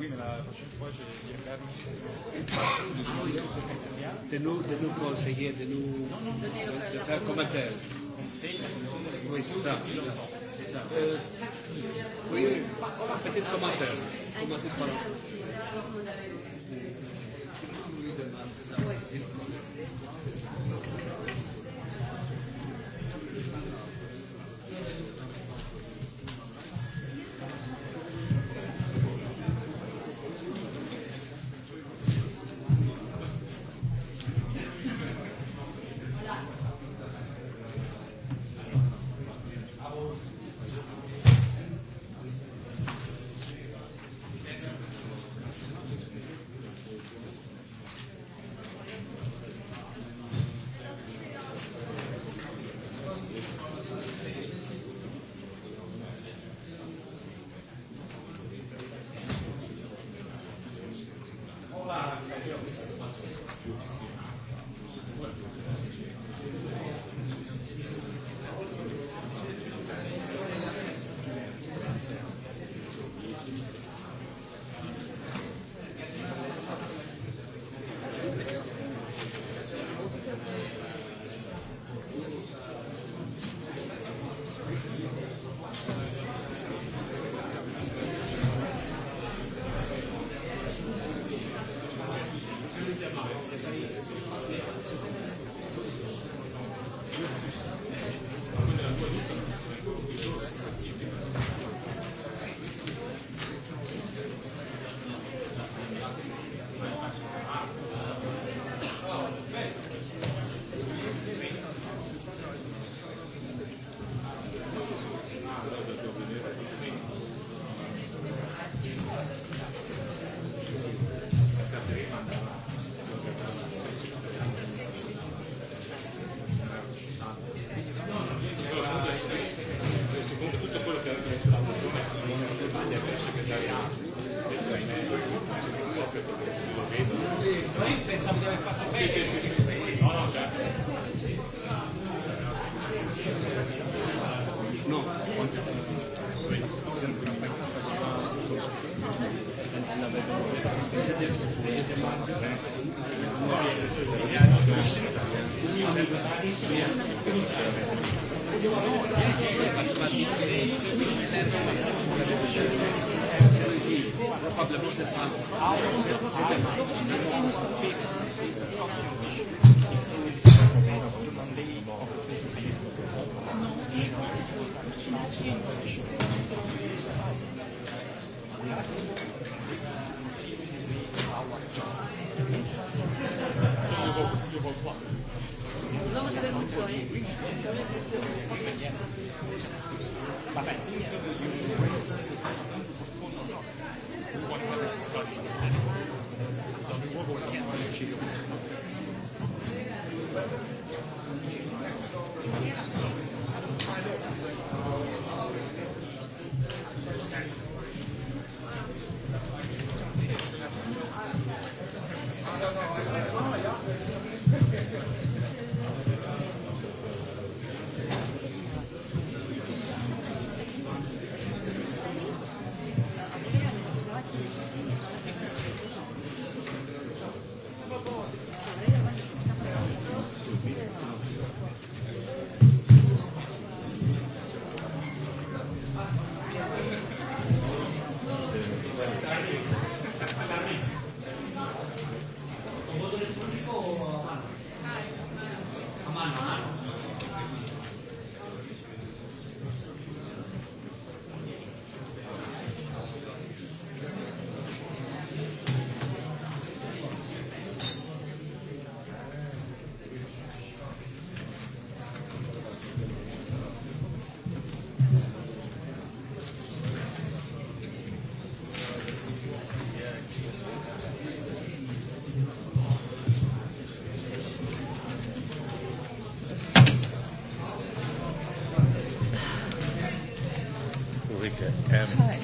Oui, mais la prochaine fois, je vais faire de nous, de nous conseiller, de nous de faire commentaires. Oui, c'est ça. ça. Euh, oui, oui. Peut-être comment faire. Comment faire Je vous demande ça.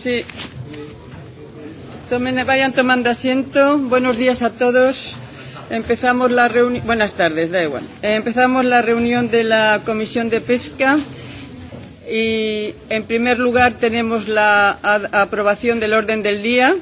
Sí. Tomen, vayan tomando asiento. Buenos días a todos. Empezamos la reunión. Buenas tardes, da igual. Empezamos la reunión de la Comisión de Pesca. Y en primer lugar tenemos la aprobación del orden del día.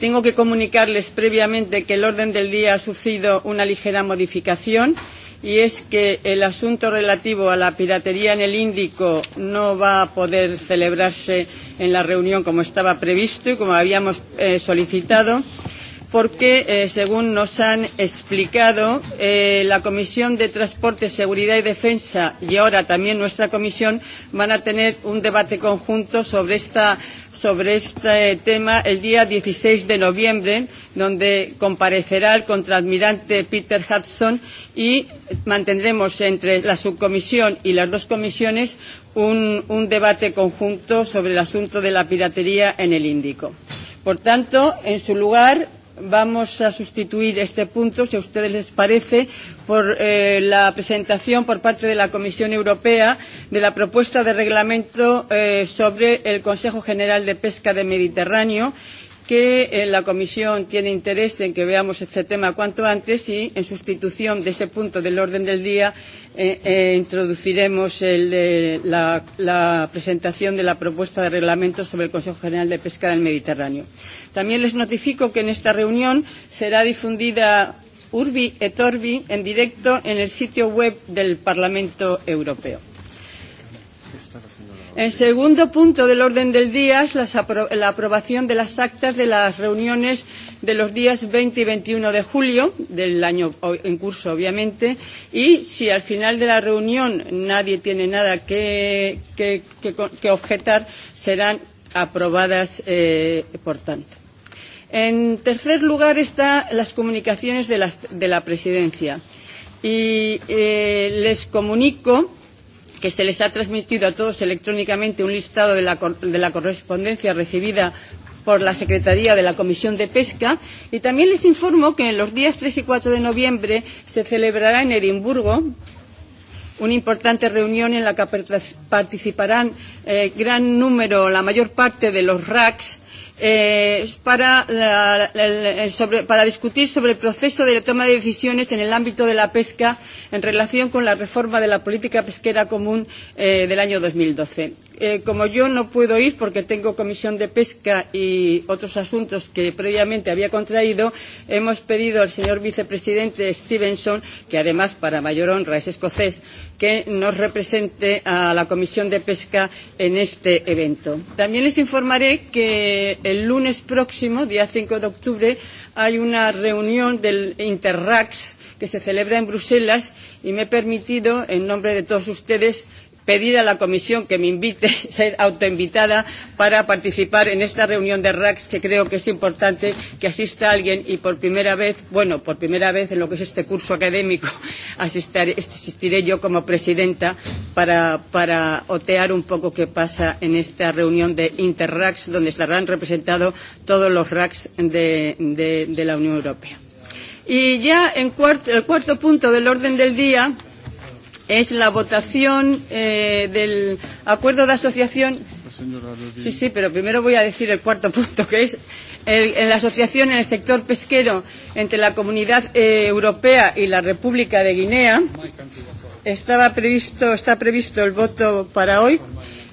Tengo que comunicarles previamente que el orden del día ha sufrido una ligera modificación y es que el asunto relativo a la piratería en el Índico no va a poder celebrarse en la reunión como estaba previsto y como habíamos eh, solicitado porque, eh, según nos han explicado, eh, la Comisión de Transporte, Seguridad y Defensa y ahora también nuestra comisión van a tener un debate conjunto sobre, esta, sobre este tema el día 16 de noviembre, donde comparecerá el contraadmirante Peter Hudson y mantendremos entre la subcomisión y las dos comisiones un, un debate conjunto sobre el asunto de la piratería en el Índico. Por tanto, en su lugar, vamos a sustituir este punto, si a ustedes les parece, por eh, la presentación por parte de la Comisión Europea de la propuesta de reglamento eh, sobre el Consejo General de Pesca del Mediterráneo que eh, la Comisión tiene interés en que veamos este tema cuanto antes y, en sustitución de ese punto del orden del día, eh, eh, introduciremos el, eh, la, la presentación de la propuesta de reglamento sobre el Consejo General de Pesca del Mediterráneo. También les notifico que en esta reunión será difundida Urbi et Orbi en directo en el sitio web del Parlamento Europeo. El segundo punto del orden del día es la aprobación de las actas de las reuniones de los días 20 y 21 de julio del año en curso, obviamente, y si al final de la reunión nadie tiene nada que, que, que, que objetar, serán aprobadas eh, por tanto. En tercer lugar están las comunicaciones de la, de la presidencia. Y eh, les comunico que se les ha transmitido a todos electrónicamente un listado de la, de la correspondencia recibida por la Secretaría de la Comisión de Pesca y también les informo que en los días 3 y 4 de noviembre se celebrará en Edimburgo una importante reunión en la que participarán eh, gran número, la mayor parte de los RACs, eh, para, la, la, sobre, para discutir sobre el proceso de toma de decisiones en el ámbito de la pesca en relación con la reforma de la política pesquera común eh, del año 2012. Eh, como yo no puedo ir porque tengo comisión de pesca y otros asuntos que previamente había contraído, hemos pedido al señor vicepresidente Stevenson, que además para mayor honra es escocés, que nos represente a la comisión de pesca en este evento. También les informaré que el lunes próximo, día 5 de octubre, hay una reunión del Interrax que se celebra en Bruselas y me he permitido, en nombre de todos ustedes, pedir a la comisión que me invite, ser autoinvitada para participar en esta reunión de RACs que creo que es importante que asista alguien y por primera vez, bueno, por primera vez en lo que es este curso académico, asistiré, asistiré yo como presidenta para, para otear un poco qué pasa en esta reunión de InterRACS, donde estarán representados todos los RACs de, de, de la Unión Europea. Y ya en cuarto, el cuarto punto del orden del día es la votación eh, del acuerdo de asociación. Sí, sí, pero primero voy a decir el cuarto punto, que es el, en la asociación en el sector pesquero entre la Comunidad eh, Europea y la República de Guinea. Estaba previsto, está previsto el voto para hoy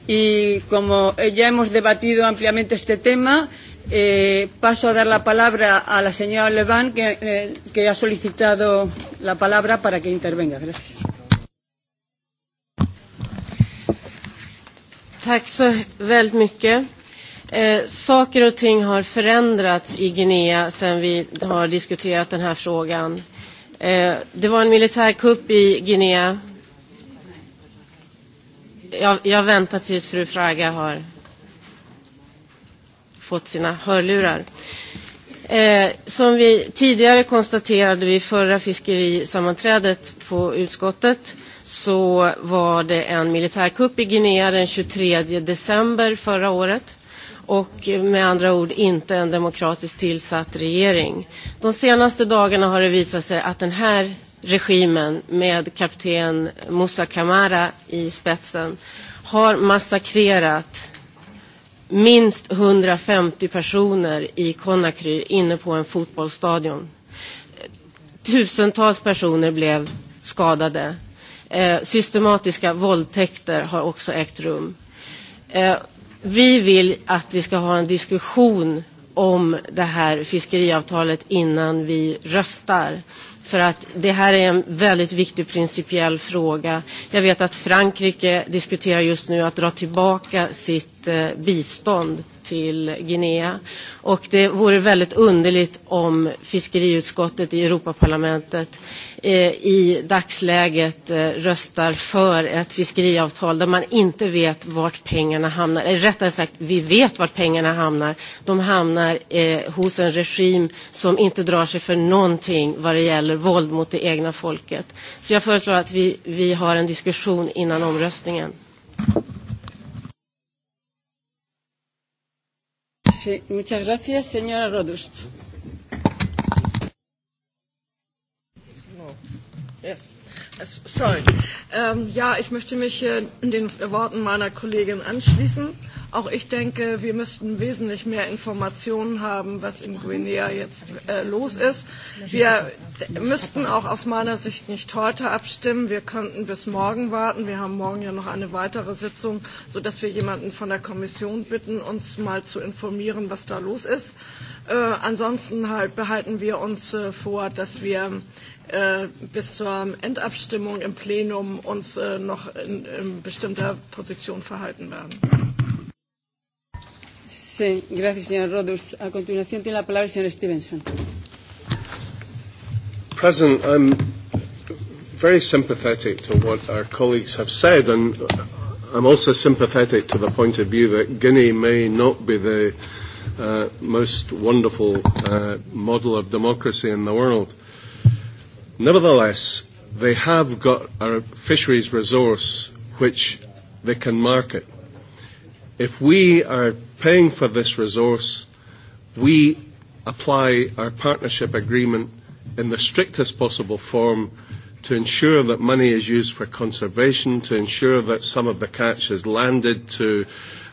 y como ya hemos debatido ampliamente este tema, eh, paso a dar la palabra a la señora Leván, que, eh, que ha solicitado la palabra para que intervenga. Gracias. Tack så väldigt mycket. Eh, saker och ting har förändrats i Guinea sedan vi har diskuterat den här frågan. Eh, det var en militärkupp i Guinea. Jag, jag väntar tills fru Fraga har fått sina hörlurar. Eh, som vi tidigare konstaterade vid förra fiskerisammanträdet på utskottet så var det en militärkupp i Guinea den 23 december förra året och med andra ord inte en demokratiskt tillsatt regering. De senaste dagarna har det visat sig att den här regimen med kapten Moussa Kamara i spetsen har massakrerat minst 150 personer i Conakry inne på en fotbollsstadion. Tusentals personer blev skadade systematiska våldtäkter har också ägt rum. vi vill att vi ska ha en diskussion om det här fiskeriavtalet innan vi röstar. För att det här är en väldigt viktig principiell fråga. Jag vet att Frankrike diskuterar just nu att dra tillbaka sitt bistånd till Guinea. Och det vore väldigt underligt om fiskeriutskottet i Europaparlamentet i dagsläget röstar för ett fiskeriavtal där man inte vet vart pengarna hamnar. Eller rättare sagt, vi vet vart pengarna hamnar. De hamnar hos en regim som inte drar sig för någonting vad det gäller våld mot det egna folket. Så jag föreslår att vi, vi har en diskussion innan omröstningen. Sí, muchas gracias, señora Rodust. Yes. Sorry. Ähm, ja, ich möchte mich äh, den Worten meiner Kollegin anschließen Auch ich denke, wir müssten wesentlich mehr Informationen haben, was in Guinea jetzt los ist. Wir müssten auch aus meiner Sicht nicht heute abstimmen. Wir könnten bis morgen warten. Wir haben morgen ja noch eine weitere Sitzung, sodass wir jemanden von der Kommission bitten, uns mal zu informieren, was da los ist. ansonsten behalten wir uns vor, dass wir bis zur Endabstimmung im Plenum uns noch in, bestimmter Position verhalten werden. Sí, gracias, señor Rodus. A continuación tiene la palabra el señor Stevenson. President, I'm very sympathetic to what our colleagues have said, and I'm also sympathetic to the point of view that Guinea may not be the uh, most wonderful uh, model of democracy in the world. Nevertheless, they have got a fisheries resource which they can market. If we are paying for this resource, we apply our partnership agreement in the strictest possible form to ensure that money is used for conservation, to ensure that some of the catch is landed, to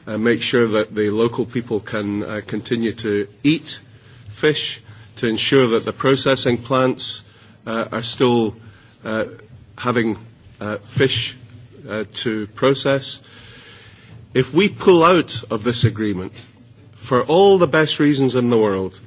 uh, make sure that the local people can uh, continue to eat fish, to ensure that the processing plants uh, are still uh, having uh, fish uh, to process, uh, If we pull out of this agreement, for all the best reasons in the world,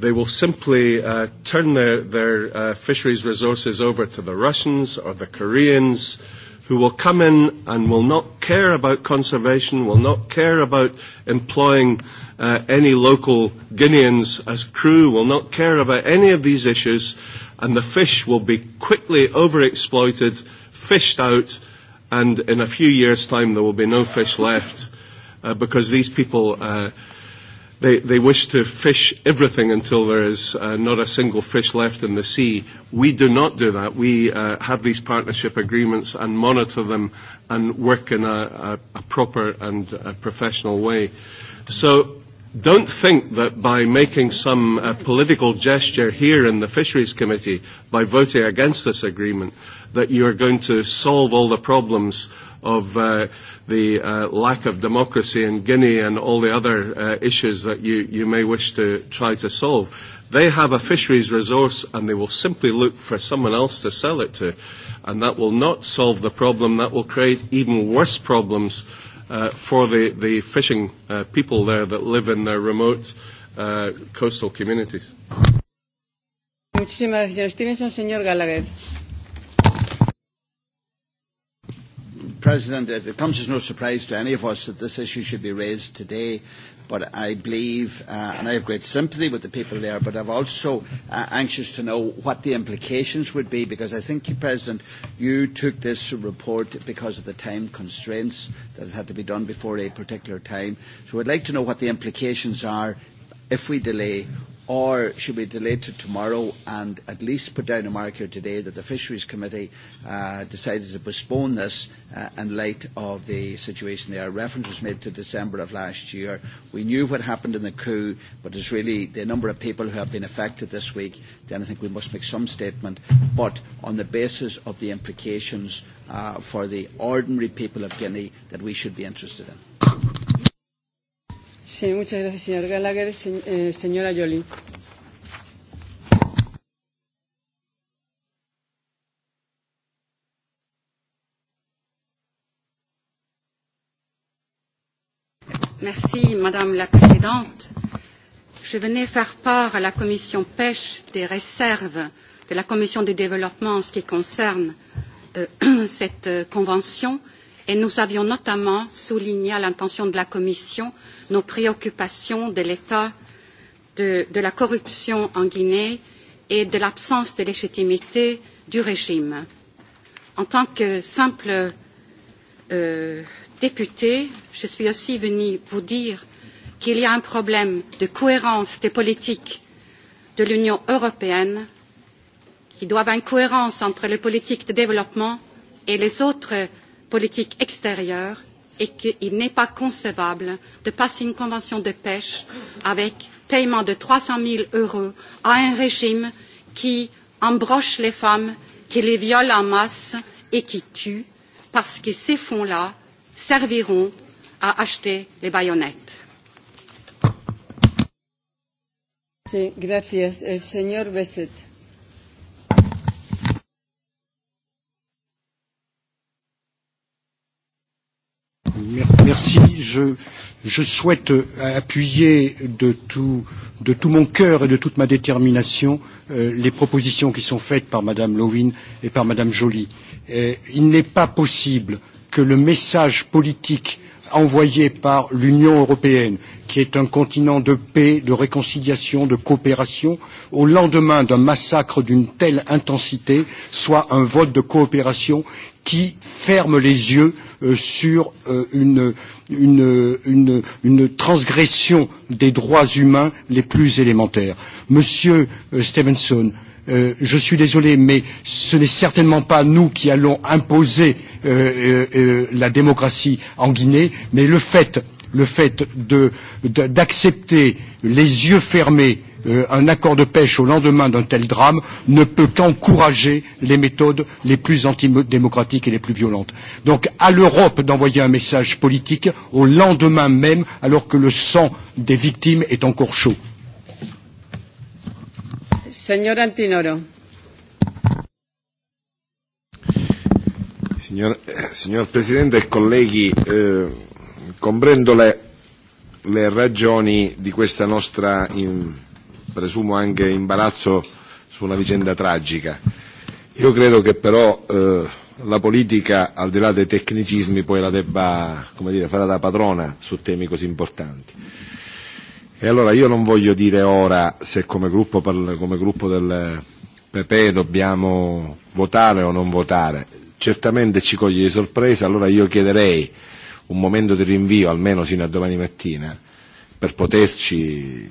they will simply uh, turn their, their uh, fisheries resources over to the Russians or the Koreans, who will come in and will not care about conservation, will not care about employing uh, any local Guineans as crew, will not care about any of these issues, and the fish will be quickly overexploited, fished out, and in a few years' time there will be no fish left uh, because these people uh, they, they wish to fish everything until there is uh, not a single fish left in the sea. We do not do that. We uh, have these partnership agreements and monitor them and work in a, a, a proper and a professional way. So don't think that by making some uh, political gesture here in the Fisheries Committee, by voting against this agreement, that you are going to solve all the problems of uh, the uh, lack of democracy in Guinea and all the other uh, issues that you, you may wish to try to solve. They have a fisheries resource and they will simply look for someone else to sell it to. And that will not solve the problem, that will create even worse problems uh, for the, the fishing uh, people there that live in their remote uh, coastal communities. Muchísimas gracias. Tienes un señor Gallagher. President, it comes as no surprise to any of us that this issue should be raised today but I believe, uh, and I have great sympathy with the people there, but I'm also uh, anxious to know what the implications would be, because I think, President, you took this report because of the time constraints that it had to be done before a particular time. So I'd like to know what the implications are if we delay or should be delayed to tomorrow and at least put down a marker today that the Fisheries Committee uh, decided to postpone this uh, in light of the situation there. Reference was made to December of last year. We knew what happened in the coup, but it's really the number of people who have been affected this week, then I think we must make some statement, but on the basis of the implications uh, for the ordinary people of Guinea that we should be interested in. Sí, muchas gracias, señor Gallagher. Eh, señora Jolie. Merci, Madame la Présidente. Je venais faire part à la Commission pêche des réserves de la Commission du développement en ce qui concerne cette convention et nous avions notamment souligné à l'intention de la Commission nos préoccupations de l'état de, la corruption en Guinée et de l'absence de légitimité du régime. En tant que simple députée, je suis aussi venue vous dire qu'il y a un problème de cohérence des politiques de l'Union européenne qui doivent à une cohérence entre les politiques de développement et les autres politiques extérieures et qu'il n'est pas concevable de passer une convention de pêche avec paiement de 300 000 euros à un régime qui embroche les femmes, qui les viole en masse et qui tue, parce que ces fonds-là serviront à acheter les baïonnettes. Sí, gracias. El señor Merci. Je, je souhaite appuyer de tout, de tout mon cœur et de toute ma détermination euh, les propositions qui sont faites par Madame Lowin et par Madame Joly. Et il n'est pas possible que le message politique envoyé par l'Union européenne, qui est un continent de paix, de réconciliation, de coopération, au lendemain d'un massacre d'une telle intensité, soit un vote de coopération qui ferme les yeux sur une, transgression des droits humains les plus élémentaires. Monsieur Stevenson, je suis désolé, mais ce n'est certainement pas nous qui allons imposer la démocratie en Guinée, mais le fait, d'accepter les yeux fermés euh, un accord de pêche au lendemain d'un tel drame ne peut qu'encourager les méthodes les plus antidémocratiques et les plus violentes. Donc à l'Europe d'envoyer un message politique au lendemain même alors que le sang des victimes est encore chaud. Señor Antinoro. Signor, signor Presidente e colleghi, eh, comprendo le, le ragioni di questa nostra in, presumo anche imbarazzo su una vicenda tragica. Io credo che però eh, la politica, al di là dei tecnicismi, poi la debba come dire, fare da padrona su temi così importanti. E allora io non voglio dire ora se come gruppo, come gruppo del PP dobbiamo votare o non votare. Certamente ci coglie di sorpresa, allora io chiederei un momento di rinvio, almeno sino a domani mattina, per poterci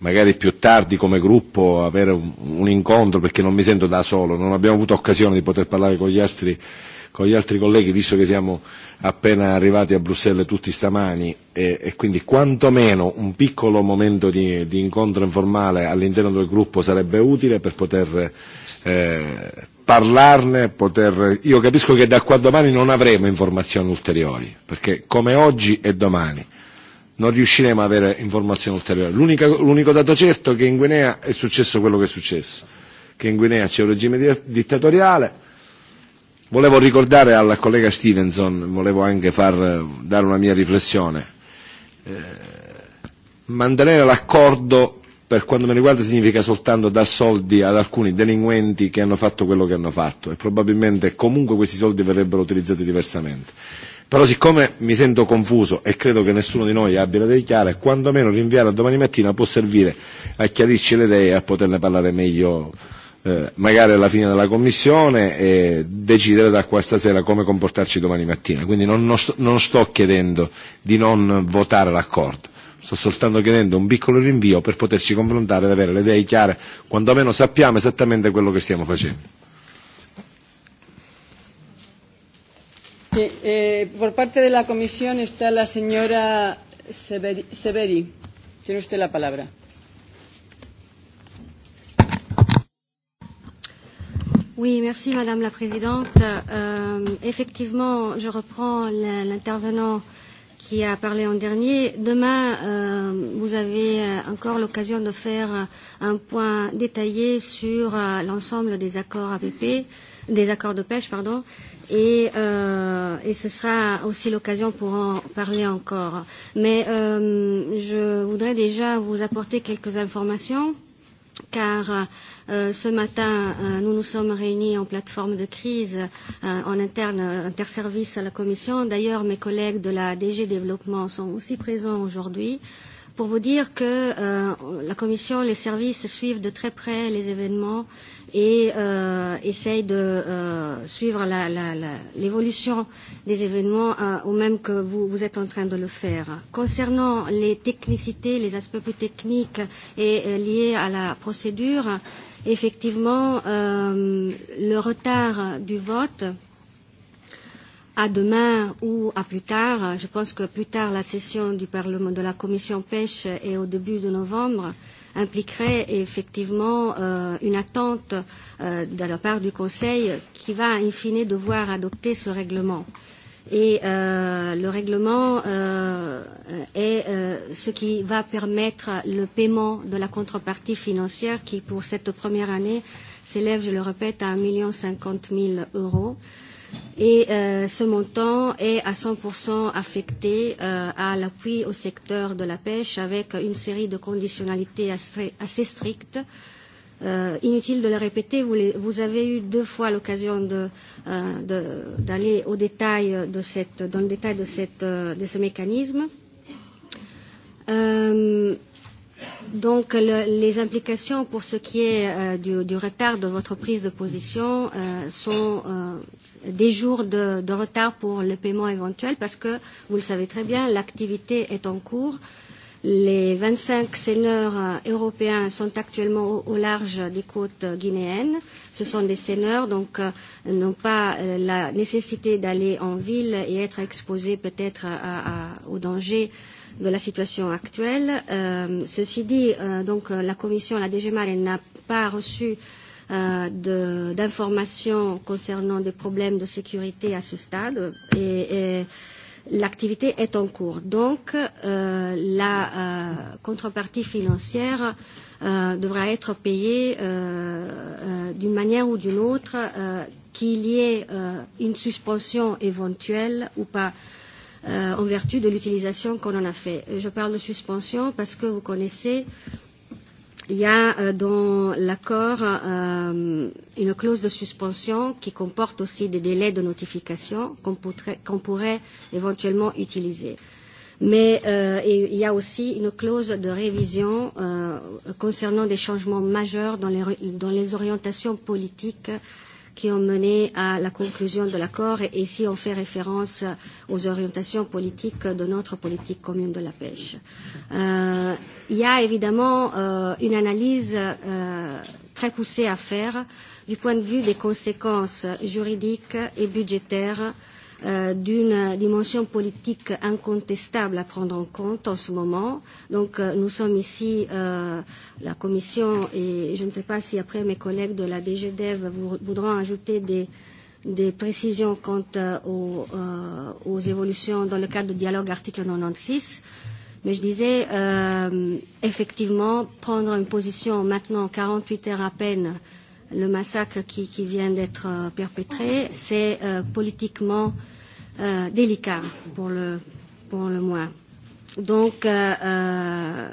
magari più tardi come gruppo avere un, un incontro perché non mi sento da solo, non abbiamo avuto occasione di poter parlare con gli altri, con gli altri colleghi visto che siamo appena arrivati a Bruxelles tutti stamani e, e quindi quantomeno un piccolo momento di, di incontro informale all'interno del gruppo sarebbe utile per poter eh, parlarne, poter... io capisco che da qua domani non avremo informazioni ulteriori perché come oggi e domani non riusciremo ad avere informazioni ulteriori. L'unico dato certo è che in Guinea è successo quello che è successo, che in Guinea c'è un regime dittatoriale. Volevo ricordare al collega Stevenson, volevo anche far, dare una mia riflessione. Eh, mantenere l'accordo per quanto mi riguarda significa soltanto dar soldi ad alcuni delinquenti che hanno fatto quello che hanno fatto e probabilmente comunque questi soldi verrebbero utilizzati diversamente. Però siccome mi sento confuso e credo che nessuno di noi abbia idee chiare, quantomeno rinviare a domani mattina può servire a chiarirci le idee e a poterne parlare meglio eh, magari alla fine della commissione e decidere da qua stasera come comportarci domani mattina. Quindi non, non, sto, non sto chiedendo di non votare l'accordo, sto soltanto chiedendo un piccolo rinvio per poterci confrontare ed avere le idee chiare, quantomeno sappiamo esattamente quello che stiamo facendo. Sí, eh, por parte de la comisión está la señora Severi. Severi. Tiene usted la palabra. Oui, merci Madame la Présidente. Euh, effectivement, je reprends l'intervenant qui a parlé en dernier. Demain, euh, vous avez encore l'occasion de faire un point détaillé sur euh, l'ensemble des accords APP, des accords de pêche, pardon. Euh, et, euh, et ce sera aussi l'occasion pour en parler encore. Mais euh, je voudrais déjà vous apporter quelques informations car euh, ce matin, euh, nous nous sommes réunis en plateforme de crise euh, en interne, interservice à la Commission. D'ailleurs, mes collègues de la DG Développement sont aussi présents aujourd'hui pour vous dire que euh, la Commission, les services suivent de très près les événements euh, et euh, essaye de euh, suivre l'évolution la, la, la, des événements euh, au même que vous, vous êtes en train de le faire. Concernant les technicités, les aspects plus techniques et euh, liés à la procédure, effectivement, euh, le retard du vote à demain ou à plus tard, je pense que plus tard la session du Parlement de la Commission pêche est au début de novembre, euh, impliquerait effectivement euh, une attente euh, de la part du Conseil qui va, in fine, devoir adopter ce règlement. Et euh, le règlement euh, est euh, ce qui va permettre le paiement de la contrepartie financière qui, pour cette première année, s'élève, je le répète, à 1,5 million d'euros. Euh, Et euh, ce montant est à 100% affecté euh, à l'appui au secteur de la pêche avec une série de conditionnalités assez, strictes. Euh, inutile de le répéter, vous, les, vous avez eu deux fois l'occasion d'aller euh, de, au détail de cette, dans le détail de, cette, de ce mécanisme. Euh, Donc le, les implications pour ce qui est euh, du, du retard de votre prise de position euh, sont euh, des jours de, de retard pour le paiement éventuel parce que, vous le savez très bien, l'activité est en cours. Les 25 seigneurs européens sont actuellement au, au large des côtes guinéennes. Ce sont des seigneurs donc euh, n'ont pas euh, la nécessité d'aller en ville et être exposés peut-être à, à, aux dangers euh, de la situation actuelle. Euh, ceci dit, euh, donc la Commission, la DG Mare, n'a pas reçu euh, d'informations concernant des problèmes de sécurité à ce stade et, et l'activité est en cours. Donc, euh, la euh, contrepartie financière euh, devra être payée euh, euh, d'une manière ou d'une autre, euh, qu'il y ait euh, une suspension éventuelle ou pas euh, euh, en vertu de l'utilisation qu'on en a fait. Je parle de suspension parce que vous connaissez, il y a dans l'accord euh, une clause de suspension qui comporte aussi des délais de notification qu'on pourrait, qu'on pourrait éventuellement utiliser. Mais euh, il y a aussi une clause de révision euh, concernant des changements majeurs dans les, dans les orientations politiques euh, qui ont mené à la conclusion de l'accord. Et ici, on fait référence aux orientations politiques de notre politique commune de la pêche. Euh, il y a évidemment euh, une analyse euh, très poussée à faire du point de vue des conséquences juridiques et budgétaires euh, d'une dimension politique incontestable à prendre en compte en ce moment. Donc nous sommes ici, euh, la Commission, et je ne sais pas si après mes collègues de la DGDEV voudront ajouter des, des précisions quant euh, aux, euh, aux évolutions dans le cadre du dialogue article 96. Mais je disais, euh, effectivement, prendre une position maintenant, 48 heures à peine, euh, le massacre qui, qui vient d'être perpétré, c'est euh, politiquement euh, délicat pour le, pour le moins. Donc, euh,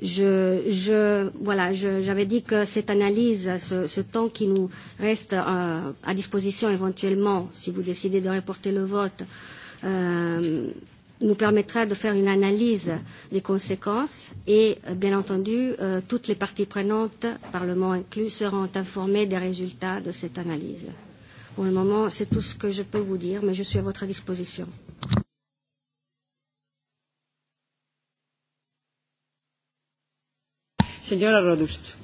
je, je, voilà, j'avais dit que cette analyse, ce, ce temps qui nous reste euh, à disposition éventuellement, si vous décidez de reporter le vote, euh, nous permettra de faire une analyse des conséquences et, bien entendu, toutes les parties prenantes, Parlement inclus, seront informées des résultats de cette analyse. Pour le moment, c'est tout ce que je peux vous dire, mais je suis à votre disposition. Señora Rodust.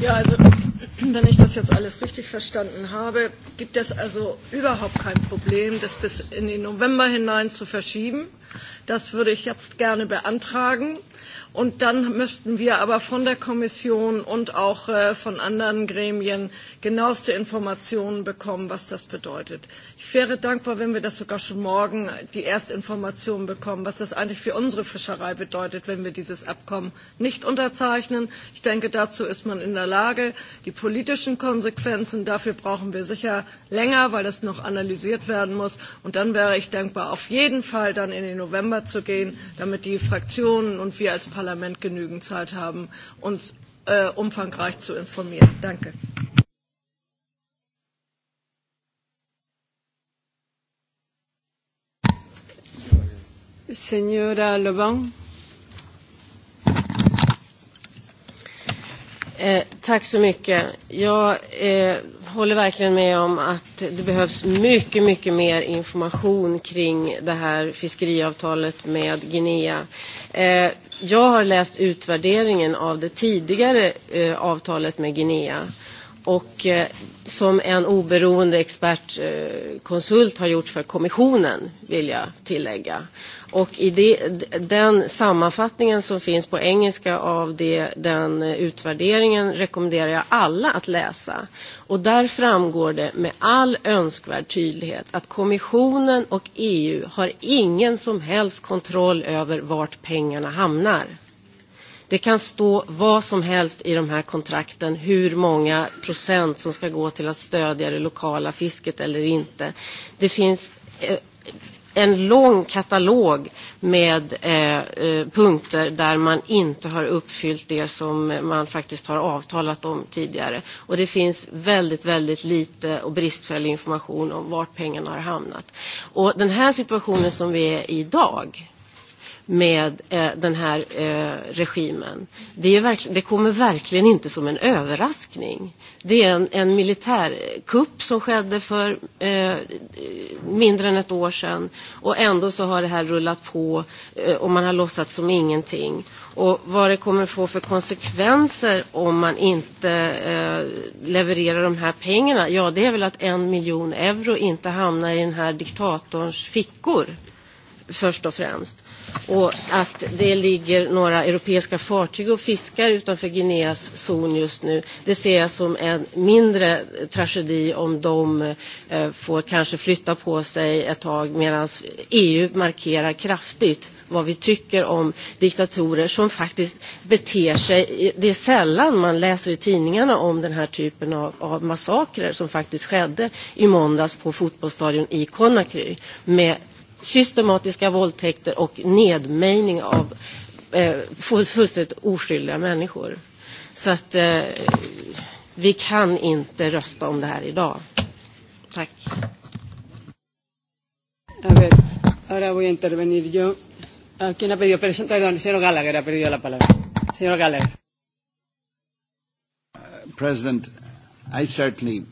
Ja, also Wenn ich das jetzt alles richtig verstanden habe, gibt es also überhaupt kein Problem, das bis in den November hinein zu verschieben. Das würde ich jetzt gerne beantragen. Und dann müssten wir aber von der Kommission und auch von anderen Gremien genaueste Informationen bekommen, was das bedeutet. Ich wäre dankbar, wenn wir das sogar schon morgen die Erstinformationen bekommen, was das eigentlich für unsere Fischerei bedeutet, wenn wir dieses Abkommen nicht unterzeichnen. Ich denke, dazu ist man in der Lage. Die politischen Konsequenzen, dafür brauchen wir sicher länger, weil das noch analysiert werden muss. Und dann wäre ich dankbar, auf jeden Fall dann in den November zu gehen, damit die Fraktionen und wir als Parlament genügend Zeit haben, uns umfangreich zu informieren. Danke. Señora Lebon. Eh, tack så mycket. Jag eh, håller verkligen med om att det behövs mycket, mycket mer information kring det här fiskeriavtalet med Guinea. Jag har läst utvärderingen av det tidigare avtalet med Guinea och som en oberoende expertkonsult har gjort för kommissionen, vill jag tillägga. Och i den sammanfattningen som finns på engelska av den utvärderingen rekommenderar jag alla att läsa. Och där framgår det med all önskvärd tydlighet att kommissionen och EU har ingen som helst kontroll över vart pengarna hamnar. Det kan stå vad som helst i de här kontrakten, hur många procent som ska gå till att stödja det lokala fisket eller inte. Det finns en lång katalog med punkter där man inte har uppfyllt det som man faktiskt har avtalat om tidigare. Och det finns väldigt, väldigt lite och bristfällig information om vart pengarna har hamnat. Och den här situationen som vi är i idag med eh, den här eh, regimen. Det, är det kommer verkligen inte som en överraskning. Det är en, en militärkupp som skedde för eh, mindre än ett år sedan och ändå så har det här rullat på eh, och man har låtsats som ingenting. Och vad det kommer få för konsekvenser om man inte eh, levererar de här pengarna, ja det är väl att en miljon euro inte hamnar i den här diktatorns fickor först och främst och att det ligger några europeiska fartyg och fiskar utanför Guineas zon just nu. Det ser jag som en mindre tragedi om de får kanske flytta på sig ett tag medan EU markerar kraftigt vad vi tycker om diktatorer som faktiskt beter sig. Det är sällan man läser i tidningarna om den här typen av, av massakrer som faktiskt skedde i måndags på fotbollsstadion i Conakry med systematiska våldtäkter och nedmejning av fullständigt oskyldiga människor. Så att eh, vi kan inte rösta om det här idag. Tack. A ver, ahora voy a intervenir yo. ¿A ¿Quién ha pedido? Perdón, el señor Gallagher ha pedido la palabra. Señor Gallagher. Uh, President, I certainly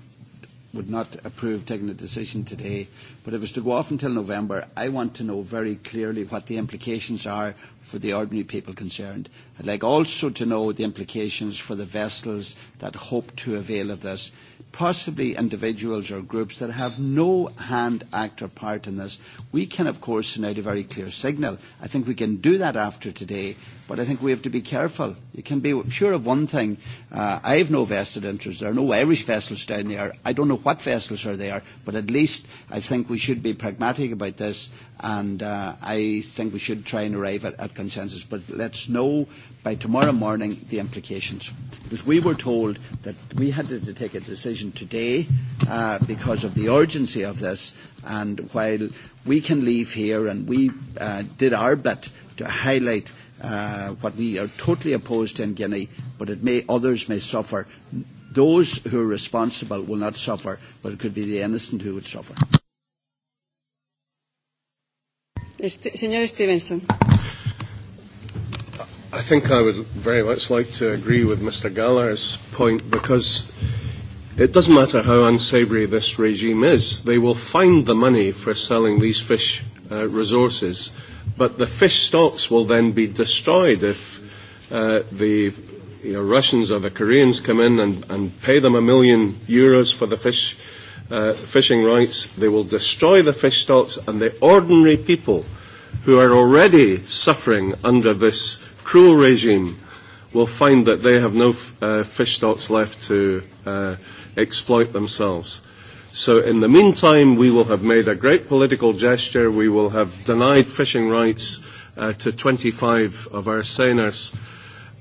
would not approve taking a decision today, but if it's to go off until November, I want to know very clearly what the implications are for the ordinary people concerned. I'd like also to know the implications for the vessels that hope to avail of this, possibly individuals or groups that have no hand, act or part in this. We can, of course, send out a very clear signal. I think we can do that after today But I think we have to be careful. You can be sure of one thing. Uh, I have no vested interest. There are no Irish vessels down there. I don't know what vessels are there, but at least I think we should be pragmatic about this, and uh, I think we should try and arrive at, at consensus. But let's know by tomorrow morning the implications. Because we were told that we had to take a decision today uh, because of the urgency of this, and while we can leave here and we uh, did our bit to highlight uh, what we are totally opposed in Guinea, but it may, others may suffer. Those who are responsible will not suffer, but it could be the innocent who would suffer. Stevenson. I think I would very much like to agree with Mr. Galler's point because it doesn't matter how unsavoury this regime is, they will find the money for selling these fish uh, resources But the fish stocks will then be destroyed if uh, the you know, Russians or the Koreans come in and, and pay them a million euros for the fish, uh, fishing rights. They will destroy the fish stocks and the ordinary people who are already suffering under this cruel regime will find that they have no uh, fish stocks left to uh, exploit themselves. So in the meantime, we will have made a great political gesture. We will have denied fishing rights uh, to 25 of our seiners.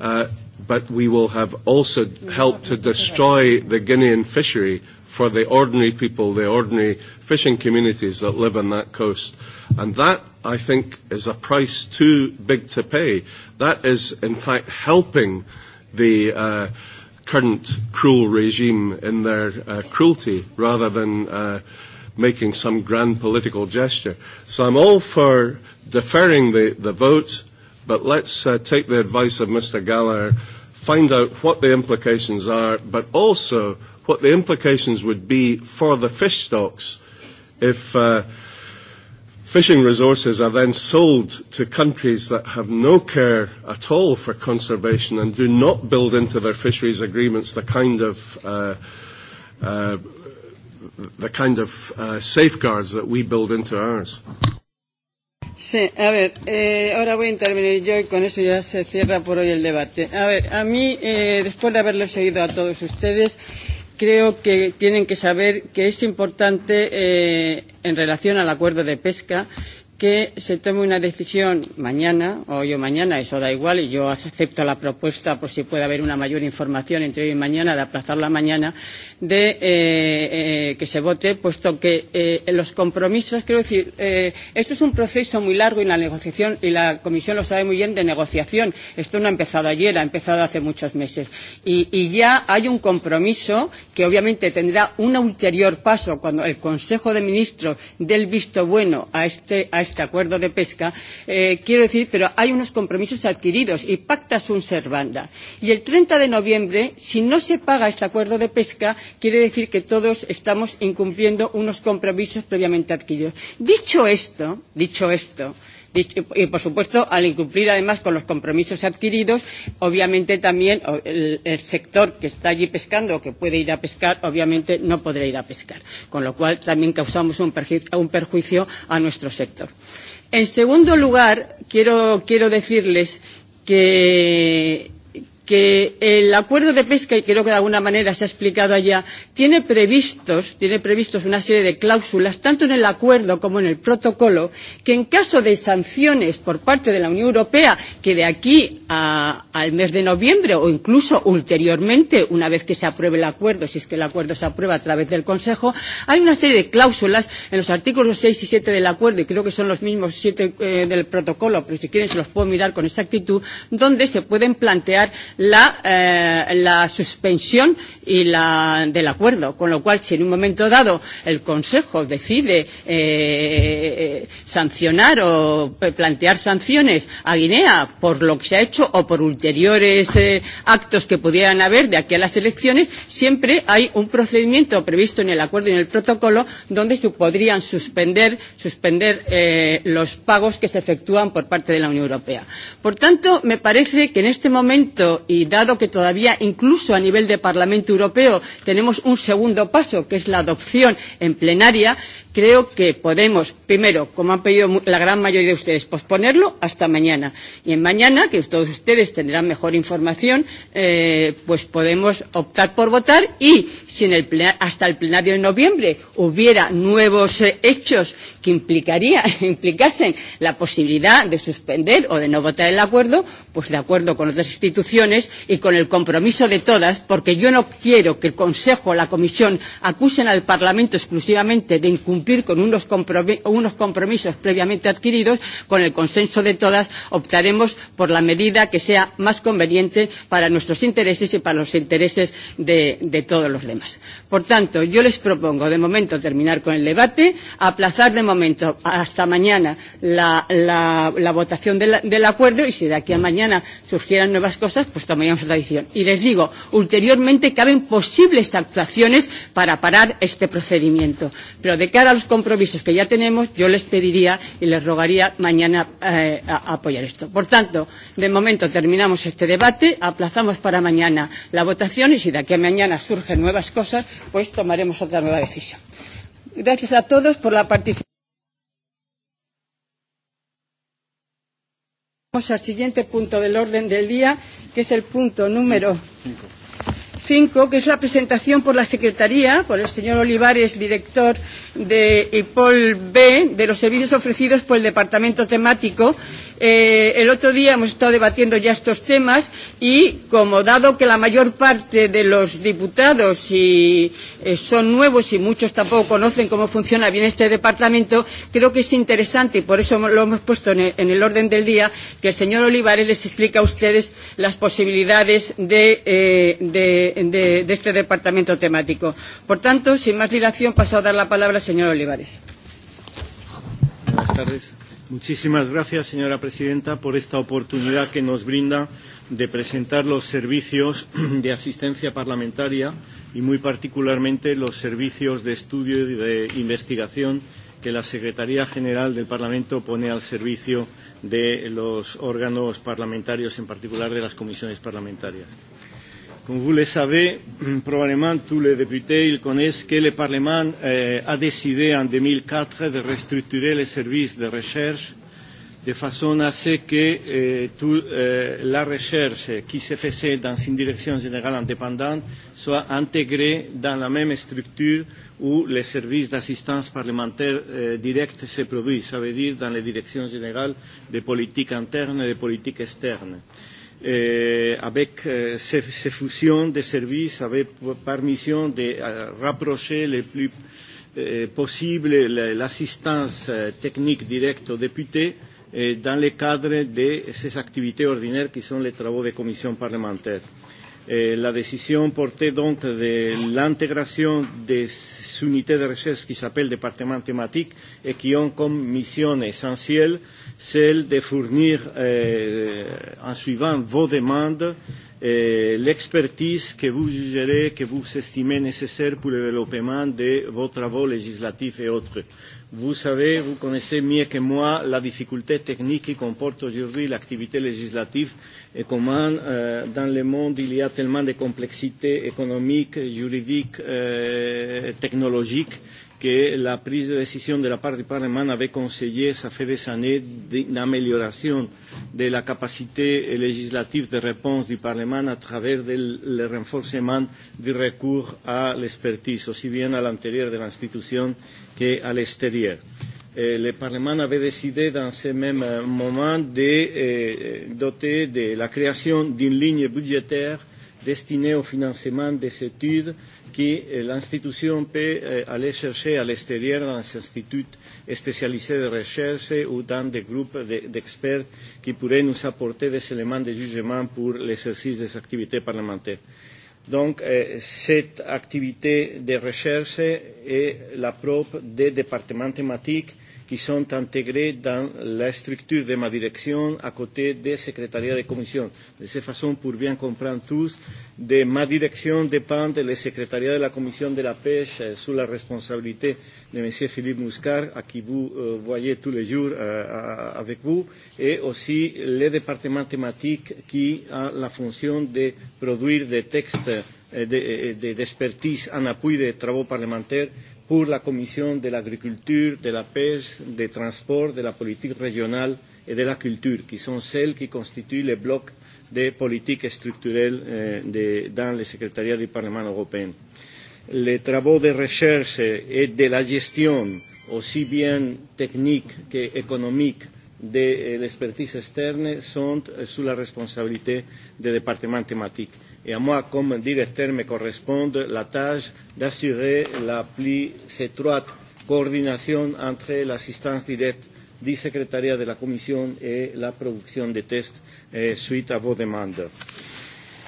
Uh, but we will have also helped to destroy the Guinean fishery for the ordinary people, the ordinary fishing communities that live on that coast. And that, I think, is a price too big to pay. That is, in fact, helping the uh, current cruel regime in their uh, cruelty rather than uh, making some grand political gesture. So I'm all for deferring the, the vote, but let's uh, take the advice of Mr. Gallagher, find out what the implications are, but also what the implications would be for the fish stocks if. Uh, Fishing resources are then sold to countries that have no care at all for conservation and do not build into their fisheries agreements the kind of uh, uh, the kind of uh, safeguards that we build into ours. Sí, a ver, eh, ahora voy a intervenir yo y con eso ya se cierra por hoy el debate. A ver, a mí, eh, después de haberlo seguido a todos ustedes, creo que tienen que saber que es importante, eh, en relación al acuerdo de pesca, que se tome una decisión mañana, hoy o mañana, eso da igual, y yo acepto la propuesta por si puede haber una mayor información entre hoy y mañana, de aplazarla mañana, de eh, eh, que se vote, puesto que eh, los compromisos, quiero decir, eh, esto es un proceso muy largo y la negociación, y la Comisión lo sabe muy bien, de negociación. Esto no ha empezado ayer, ha empezado hace muchos meses. Y, y ya hay un compromiso que obviamente tendrá un ulterior paso cuando el Consejo de Ministros dé el visto bueno a este, a este este acuerdo de pesca, eh, quiero decir, pero hay unos compromisos adquiridos y pacta sunt servanda. Y el 30 de noviembre, si no se paga este acuerdo de pesca, quiere decir que todos estamos incumpliendo unos compromisos previamente adquiridos. Dicho esto, dicho esto, Y, por supuesto, al incumplir además con los compromisos adquiridos, obviamente también el, sector que está allí pescando o que puede ir a pescar, obviamente no podrá ir a pescar. Con lo cual también causamos un perjuicio a nuestro sector. En segundo lugar, quiero, quiero decirles que que el acuerdo de pesca, y creo que de alguna manera se ha explicado ya, tiene previstos, tiene previstos una serie de cláusulas, tanto en el acuerdo como en el protocolo, que en caso de sanciones por parte de la Unión Europea, que de aquí a, al mes de noviembre o incluso ulteriormente, una vez que se apruebe el acuerdo, si es que el acuerdo se aprueba a través del Consejo, hay una serie de cláusulas en los artículos 6 y 7 del acuerdo, y creo que son los mismos 7 eh, del protocolo, pero si quieren se los puedo mirar con exactitud, donde se pueden plantear la, eh, la suspensión y la, del acuerdo. Con lo cual, si en un momento dado el Consejo decide eh, sancionar o plantear sanciones a Guinea por lo que se ha hecho o por ulteriores eh, actos que pudieran haber de aquí a las elecciones, siempre hay un procedimiento previsto en el acuerdo y en el protocolo donde se podrían suspender, suspender eh, los pagos que se efectúan por parte de la Unión Europea. Por tanto, me parece que en este momento y dado que todavía incluso a nivel de Parlamento Europeo tenemos un segundo paso, que es la adopción en plenaria, creo que podemos, primero, como han pedido la gran mayoría de ustedes, posponerlo hasta mañana. Y en mañana, que todos ustedes tendrán mejor información, eh, pues podemos optar por votar y si en el hasta el plenario de noviembre hubiera nuevos eh, hechos que implicaría, implicasen la posibilidad de suspender o de no votar el acuerdo, pues de acuerdo con otras instituciones y con el compromiso de todas, porque yo no quiero que el Consejo o la Comisión acusen al Parlamento exclusivamente de incumplir con unos, unos compromisos previamente adquiridos, con el consenso de todas optaremos por la medida que sea más conveniente para nuestros intereses y para los intereses de, de todos los demás. Por tanto, yo les propongo de momento terminar con el debate, aplazar de momento hasta mañana la, la, la votación de la, del acuerdo y si de aquí a mañana mañana surgieran nuevas cosas, pues tomaríamos otra decisión. Y les digo, ulteriormente caben posibles actuaciones para parar este procedimiento. Pero de cara a los compromisos que ya tenemos, yo les pediría y les rogaría mañana eh, a, apoyar esto. Por tanto, de momento terminamos este debate, aplazamos para mañana la votación y si de aquí a mañana surgen nuevas cosas, pues tomaremos otra nueva decisión. Gracias a todos por la participación. Vamos al siguiente punto del orden del día, que es el punto número. 5. 5, que es la presentación por la Secretaría, por el señor Olivares, director de IPOL B, de los servicios ofrecidos por el Departamento Temático. Eh, el otro día hemos estado debatiendo ya estos temas y, como dado que la mayor parte de los diputados y, eh, son nuevos y muchos tampoco conocen cómo funciona bien este departamento, creo que es interesante, y por eso lo hemos puesto en el, en el orden del día, que el señor Olivares les explique a ustedes las posibilidades de, eh, de, de, de este departamento temático. Por tanto, sin más dilación, paso a dar la palabra al señor Olivares. Buenas tardes. Muchísimas gracias, señora presidenta, por esta oportunidad que nos brinda de presentar los servicios de asistencia parlamentaria y, muy particularmente, los servicios de estudio y de investigación que la Secretaría General del Parlamento pone al servicio de los órganos parlamentarios, en particular de las comisiones parlamentarias. Comme vous le savez, probablement tous les députés ils connaissent que le Parlement euh, a décidé en 2004 de restructurer les services de recherche de façon à ce que euh, toute euh, la recherche qui se faisait dans une direction générale indépendante soit intégrée dans la même structure où les services d'assistance parlementaire euh, directe se produisent, ça veut dire dans les directions générales des politiques internes et des politiques externes euh, avec euh, ces, ces fusions de services, avec par mission de euh, rapprocher le plus euh, possible l'assistance euh, technique directe aux députés euh, dans le cadre de ces activités ordinaires qui sont les travaux des commissions parlementaires. Et la décision portait donc de l'intégration des unités de recherche qui s'appellent départements thématiques et qui ont comme mission essentielle euh, celle de fournir euh, en suivant vos demandes l'expertise que vous jugerez, que vous estimez nécessaire pour le développement de vos travaux législatifs et autres. Vous savez, vous connaissez mieux que moi la difficulté technique qui comporte aujourd'hui l'activité législative et comment euh, dans le monde il y a tellement de complexité économique, juridique, euh, technologique que la prise de décision de la part du Parlement avait conseillé, ça fait des années, une amélioration de la capacité législative de réponse du Parlement à travers le renforcement du recours à l'expertise, aussi bien à l'intérieur de l'institution qu'à l'extérieur. Le Parlement avait décidé dans ce même moment de doter de la création d'une ligne budgétaire destinée au financement des études que l'institution peut aller chercher à l'extérieur dans des instituts spécialisés de recherche ou dans des groupes d'experts qui pourraient nous apporter des éléments de jugement pour l'exercice des activités parlementaires. Donc, cette activité de recherche est la propre des départements thématiques qui sont intégrés dans la structure de ma direction à côté des secrétariats de commission. De cette façon, pour bien comprendre tous, de ma direction dépend le secrétariat de la commission de la pêche euh, sous la responsabilité de M. Philippe Mouscar, à qui vous euh, voyez tous les jours euh, avec vous, et aussi le département thématique qui a la fonction de produire des textes de d'expertise en appui des travaux parlementaires pour la Commission de l'agriculture, de la pêche, des transports, de la politique régionale et de la culture, qui sont celles qui constituent le bloc des politiques structurelles dans le secrétariat du Parlement européen. Les travaux de recherche et de la gestion, aussi bien technique qu'économique, de l'expertise externe sont sous la responsabilité des départements thématiques et à moi, comme directeur, me correspond la tâche d'assurer la plus étroite coordination entre l'assistance directe du secrétariat de la Commission et la production des tests suite à vos demandes.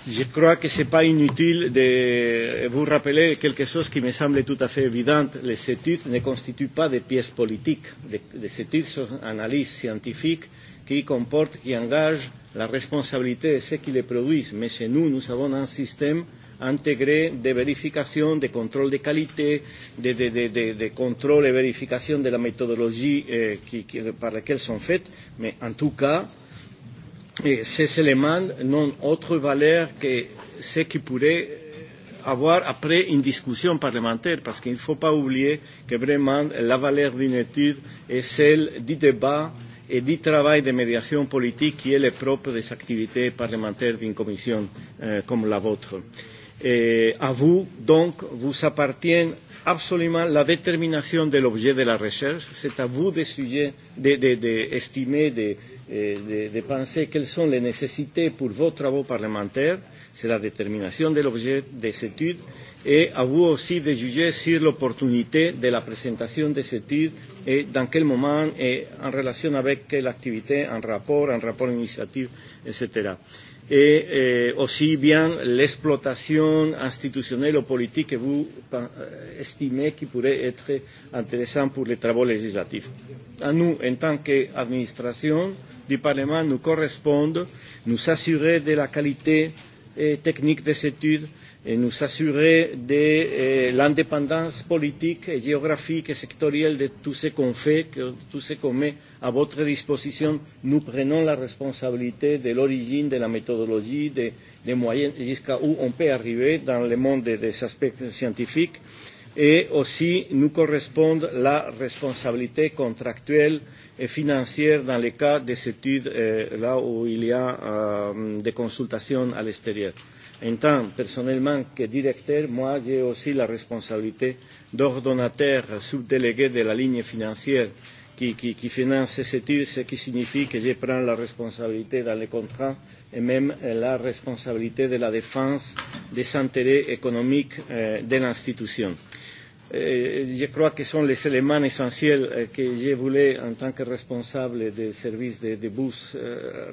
Je crois que ce n'est pas inutile de vous rappeler quelque chose qui me semble tout à fait évident. Les études ne constituent pas des pièces politiques. Les études sont analyses scientifiques qui comportent, qui engagent la responsabilité de ce qui les produit, Mais chez nous, nous avons un système intégré de vérification, de contrôle de qualité, de, de, de, de, de contrôle et vérification de la méthodologie euh, qui, qui, par laquelle sont faites. Mais en tout cas, et ces éléments n'ont autre valeur que ce qui pourrait avoir après une discussion parlementaire, parce qu'il ne faut pas oublier que vraiment la valeur d'une étude est celle du débat et du travail de médiation politique qui est le propre des activités parlementaires d'une commission euh, comme la vôtre. Et à vous, donc, vous appartient absolument la détermination de l'objet de la recherche. C'est à vous d'estimer, de, de, de, de, de, de, de penser quelles sont les nécessités pour vos travaux parlementaires c'est la détermination de l'objet des études et à vous aussi de juger sur l'opportunité de la présentation des études et dans quel moment et en relation avec quelle activité, un rapport, un rapport d'initiative, etc. Et euh, aussi bien l'exploitation institutionnelle ou politique que vous estimez qui pourrait être intéressante pour les travaux législatifs. À nous, en tant qu'administration du Parlement, nous correspondent nous assurer de la qualité euh, technique des études et nous assurer de euh, l'indépendance politique et géographique et sectorielle de tout ce qu'on fait, de tout ce qu'on met à votre disposition. Nous prenons la responsabilité de l'origine, de la méthodologie, des, de moyens jusqu'à où on peut arriver dans le monde des aspects scientifiques et aussi nous correspondent la responsabilité contractuelle et financière dans les cas des études euh, là où il y a euh, des consultations à l'extérieur. En tant personnellement que directeur, moi j'ai aussi la responsabilité d'ordonnateur subdélégué de la ligne financière qui, qui, qui finance ces études, ce qui signifie que je prends la responsabilité dans les contrats et même la responsabilité de la défense des intérêts économiques de l'institution. Je crois que ce sont les éléments essentiels que je voulais, en tant que responsable des services de, de bourse,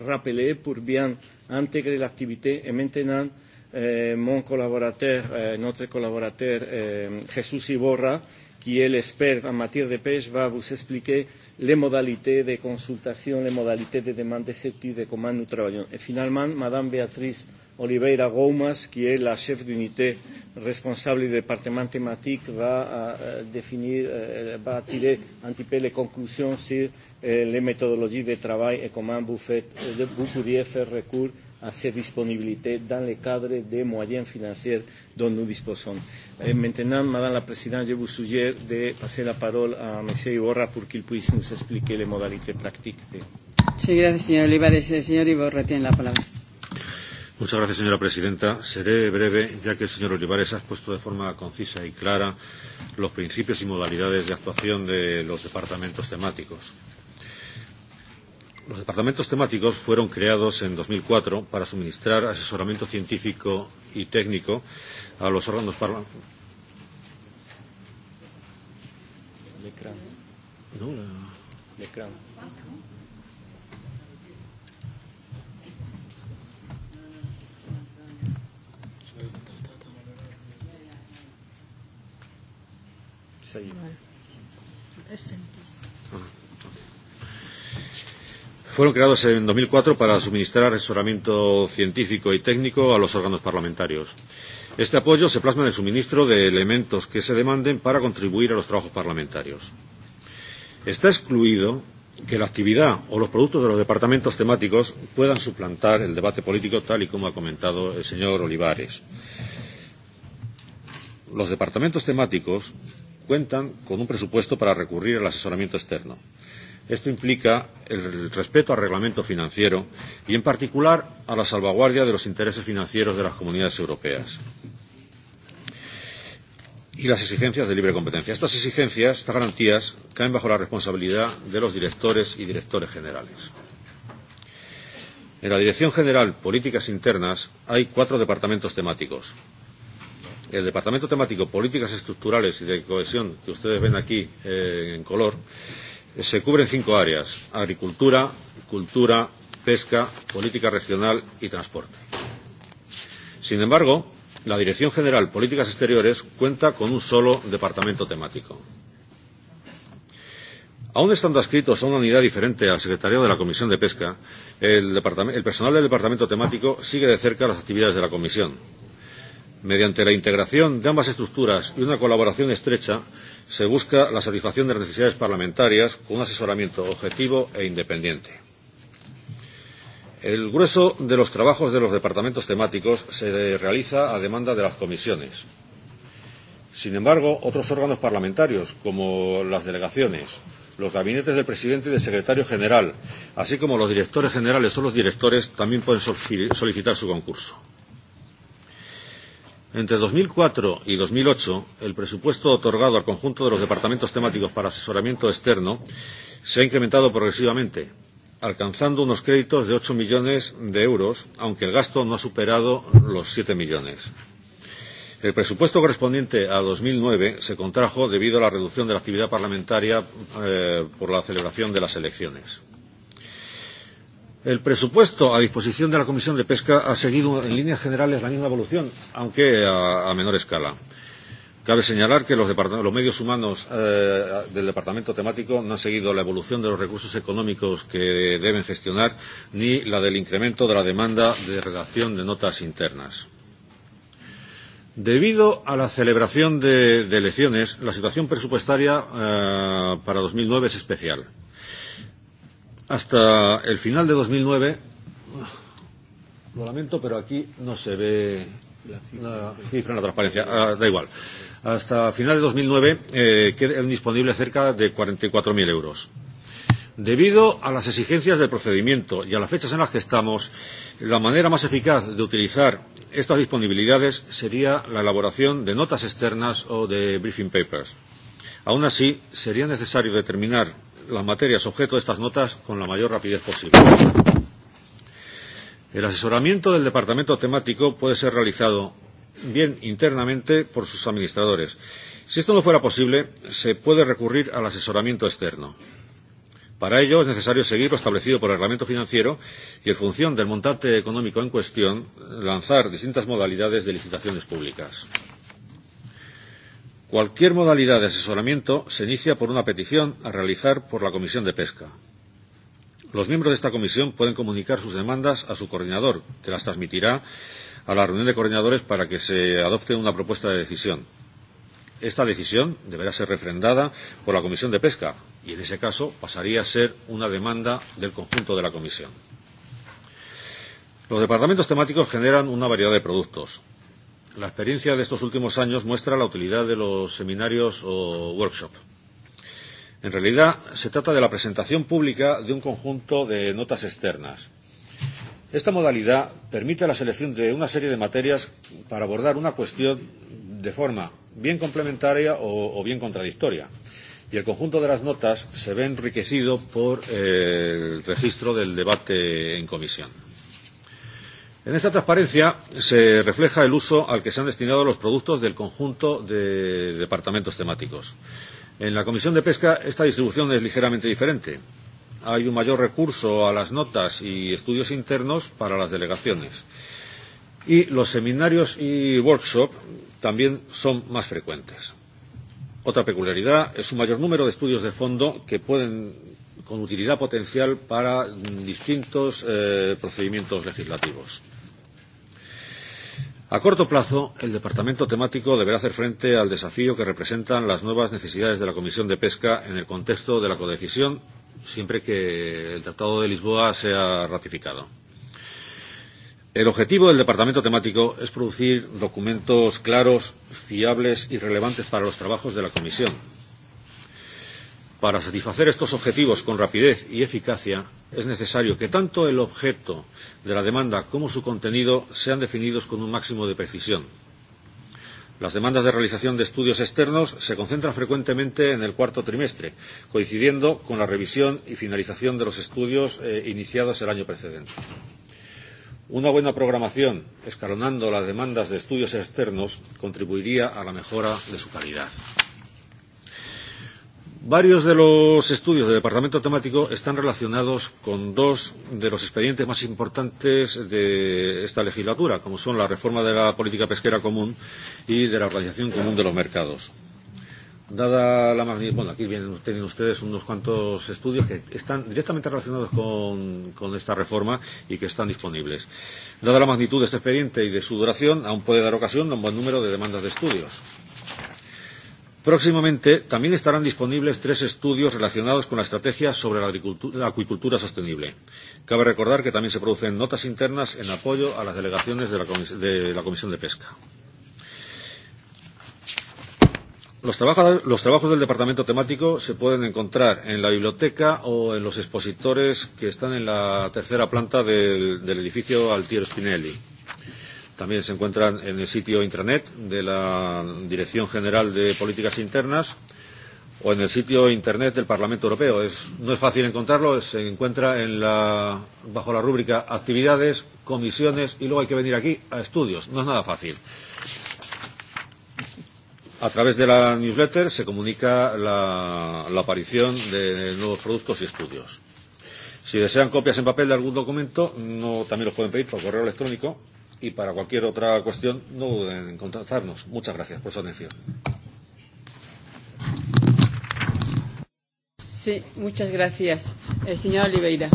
rappeler pour bien intégrer l'activité. Et maintenant, mon collaborateur, notre collaborateur, Jesús Iborra, qui est l'expert en matière de pêche, va vous expliquer les modalités de consultation, les modalités de demande de CETI, de comment nous travaillons. Et finalement, Madame Béatrice Oliveira Gomas, qui est la chef d'unité responsable du département thématique, va définir, va tirer un petit peu les conclusions sur les méthodologies de travail et comment vous, faites, vous pourriez faire recours à ces disponibilités dans le cadre des moyens financiers dont nous disposons. Et maintenant, Madame la Présidente, je vous suggère de passer la parole à M. Iborra pour qu'il puisse nous expliquer les modalités pratiques. De... Sí, gracias, señor Olivares. El señor Iborra tiene la palabra. Muchas gracias, señora presidenta. Seré breve, ya que el señor Olivares ha expuesto de forma concisa y clara los principios y modalidades de actuación de los departamentos temáticos. Los departamentos temáticos fueron creados en 2004 para suministrar asesoramiento científico y técnico a los órganos parlamentarios. Ça y fueron creados en 2004 para suministrar asesoramiento científico y técnico a los órganos parlamentarios. Este apoyo se plasma en el suministro de elementos que se demanden para contribuir a los trabajos parlamentarios. Está excluido que la actividad o los productos de los departamentos temáticos puedan suplantar el debate político tal y como ha comentado el señor Olivares. Los departamentos temáticos cuentan con un presupuesto para recurrir al asesoramiento externo. Esto implica el respeto al reglamento financiero y, en particular, a la salvaguardia de los intereses financieros de las comunidades europeas y las exigencias de libre competencia. Estas exigencias, estas garantías, caen bajo la responsabilidad de los directores y directores generales. En la Dirección General Políticas Internas hay cuatro departamentos temáticos. El Departamento Temático Políticas Estructurales y de Cohesión, que ustedes ven aquí eh, en color, se cubren cinco áreas agricultura, cultura, pesca, política regional y transporte. Sin embargo, la Dirección General Políticas Exteriores cuenta con un solo departamento temático. Aún estando adscritos a una unidad diferente al secretario de la Comisión de Pesca, el, personal del departamento temático sigue de cerca las actividades de la Comisión, Mediante la integración de ambas estructuras y una colaboración estrecha, se busca la satisfacción de las necesidades parlamentarias con un asesoramiento objetivo e independiente. El grueso de los trabajos de los departamentos temáticos se realiza a demanda de las comisiones. Sin embargo, otros órganos parlamentarios, como las delegaciones, los gabinetes del presidente y del secretario general, así como los directores generales o los directores, también pueden solicitar su concurso. Entre dos mil cuatro y dos mil ocho, el presupuesto otorgado al conjunto de los departamentos temáticos para asesoramiento externo se ha incrementado progresivamente, alcanzando unos créditos de ocho millones de euros, aunque el gasto no ha superado los siete millones. El presupuesto correspondiente a dos mil nueve se contrajo debido a la reducción de la actividad parlamentaria por la celebración de las elecciones. El presupuesto a disposición de la Comisión de Pesca ha seguido en líneas generales la misma evolución, aunque a, a menor escala. Cabe señalar que los, los medios humanos eh, del departamento temático no han seguido la evolución de los recursos económicos que deben gestionar ni la del incremento de la demanda de redacción de notas internas. Debido a la celebración de, de elecciones, la situación presupuestaria eh, para 2009 es especial hasta el final de 2009. Lo lamento, pero aquí no se ve la cifra en la transparencia. Ah, da igual. Hasta final de 2009 eh, quedan disponibles cerca de 44.000 euros. Debido a las exigencias del procedimiento y a las fechas en las que estamos, la manera más eficaz de utilizar estas disponibilidades sería la elaboración de notas externas o de briefing papers. Aún así, sería necesario determinar las materias objeto de estas notas con la mayor rapidez posible. El asesoramiento del departamento temático puede ser realizado bien internamente por sus administradores. Si esto no fuera posible, se puede recurrir al asesoramiento externo. Para ello es necesario seguir lo establecido por el reglamento financiero y, en función del montante económico en cuestión, lanzar distintas modalidades de licitaciones públicas. Cualquier modalidad de asesoramiento se inicia por una petición a realizar por la Comisión de Pesca. Los miembros de esta comisión pueden comunicar sus demandas a su coordinador, que las transmitirá a la reunión de coordinadores para que se adopte una propuesta de decisión. Esta decisión deberá ser refrendada por la Comisión de Pesca y, en ese caso, pasaría a ser una demanda del conjunto de la Comisión. Los departamentos temáticos generan una variedad de productos. La experiencia de estos últimos años muestra la utilidad de los seminarios o workshops. En realidad, se trata de la presentación pública de un conjunto de notas externas. Esta modalidad permite la selección de una serie de materias para abordar una cuestión de forma bien complementaria o, o bien contradictoria. Y el conjunto de las notas se ve enriquecido por eh, el registro del debate en comisión. En esta transparencia se refleja el uso al que se han destinado los productos del conjunto de departamentos temáticos. En la Comisión de Pesca esta distribución es ligeramente diferente. Hay un mayor recurso a las notas y estudios internos para las delegaciones. Y los seminarios y workshops también son más frecuentes. Otra peculiaridad es un mayor número de estudios de fondo que pueden con utilidad potencial para distintos eh, procedimientos legislativos. A corto plazo, el Departamento temático deberá hacer frente al desafío que representan las nuevas necesidades de la Comisión de Pesca en el contexto de la codecisión, siempre que el Tratado de Lisboa sea ratificado. El objetivo del Departamento temático es producir documentos claros, fiables y relevantes para los trabajos de la Comisión, Para satisfacer estos objetivos con rapidez y eficacia, es necesario que tanto el objeto de la demanda como su contenido sean definidos con un máximo de precisión. Las demandas de realización de estudios externos se concentran frecuentemente en el cuarto trimestre, coincidiendo con la revisión y finalización de los estudios eh, iniciados el año precedente. Una buena programación, escalonando las demandas de estudios externos, contribuiría a la mejora de su calidad. Varios de los estudios del Departamento Temático están relacionados con dos de los expedientes más importantes de esta legislatura, como son la reforma de la política pesquera común y de la organización común de los mercados. Dada la magnitud, bueno, aquí vienen, tienen ustedes unos cuantos estudios que están directamente relacionados con, con esta reforma y que están disponibles. Dada la magnitud de este expediente y de su duración, aún puede dar ocasión a un buen número de demandas de estudios Próximamente también estarán disponibles tres estudios relacionados con la estrategia sobre la, acuicultura sostenible. Cabe recordar que también se producen notas internas en apoyo a las delegaciones de la, de la Comisión de Pesca. Los, los trabajos del departamento temático se pueden encontrar en la biblioteca o en los expositores que están en la tercera planta del, del edificio Altiero Spinelli también se encuentran en el sitio intranet de la Dirección General de Políticas Internas o en el sitio Internet del Parlamento Europeo. Es, no es fácil encontrarlo, se encuentra en la, bajo la rúbrica actividades, comisiones y luego hay que venir aquí a estudios. No es nada fácil. A través de la newsletter se comunica la, la aparición de nuevos productos y estudios. Si desean copias en papel de algún documento, no, también los pueden pedir por correo electrónico y para cualquier otra cuestión no duden en contactarnos. Muchas gracias por su atención. Sí, muchas gracias. Eh, señora Oliveira.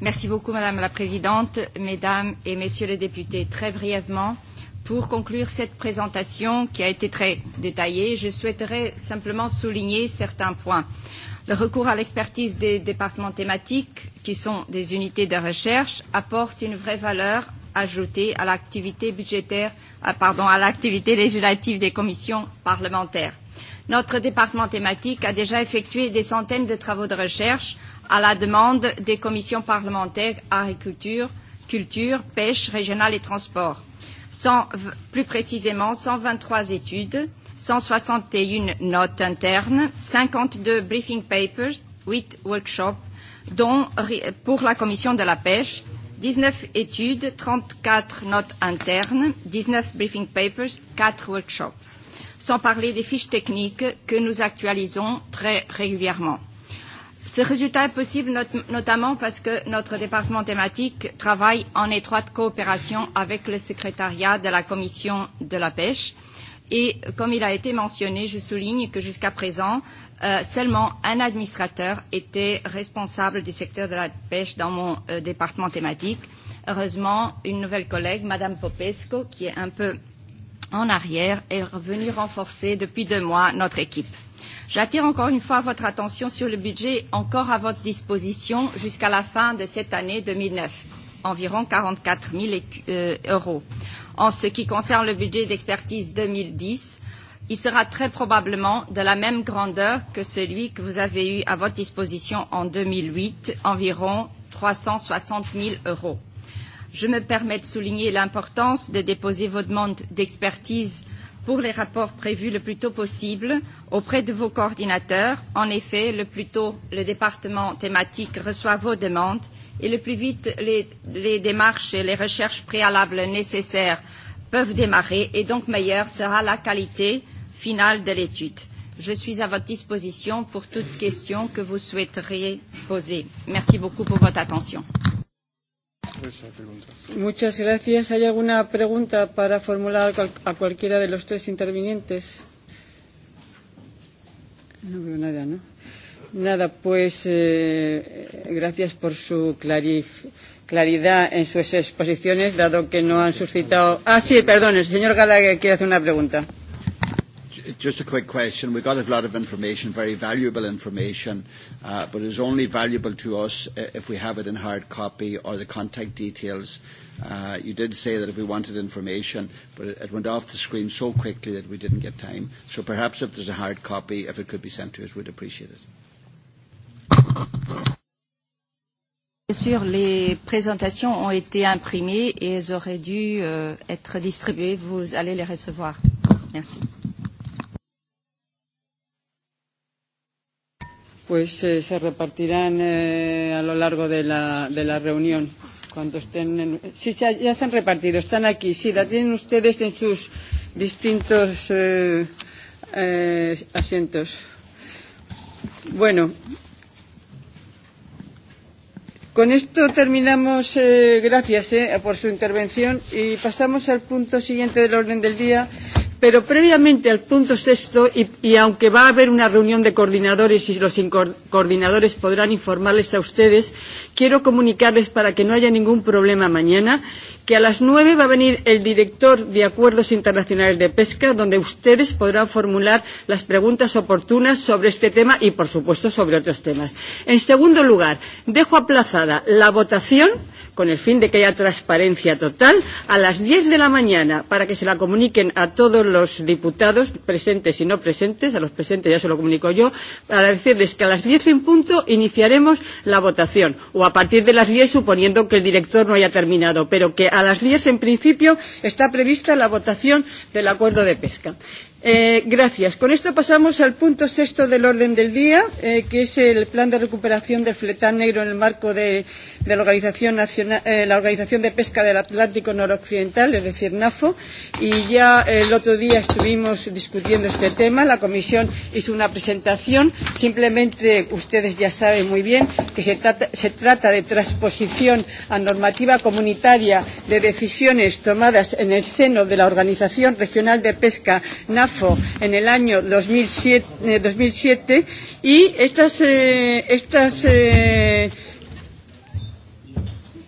Merci beaucoup, Madame la Présidente, Mesdames et Messieurs les députés. Très brièvement, pour conclure cette présentation qui a été très détaillée, je souhaiterais simplement souligner certains points. Le recours à l'expertise des départements thématiques, qui sont des unités de recherche, apporte une vraie valeur ajoutée à l'activité budgétaire, pardon, à l'activité législative des commissions parlementaires. Notre département thématique a déjà effectué des centaines de travaux de recherche à la demande des commissions parlementaires agriculture, culture, pêche régionale et transport. plus précisément, 123 études 161 notes internes, 52 briefing papers, 8 workshops, dont pour la commission de la pêche, 19 études, 34 notes internes, 19 briefing papers, 4 workshops, sans parler des fiches techniques que nous actualisons très régulièrement. Ce résultat est possible not notamment parce que notre département thématique travaille en étroite coopération avec le secrétariat de la Commission de la pêche Et comme il a été mentionné, je souligne que jusqu'à présent, euh, seulement un administrateur était responsable du secteur de la pêche dans mon euh, département thématique. Heureusement, une nouvelle collègue, Madame Popesco, qui est un peu en arrière, est venue renforcer depuis deux mois notre équipe. J'attire encore une fois votre attention sur le budget encore à votre disposition jusqu'à la fin de cette année 2009 environ 44 000 euros. En ce qui concerne le budget d'expertise 2010, il sera très probablement de la même grandeur que celui que vous avez eu à votre disposition en 2008, environ 360 000 euros. Je me permets de souligner l'importance de déposer vos demandes d'expertise pour les rapports prévus le plus tôt possible auprès de vos coordinateurs. En effet, le plus tôt le département thématique reçoit vos demandes et le plus vite les, les démarches et les recherches préalables nécessaires peuvent démarrer et donc meilleure sera la qualité finale de l'étude. Je suis à votre disposition pour toute question que vous souhaiteriez poser. Merci beaucoup pour votre attention. Muchas gracias. ¿Hay alguna pregunta para formular a cualquiera de los tres intervinientes? No veo nada, ¿no? Nada, pues eh, gracias por su clarif claridad en sus exposiciones, dado que no han suscitado. Ah, sí, perdón, el señor Gallagher quiere hacer una pregunta. Just a quick question. We got a lot of information, very valuable information, uh, but it's only valuable to us if we have it in hard copy or the contact details. Uh, you did say that if we wanted information, but it, it went off the screen so quickly that we didn't get time. So perhaps if there's a hard copy, if it could be sent to us, we'd appreciate it. Bien sûr, les présentations ont été imprimées et elles auraient dû euh, être distribuées. Vous allez les recevoir. Merci. Pues eh, se repartirán eh, a lo largo de la, de la reunión. Cuando estén en... Sí, ya, ya se han repartido, están aquí. Sí, la tienen ustedes en sus distintos eh, eh, asientos. Bueno, Con esto terminamos. Eh, gracias eh, por su intervención y pasamos al punto siguiente del orden del día. Pero previamente al punto sexto, y, y aunque va a haber una reunión de coordinadores y los coordinadores podrán informarles a ustedes, quiero comunicarles para que no haya ningún problema mañana que a las nueve va a venir el director de Acuerdos Internacionales de Pesca, donde ustedes podrán formular las preguntas oportunas sobre este tema y, por supuesto, sobre otros temas. En segundo lugar, dejo aplazada la votación con el fin de que haya transparencia total, a las 10 de la mañana para que se la comuniquen a todos los diputados presentes y no presentes, a los presentes ya se lo comunico yo, para decirles que a las 10 en punto iniciaremos la votación, o a partir de las 10 suponiendo que el director no haya terminado, pero que a las diez, en principio, está prevista la votación del acuerdo de pesca. Eh, gracias. Con esto pasamos al punto sexto del orden del día, eh, que es el plan de recuperación del fletán negro en el marco de, de la, Organización Nacional, eh, la Organización de Pesca del Atlántico Noroccidental, es decir, NAFO. Y ya el otro día estuvimos discutiendo este tema. La comisión hizo una presentación. Simplemente ustedes ya saben muy bien que se trata, se trata de transposición a normativa comunitaria de decisiones tomadas en el seno de la Organización Regional de Pesca NAFO marzo en el año 2007, eh, 2007 y estas, eh, estas eh,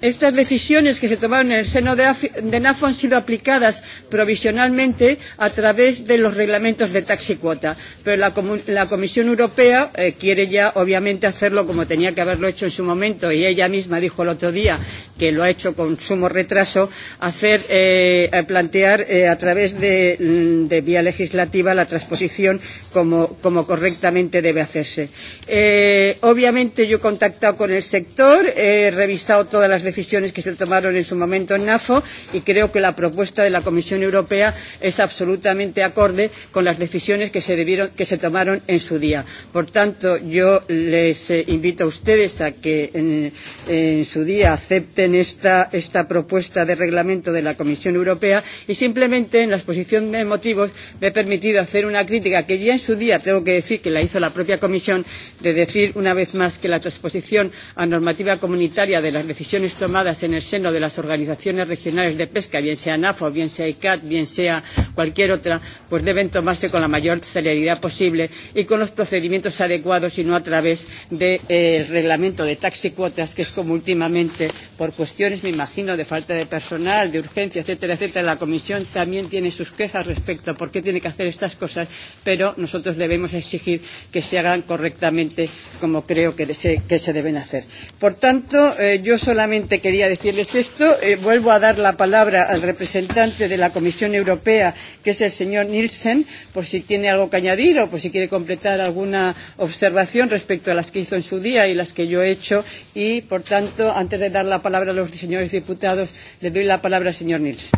Estas decisiones que se tomaron en el seno de NAFO han sido aplicadas provisionalmente a través de los reglamentos de taxi cuota, pero la, la Comisión Europea eh, quiere ya, obviamente, hacerlo como tenía que haberlo hecho en su momento, y ella misma dijo el otro día que lo ha hecho con sumo retraso, hacer, eh, plantear eh, a través de, de vía legislativa la transposición como, como correctamente debe hacerse. Eh, obviamente, yo he contactado con el sector, he revisado todas las decisiones decisiones que se tomaron en su momento en NAFO y creo que la propuesta de la Comisión Europea es absolutamente acorde con las decisiones que se, debieron, que se tomaron en su día. Por tanto, yo les eh, invito a ustedes a que en, en su día acepten esta, esta propuesta de reglamento de la Comisión Europea y simplemente en la exposición de motivos me he permitido hacer una crítica que ya en su día tengo que decir que la hizo la propia Comisión de decir una vez más que la transposición a normativa comunitaria de las decisiones tomadas en el seno de las organizaciones regionales de pesca, bien sea NAFO, bien sea ICAT, bien sea cualquier otra, pues deben tomarse con la mayor celeridad posible y con los procedimientos adecuados y no a través del eh, reglamento de Cuotas, que es como últimamente, por cuestiones, me imagino, de falta de personal, de urgencia, etcétera, etcétera, la Comisión también tiene sus quejas respecto a por qué tiene que hacer estas cosas, pero nosotros debemos exigir que se hagan correctamente como creo que se, que se deben hacer. Por tanto, eh, yo solamente solamente quería decirles esto. Eh, vuelvo a dar la palabra al representante de la Comisión Europea, que es el señor Nielsen, por si tiene algo que añadir o por si quiere completar alguna observación respecto a las que hizo en su día y las que yo he hecho. Y, por tanto, antes de dar la palabra a los señores diputados, le doy la palabra al señor Nielsen.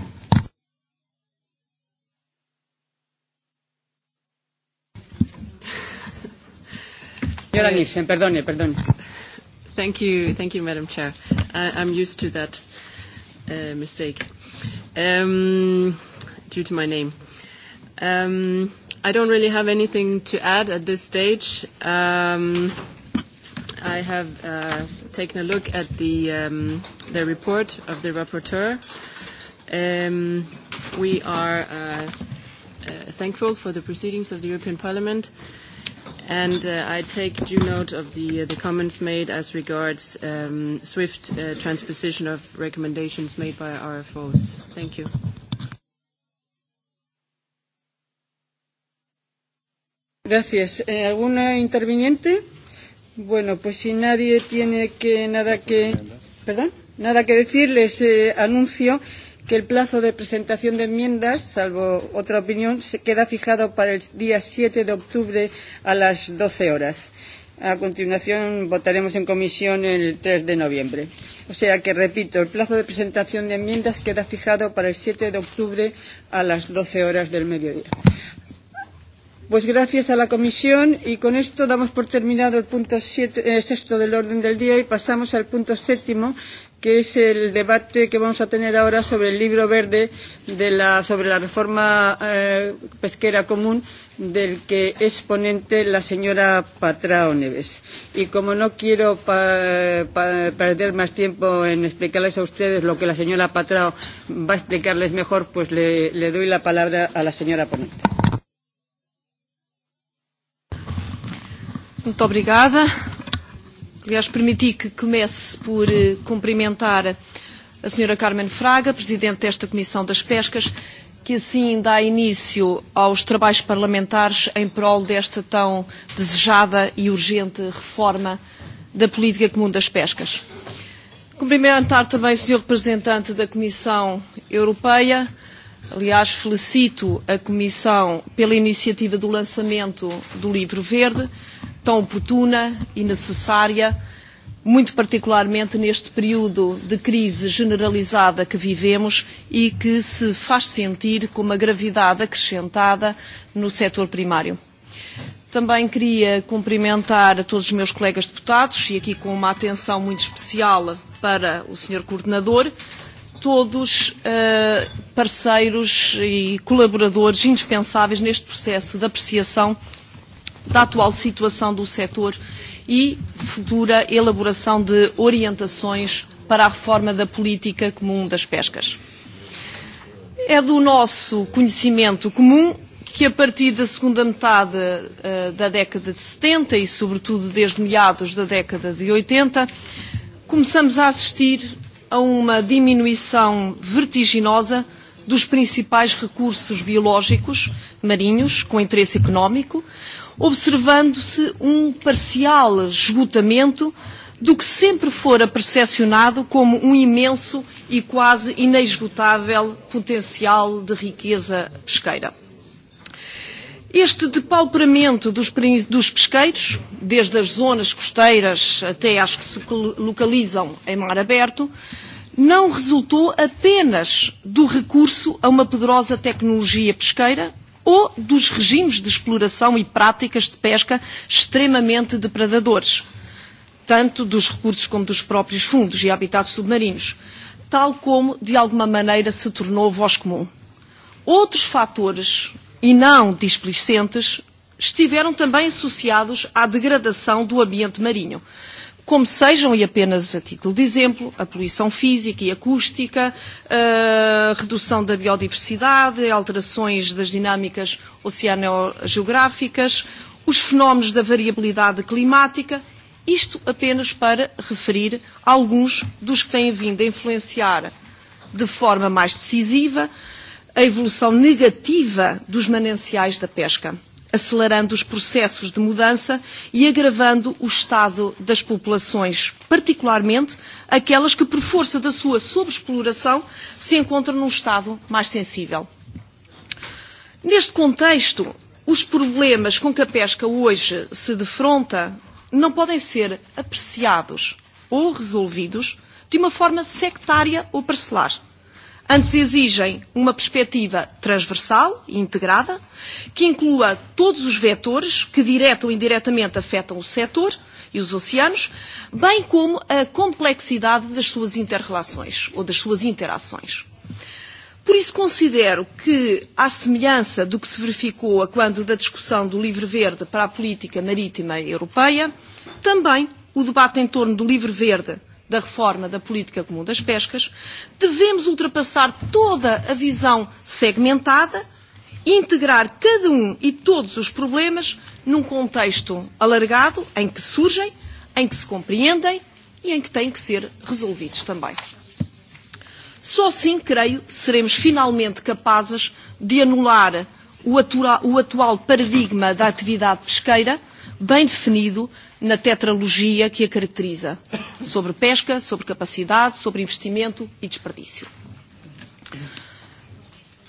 Señora Nielsen, perdone, perdone. Thank you, thank you, Madam Chair. I, I'm used to that uh, mistake um, due to my name. Um, I don't really have anything to add at this stage. Um, I have uh, taken a look at the, um, the report of the rapporteur. Um, we are uh, uh, thankful for the proceedings of the European Parliament. Uh, And I take due note of the comments made as regards swift transposition of recommendations made by RFOs. Thank you. Gracias. ¿Alguna interviniente? Bueno, pues si nadie tiene que nada que, perdón, nada que decir, les anuncio que el plazo de presentación de enmiendas, salvo otra opinión, se queda fijado para el día 7 de octubre a las 12 horas. A continuación votaremos en comisión el 3 de noviembre. O sea que, repito, el plazo de presentación de enmiendas queda fijado para el 7 de octubre a las 12 horas del mediodía. Pues gracias a la comisión y con esto damos por terminado el punto siete, eh, sexto del orden del día y pasamos al punto séptimo, que es el debate que vamos a tener ahora sobre el libro verde de la, sobre la reforma eh, pesquera común del que es ponente la señora Patrao Neves. Y como no quiero pa, pa, perder más tiempo en explicarles a ustedes lo que la señora Patrao va a explicarles mejor, pues le, le doy la palabra a la señora ponente. Muchas gracias. Aliás, permiti que comece por cumprimentar a Sra. Carmen Fraga, Presidente desta Comissão das Pescas, que assim dá início aos trabalhos parlamentares em prol desta tão desejada e urgente reforma da política comum das pescas. Cumprimentar também o Sr. Representante da Comissão Europeia. Aliás, felicito a Comissão pela iniciativa do lançamento do Livro Verde, tão oportuna e necessária, muito particularmente neste período de crise generalizada que vivemos e que se faz sentir com uma gravidade acrescentada no setor primário. Também queria cumprimentar a todos os meus colegas deputados e aqui com uma atenção muito especial para o Sr. Coordenador, todos uh, parceiros e colaboradores indispensáveis neste processo de apreciação da atual situação do setor e futura elaboração de orientações para a reforma da política comum das pescas. É do nosso conhecimento comum que a partir da segunda metade uh, da década de 70 e sobretudo desde meados da década de 80, começamos a assistir a uma diminuição vertiginosa dos principais recursos biológicos marinhos com interesse económico, observando-se um parcial esgotamento do que sempre fora percepcionado como um imenso e quase inesgotável potencial de riqueza pesqueira. Este depauperamento dos, dos pesqueiros, desde as zonas costeiras até às que se localizam em mar aberto, não resultou apenas do recurso a uma poderosa tecnologia pesqueira ou dos regimes de exploração e práticas de pesca extremamente depredadores, tanto dos recursos como dos próprios fundos e habitats submarinos, tal como de alguma maneira se tornou voz comum. Outros fatores, e não displicentes, estiveram também associados à degradação do ambiente marinho, como sejam, e apenas a título de exemplo, a poluição física e acústica, a redução da biodiversidade, alterações das dinâmicas oceanogeográficas, os fenómenos da variabilidade climática, isto apenas para referir a alguns dos que têm vindo a influenciar de forma mais decisiva a evolução negativa dos mananciais da pesca acelerando os processos de mudança e agravando o estado das populações, particularmente aquelas que, por força da sua sobreexploração, se encontram num estado mais sensível. Neste contexto, os problemas com que a pesca hoje se defronta não podem ser apreciados ou resolvidos de uma forma sectária ou parcelar Antes exigem uma perspectiva transversal e integrada, que inclua todos os vetores que direta ou indiretamente afetam o setor e os oceanos, bem como a complexidade das suas interrelações ou das suas interações. Por isso considero que, à semelhança do que se verificou a quando da discussão do livro verde para a política marítima europeia, também o debate em torno do livro verde da reforma da política comum das pescas, devemos ultrapassar toda a visão segmentada e integrar cada um e todos os problemas num contexto alargado em que surgem, em que se compreendem e em que têm que ser resolvidos também. Só assim, creio, seremos finalmente capazes de anular o, o atual paradigma da atividade pesqueira, bem definido, na tetralogia que a caracteriza sobre pesca, sobre capacidade, sobre investimento e desperdício.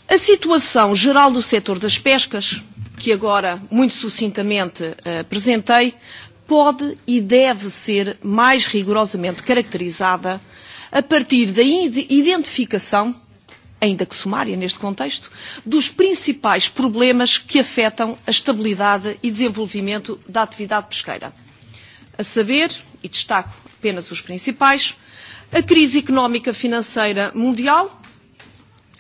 A situação geral do setor das pescas, que agora muito sucintamente apresentei, pode e deve ser mais rigorosamente caracterizada a partir da identificação, ainda que sumária neste contexto, dos principais problemas que afetam a estabilidade e desenvolvimento da atividade pesqueira a saber, e destaco apenas os principais, a crise económica financeira mundial,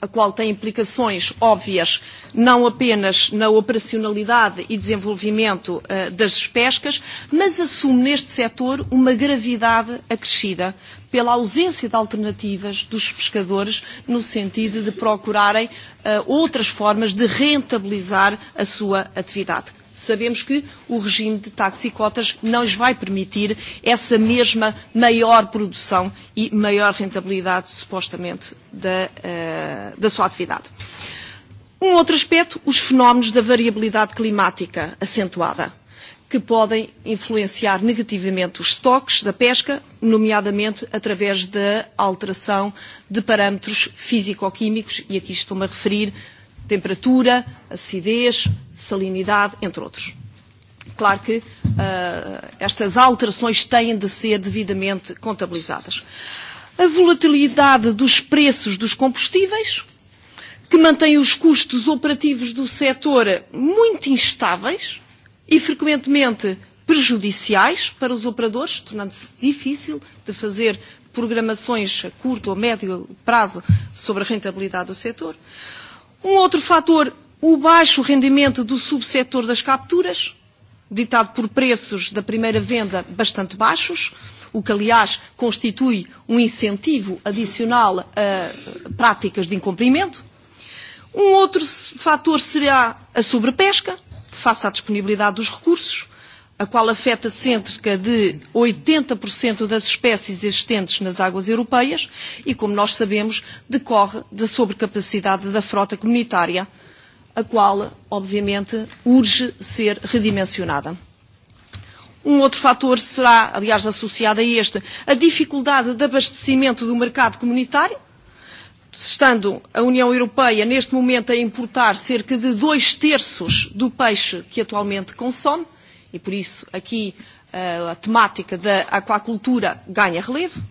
a qual tem implicações óbvias não apenas na operacionalidade e desenvolvimento uh, das pescas, mas assume neste setor uma gravidade acrescida pela ausência de alternativas dos pescadores no sentido de procurarem uh, outras formas de rentabilizar a sua atividade sabemos que o regime de taxas e cotas não lhes vai permitir essa mesma maior produção e maior rentabilidade, supostamente, da, uh, da sua atividade. Um outro aspecto, os fenómenos da variabilidade climática acentuada, que podem influenciar negativamente os estoques da pesca, nomeadamente através da alteração de parâmetros físico-químicos, e aqui estou-me a referir temperatura, acidez, salinidade, entre outros. Claro que uh, estas alterações têm de ser devidamente contabilizadas. A volatilidade dos preços dos combustíveis, que mantém os custos operativos do setor muito instáveis e frequentemente prejudiciais para os operadores, tornando-se difícil de fazer programações a curto ou médio prazo sobre a rentabilidade do setor. Uh, Um outro fator, o baixo rendimento do subsetor das capturas, ditado por preços da primeira venda bastante baixos, o que, aliás, constitui um incentivo adicional a práticas de incumprimento. Um outro fator será a sobrepesca, face à disponibilidade dos recursos a qual afeta cerca de 80% das espécies existentes nas águas europeias e, como nós sabemos, decorre da sobrecapacidade da frota comunitária, a qual, obviamente, urge ser redimensionada. Um outro fator será, aliás, associado a este, a dificuldade de abastecimento do mercado comunitário, estando a União Europeia neste momento a importar cerca de dois terços do peixe que atualmente consome, e por isso aqui a temática da aquacultura ganha relevo.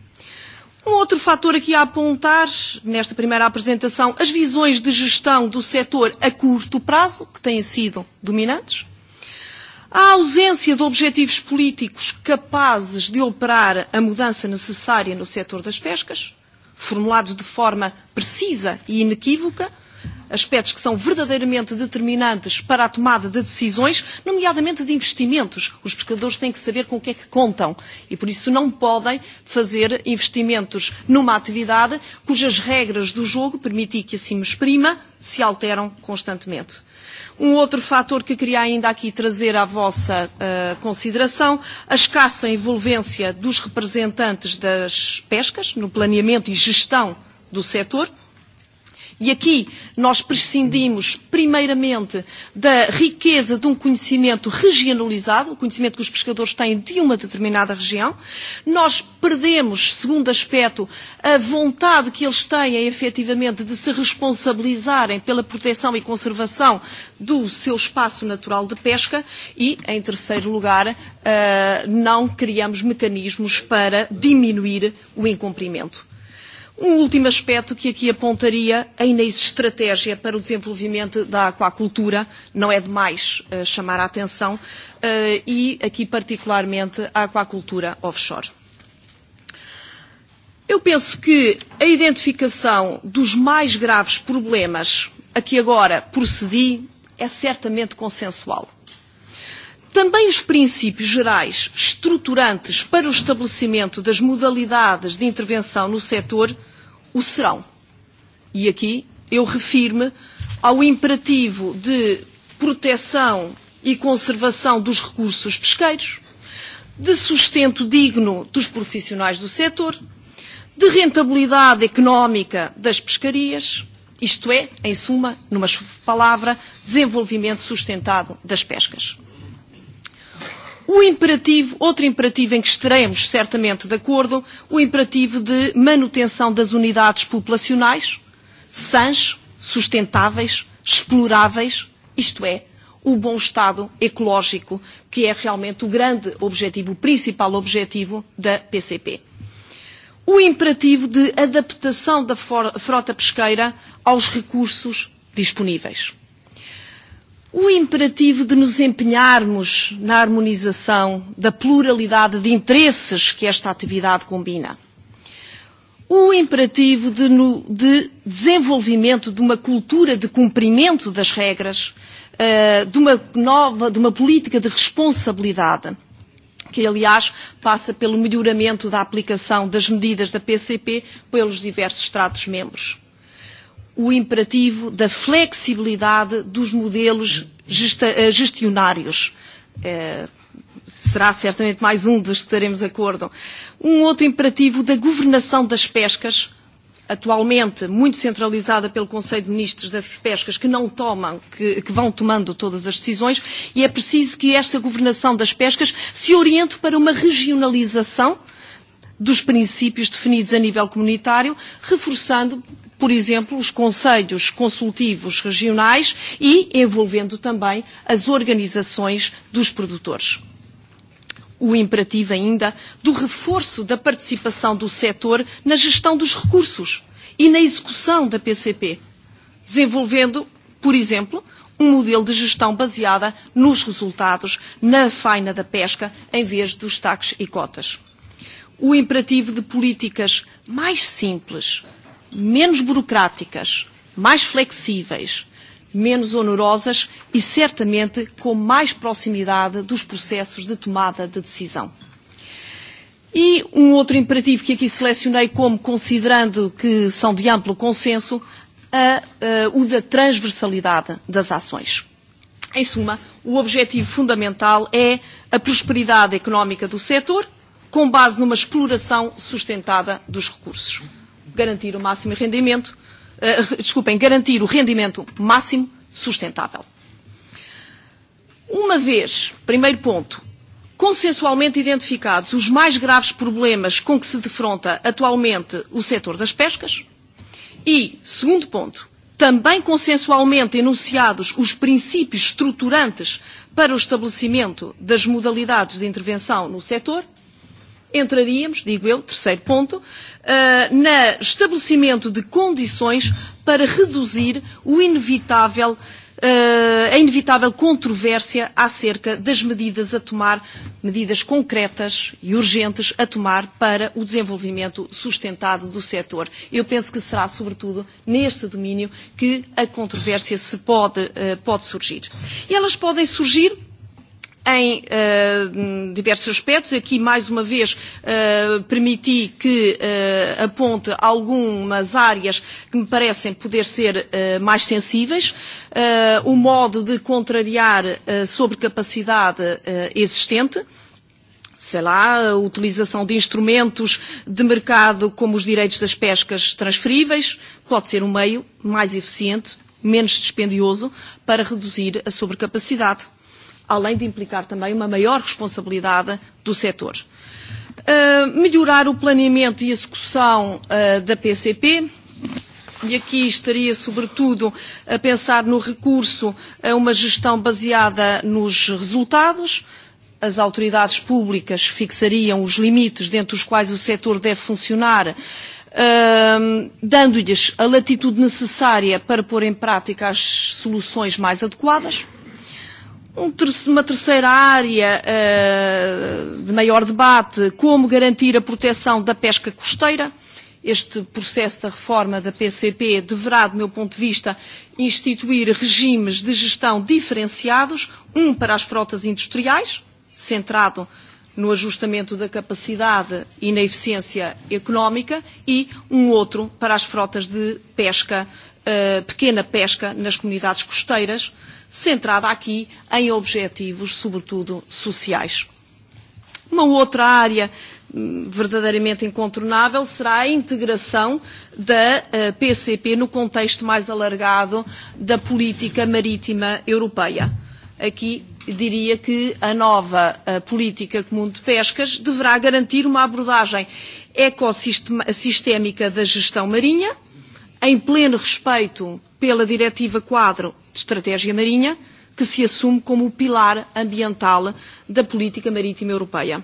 Um outro fator aqui a apontar, nesta primeira apresentação, as visões de gestão do setor a curto prazo, que têm sido dominantes. A ausência de objetivos políticos capazes de operar a mudança necessária no setor das pescas, formulados de forma precisa e inequívoca, aspectos que são verdadeiramente determinantes para a tomada de decisões, nomeadamente de investimentos. Os pescadores têm que saber com o que é que contam e, por isso, não podem fazer investimentos numa atividade cujas regras do jogo, permitir que assim me exprima, se alteram constantemente. Um outro fator que queria ainda aqui trazer à vossa uh, consideração, a escassa envolvência dos representantes das pescas no planeamento e gestão do setor, E aqui nós prescindimos, primeiramente, da riqueza de um conhecimento regionalizado, o conhecimento que os pescadores têm de uma determinada região. Nós perdemos, segundo aspecto, a vontade que eles têm, efetivamente, de se responsabilizarem pela proteção e conservação do seu espaço natural de pesca e, em terceiro lugar, não criamos mecanismos para diminuir o incumprimento. Um último aspecto que aqui apontaria, ainda existe estratégia para o desenvolvimento da aquacultura, não é demais uh, chamar a atenção, uh, e aqui particularmente a aquacultura offshore. Eu penso que a identificação dos mais graves problemas a que agora procedi é certamente consensual. Também os princípios gerais estruturantes para o estabelecimento das modalidades de intervenção no setor o serão. E aqui eu refiro-me ao imperativo de proteção e conservação dos recursos pesqueiros, de sustento digno dos profissionais do setor, de rentabilidade económica das pescarias, isto é, em suma, numa palavra, desenvolvimento sustentado das pescas. O imperativo, outro imperativo em que estaremos certamente de acordo, o imperativo de manutenção das unidades populacionais, sãs, sustentáveis, exploráveis, isto é, o bom estado ecológico, que é realmente o grande objetivo, o principal objetivo da PCP. O imperativo de adaptação da frota pesqueira aos recursos disponíveis o imperativo de nos empenharmos na harmonização da pluralidade de interesses que esta atividade combina. O imperativo de, no, de desenvolvimento de uma cultura de cumprimento das regras, uh, de uma nova, de uma política de responsabilidade, que aliás passa pelo melhoramento da aplicação das medidas da PCP pelos diversos Estados-membros o imperativo da flexibilidade dos modelos gestionários. Será certamente mais um dos que estaremos de acordo. Um outro imperativo da governação das pescas, atualmente muito centralizada pelo Conselho de Ministros das Pescas, que não tomam, que, que vão tomando todas as decisões, e é preciso que esta governação das pescas se oriente para uma regionalização dos princípios definidos a nível comunitário, reforçando por exemplo, os conselhos consultivos regionais e envolvendo também as organizações dos produtores o imperativo ainda do reforço da participação do setor na gestão dos recursos e na execução da PCP, desenvolvendo, por exemplo, um modelo de gestão baseada nos resultados na faina da pesca em vez dos taques e cotas. O imperativo de políticas mais simples menos burocráticas, mais flexíveis, menos onerosas e certamente com mais proximidade dos processos de tomada de decisão. E um outro imperativo que aqui selecionei como considerando que são de amplo consenso, a, a, o da transversalidade das ações. Em suma, o objetivo fundamental é a prosperidade económica do setor, com base numa exploração sustentada dos recursos garantir o máximo rendimento, uh, desculpem, garantir o rendimento máximo sustentável. Uma vez, primeiro ponto, consensualmente identificados os mais graves problemas com que se defronta atualmente o setor das pescas e, segundo ponto, também consensualmente enunciados os princípios estruturantes para o estabelecimento das modalidades de intervenção no setor entraríamos, digo eu, terceiro ponto, uh, na estabelecimento de condições para reduzir o inevitável, uh, a inevitável controvérsia acerca das medidas a tomar, medidas concretas e urgentes a tomar para o desenvolvimento sustentado do setor. Eu penso que será, sobretudo, neste domínio que a controvérsia se pode, uh, pode surgir. E elas podem surgir em uh, diversos aspectos. Aqui, mais uma vez, uh, permiti que uh, aponte algumas áreas que me parecem poder ser uh, mais sensíveis. Uh, o modo de contrariar a sobrecapacidade uh, existente sei lá, a utilização de instrumentos de mercado como os direitos das pescas transferíveis, pode ser um meio mais eficiente, menos dispendioso, para reduzir a sobrecapacidade além de implicar também uma maior responsabilidade do setor. Melhorar o planeamento e execução da PCP, E aqui estaria, sobretudo, a pensar no recurso a uma gestão baseada nos resultados. As autoridades públicas fixariam os limites dentro dos quais o setor deve funcionar, dando-lhes a latitude necessária para pôr em prática as soluções mais adequadas um ter uma terceira área uh, de maior debate, como garantir a proteção da pesca costeira. Este processo da reforma da PCP deverá, do meu ponto de vista, instituir regimes de gestão diferenciados, um para as frotas industriais, centrado no ajustamento da capacidade e na eficiência económica, e um outro para as frotas de pesca uh, pequena pesca nas comunidades costeiras, centrada aqui em objetivos, sobretudo, sociais. Uma outra área verdadeiramente incontornável será a integração da PCP no contexto mais alargado da política marítima europeia. Aqui diria que a nova política comum de pescas deverá garantir uma abordagem ecossistémica da gestão marinha, em pleno respeito pela Diretiva Quadro de Estratégia Marinha, que se assume como o pilar ambiental da política marítima europeia.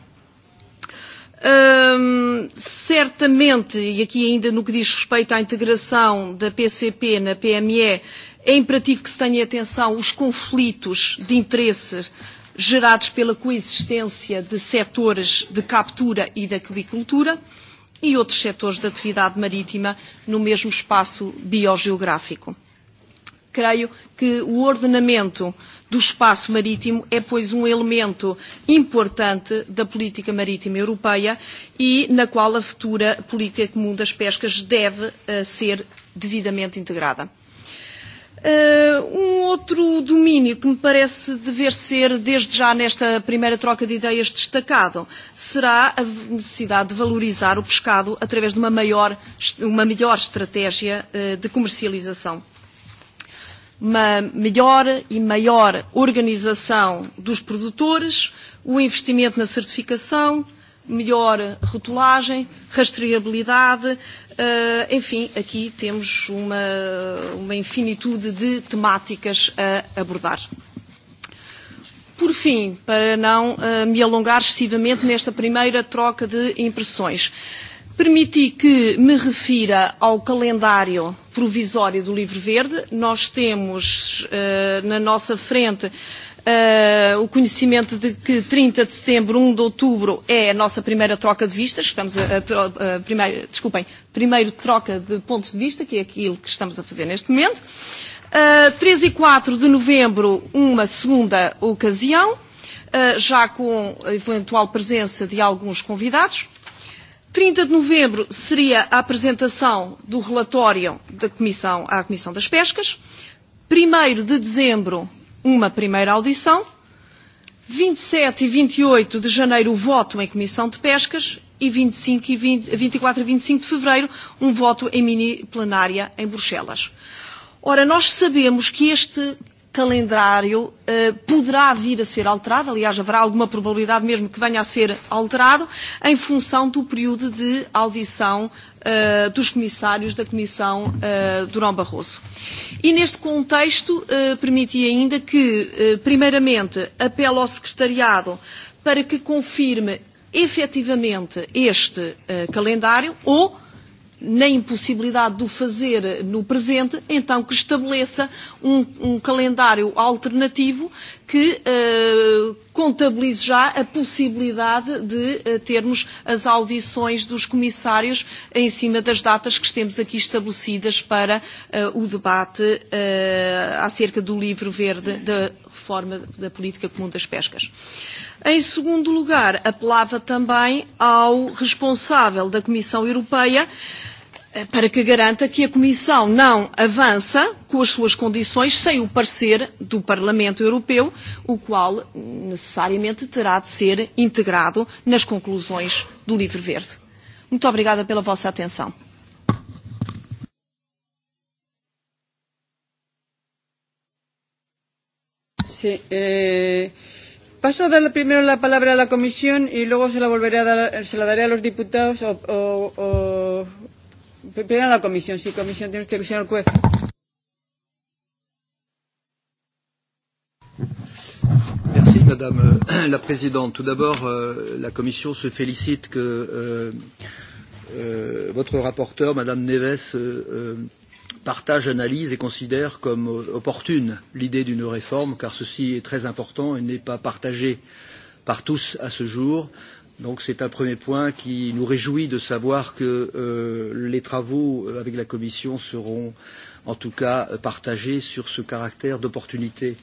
Hum, certamente, e aqui ainda no que diz respeito à integração da PCP na PME, é imperativo que se tenha atenção os conflitos de interesse gerados pela coexistência de setores de captura e de aquicultura e outros setores de atividade marítima no mesmo espaço biogeográfico. Creio que o ordenamento do espaço marítimo é, pois, um elemento importante da política marítima europeia e na qual a futura política comum das pescas deve ser devidamente integrada. Um outro domínio que me parece dever ser, desde já nesta primeira troca de ideias destacado, será a necessidade de valorizar o pescado através de uma, maior, uma melhor estratégia de comercialização. Uma melhor e maior organização dos produtores, o investimento na certificação, melhor rotulagem, rastreabilidade, Uh, enfim, aqui temos uma, uma infinitude de temáticas a abordar. Por fim, para não uh, me alongar excessivamente nesta primeira troca de impressões, permiti que me refira ao calendário provisório do Livro Verde. Nós temos uh, na nossa frente uh, o conhecimento de que 30 de setembro, 1 de outubro é a nossa primeira troca de vistas, estamos a, a, primeiro, desculpem, primeiro troca de pontos de vista, que é aquilo que estamos a fazer neste momento. Uh, 3 e 4 de novembro, uma segunda ocasião, uh, já com a eventual presença de alguns convidados. 30 de novembro seria a apresentação do relatório da comissão à Comissão das Pescas. 1 de dezembro, uma primeira audição, 27 e 28 de janeiro o voto em Comissão de Pescas e 25 e 20, 24 e 25 de fevereiro um voto em mini plenária em Bruxelas. Ora, nós sabemos que este calendário poderá vir a ser alterado, aliás, haverá alguma probabilidade mesmo que venha a ser alterado, em função do período de audição dos comissários da Comissão Durão Barroso. E neste contexto, permiti ainda que, primeiramente, apelo ao Secretariado para que confirme efetivamente este calendário ou na impossibilidade de o fazer no presente, então que estabeleça um, um calendário alternativo que uh, contabilize já a possibilidade de uh, termos as audições dos comissários em cima das datas que temos aqui estabelecidas para uh, o debate uh, acerca do livro verde da reforma da política comum das pescas. Em segundo lugar, apelava também ao responsável da Comissão Europeia uh, para que garanta que a Comissão não avança com as suas condições sem o parecer do Parlamento Europeu, o qual necessariamente terá de ser integrado nas conclusões do Livro Verde. Muito obrigada pela vossa atenção. Sí, eh, paso a dar primero la palabra a la comisión y luego se la volveré a dar, se la daré a los diputados o, o, o Primero la comisión, sí, comisión tiene usted, señor juez. Merci Madame la Présidente. Tout d'abord, la Commission se félicite que votre rapporteur, Madame Neves, partage, analyse et considère comme opportune l'idée d'une réforme, car ceci est très important et n'est pas partagé par tous à ce jour. Euh, Donc c'est un premier point qui nous réjouit de savoir que les travaux avec la Commission seront en tout cas partagés sur ce caractère d'opportunité.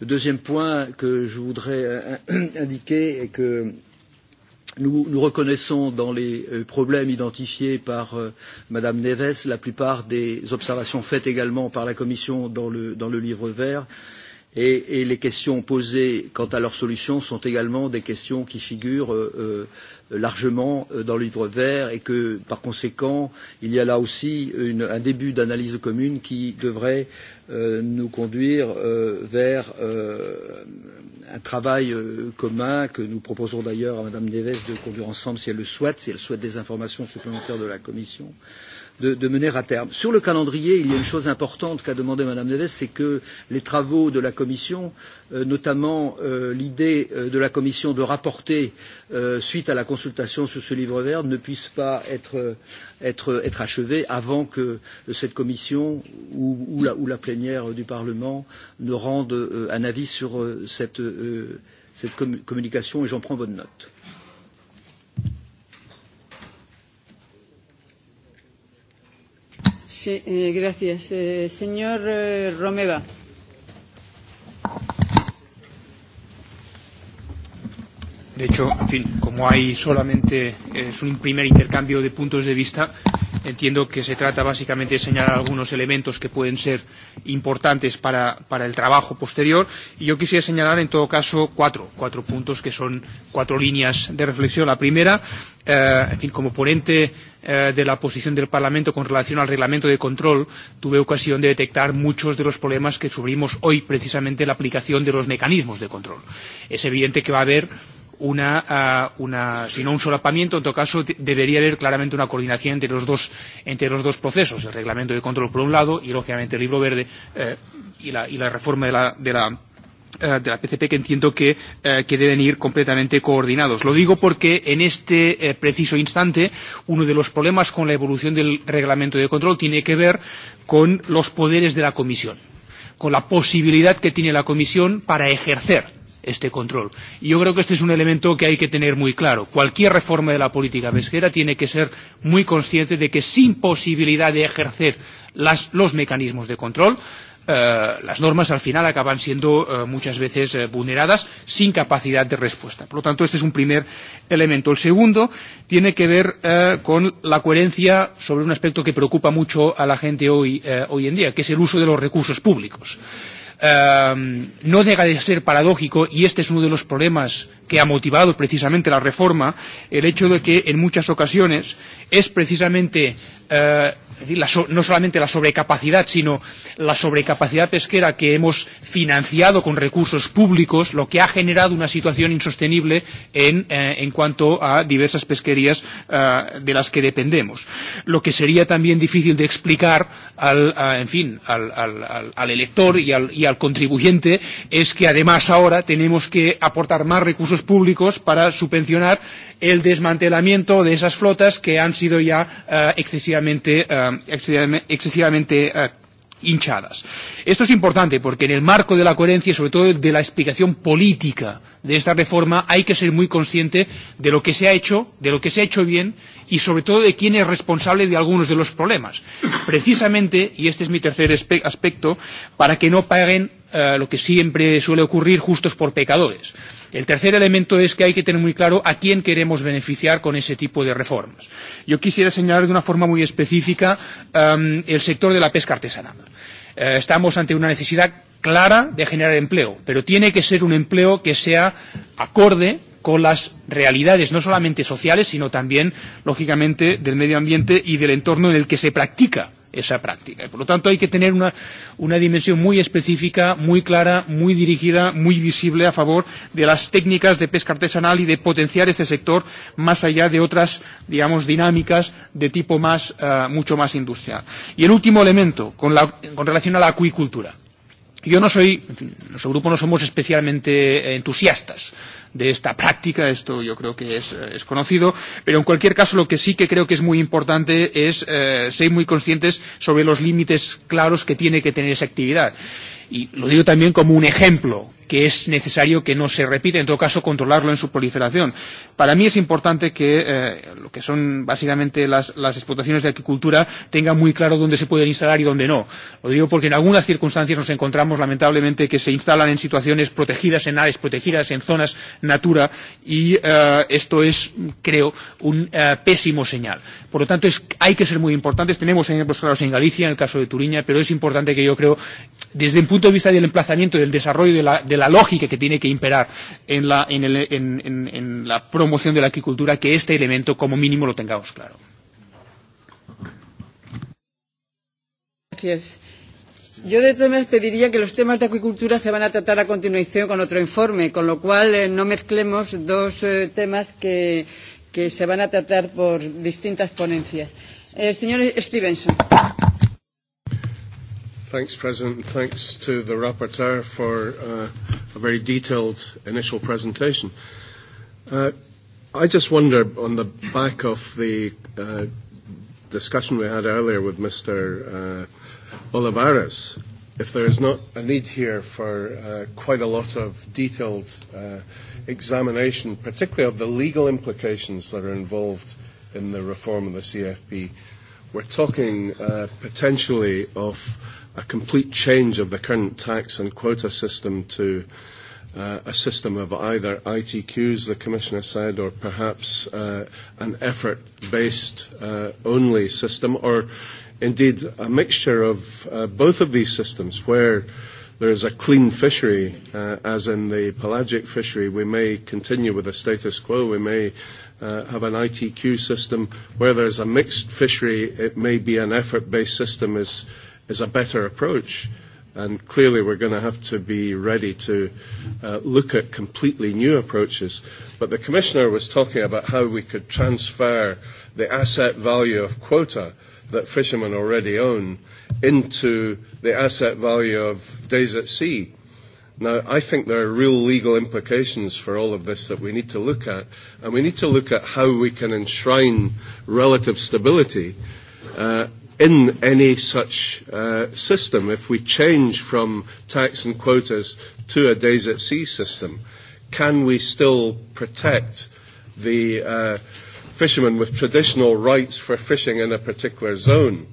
Le deuxième point que je voudrais indiquer est que nous, reconnaissons dans les problèmes identifiés par Madame Neves la plupart des observations faites également par la Commission dans le, livre vert. Euh, Et, les questions posées quant à leur solution sont également des questions qui figurent largement dans le livre vert et que, par conséquent, il y a là aussi un début d'analyse commune qui devrait nous conduire vers un travail commun que nous proposons d'ailleurs à Mme Neves de conduire ensemble si elle le souhaite, si elle souhaite des informations supplémentaires de la Commission de, de mener à terme. Sur le calendrier, il y a une chose importante qu'a demandé Mme Neves, c'est que les travaux de la Commission, notamment l'idée de la Commission de rapporter suite à la consultation sur ce livre vert, ne puissent pas être, achevés avant que cette Commission ou, la, plénière du Parlement ne rende un avis sur cette communication et j'en prends bonne note. Sí, eh, gracias. Eh, señor eh, Romeva. De hecho, en fin, como hay solamente es un primer intercambio de puntos de vista, Entiendo que se trata básicamente de señalar algunos elementos que pueden ser importantes para, para el trabajo posterior. Y yo quisiera señalar, en todo caso, cuatro, cuatro puntos que son cuatro líneas de reflexión. La primera, eh, en fin, como ponente eh, de la posición del Parlamento con relación al reglamento de control, tuve ocasión de detectar muchos de los problemas que sufrimos hoy, precisamente la aplicación de los mecanismos de control. Es evidente que va a haber una, uh, una, si no un solapamiento, en todo caso debería haber claramente una coordinación entre los dos, entre los dos procesos, el reglamento de control por un lado y lógicamente el libro verde eh, y, la, y la reforma de la, de la de la PCP que entiendo que, eh, que deben ir completamente coordinados. Lo digo porque en este eh, preciso instante uno de los problemas con la evolución del reglamento de control tiene que ver con los poderes de la Comisión, con la posibilidad que tiene la Comisión para ejercer este control. Y yo creo que este es un elemento que hay que tener muy claro. Cualquier reforma de la política pesquera tiene que ser muy consciente de que sin posibilidad de ejercer las, los mecanismos de control, las normas al final acaban siendo muchas veces vulneradas sin capacidad de respuesta. Por lo tanto, este es un primer elemento. El segundo tiene que ver con la coherencia sobre un aspecto que preocupa mucho a la gente hoy, en día, que es el uso de los recursos públicos. Eh, no deja de ser paradójico, y este es uno de los problemas que ha motivado precisamente la reforma, el hecho de que en muchas ocasiones es precisamente eh, es decir, la, no solamente la sobrecapacidad, sino la sobrecapacidad pesquera que hemos financiado con recursos públicos, lo que ha generado una situación insostenible en, eh, en cuanto a diversas pesquerías uh, de las que dependemos. Lo que sería también difícil de explicar al, a, en fin, al, al, al, al elector y al, y al contribuyente es que además ahora tenemos que aportar más recursos públicos para subvencionar el desmantelamiento de esas flotas que han sido ya uh, excesivamente Uh, excesivamente hinchadas. Esto es importante porque en el marco de la coherencia y sobre todo de la explicación política de esta reforma hay que ser muy consciente de lo que se ha hecho, de lo que se ha hecho bien y sobre todo de quién es responsable de algunos de los problemas. Precisamente, y este es mi tercer aspecto, para que no paguen lo que siempre suele ocurrir, justos por pecadores. El tercer elemento es que hay que tener muy claro a quién queremos beneficiar con ese tipo de reformas. Yo quisiera señalar de una forma muy específica el sector de la pesca artesanal. estamos ante una necesidad clara de generar empleo, pero tiene que ser un empleo que sea acorde con las realidades no solamente sociales, sino también, lógicamente, del medio ambiente y del entorno en el que se practica esa práctica. Por lo tanto, hay que tener una, una dimensión muy específica, muy clara, muy dirigida, muy visible a favor de las técnicas de pesca artesanal y de potenciar este sector más allá de otras, digamos, dinámicas de tipo más, uh, mucho más industrial. Y el último elemento, con, la, con relación a la acuicultura. Yo no soy, en fin, nuestro grupo no somos especialmente entusiastas de esta práctica, esto yo creo que es, es conocido, pero en cualquier caso lo que sí que creo que es muy importante es eh, ser muy conscientes sobre los límites claros que tiene que tener esa actividad. Y lo digo también como un ejemplo, que es necesario que no se repita, en todo caso controlarlo en su proliferación. Para mí es importante que eh, lo que son básicamente las, las explotaciones de agricultura tengan muy claro dónde se pueden instalar y dónde no. Lo digo porque en algunas circunstancias nos encontramos lamentablemente que se instalan en situaciones protegidas, en áreas protegidas, en zonas natura y eh, esto es, creo, un eh, pésimo señal. Por lo tanto, es, hay que ser muy importantes. Tenemos ejemplos claros en Galicia, en el caso de Turiña, pero es importante que yo creo, desde el punto de vista del emplazamiento, del desarrollo de la, de la lógica que tiene que imperar en la, en, el, en, en, en la promoción de la agricultura, que este elemento como mínimo lo tengamos claro. Gracias. Yo de todas maneras pediría que los temas de acuicultura se van a tratar a continuación con otro informe, con lo cual eh, no mezclemos dos eh, temas que, que se van a tratar por distintas ponencias. Eh, señor Stevenson. Thanks, President, and thanks to the rapporteur for uh, a very detailed initial presentation. Uh, I just wonder, on the back of the uh, discussion we had earlier with Mr. Uh, Olivares, if there is not a need here for uh, quite a lot of detailed uh, examination, particularly of the legal implications that are involved in the reform of the CFP. We're talking uh, potentially of a complete change of the current tax and quota system to uh, a system of either ITQs, the Commissioner said, or perhaps uh, an effort-based uh, only system, or indeed a mixture of uh, both of these systems where there is a clean fishery, uh, as in the pelagic fishery. We may continue with the status quo. We may uh, have an ITQ system. Where there is a mixed fishery, it may be an effort-based system is is a better approach. And clearly, we're going to have to be ready to uh, look at completely new approaches. But the Commissioner was talking about how we could transfer the asset value of quota that fishermen already own into the asset value of days at sea. Now, I think there are real legal implications for all of this that we need to look at, and we need to look at how we can enshrine relative stability uh, in any such uh, system, if we change from tax and quotas to a days at sea system, can we still protect the uh, fishermen with traditional rights for fishing in a particular zone?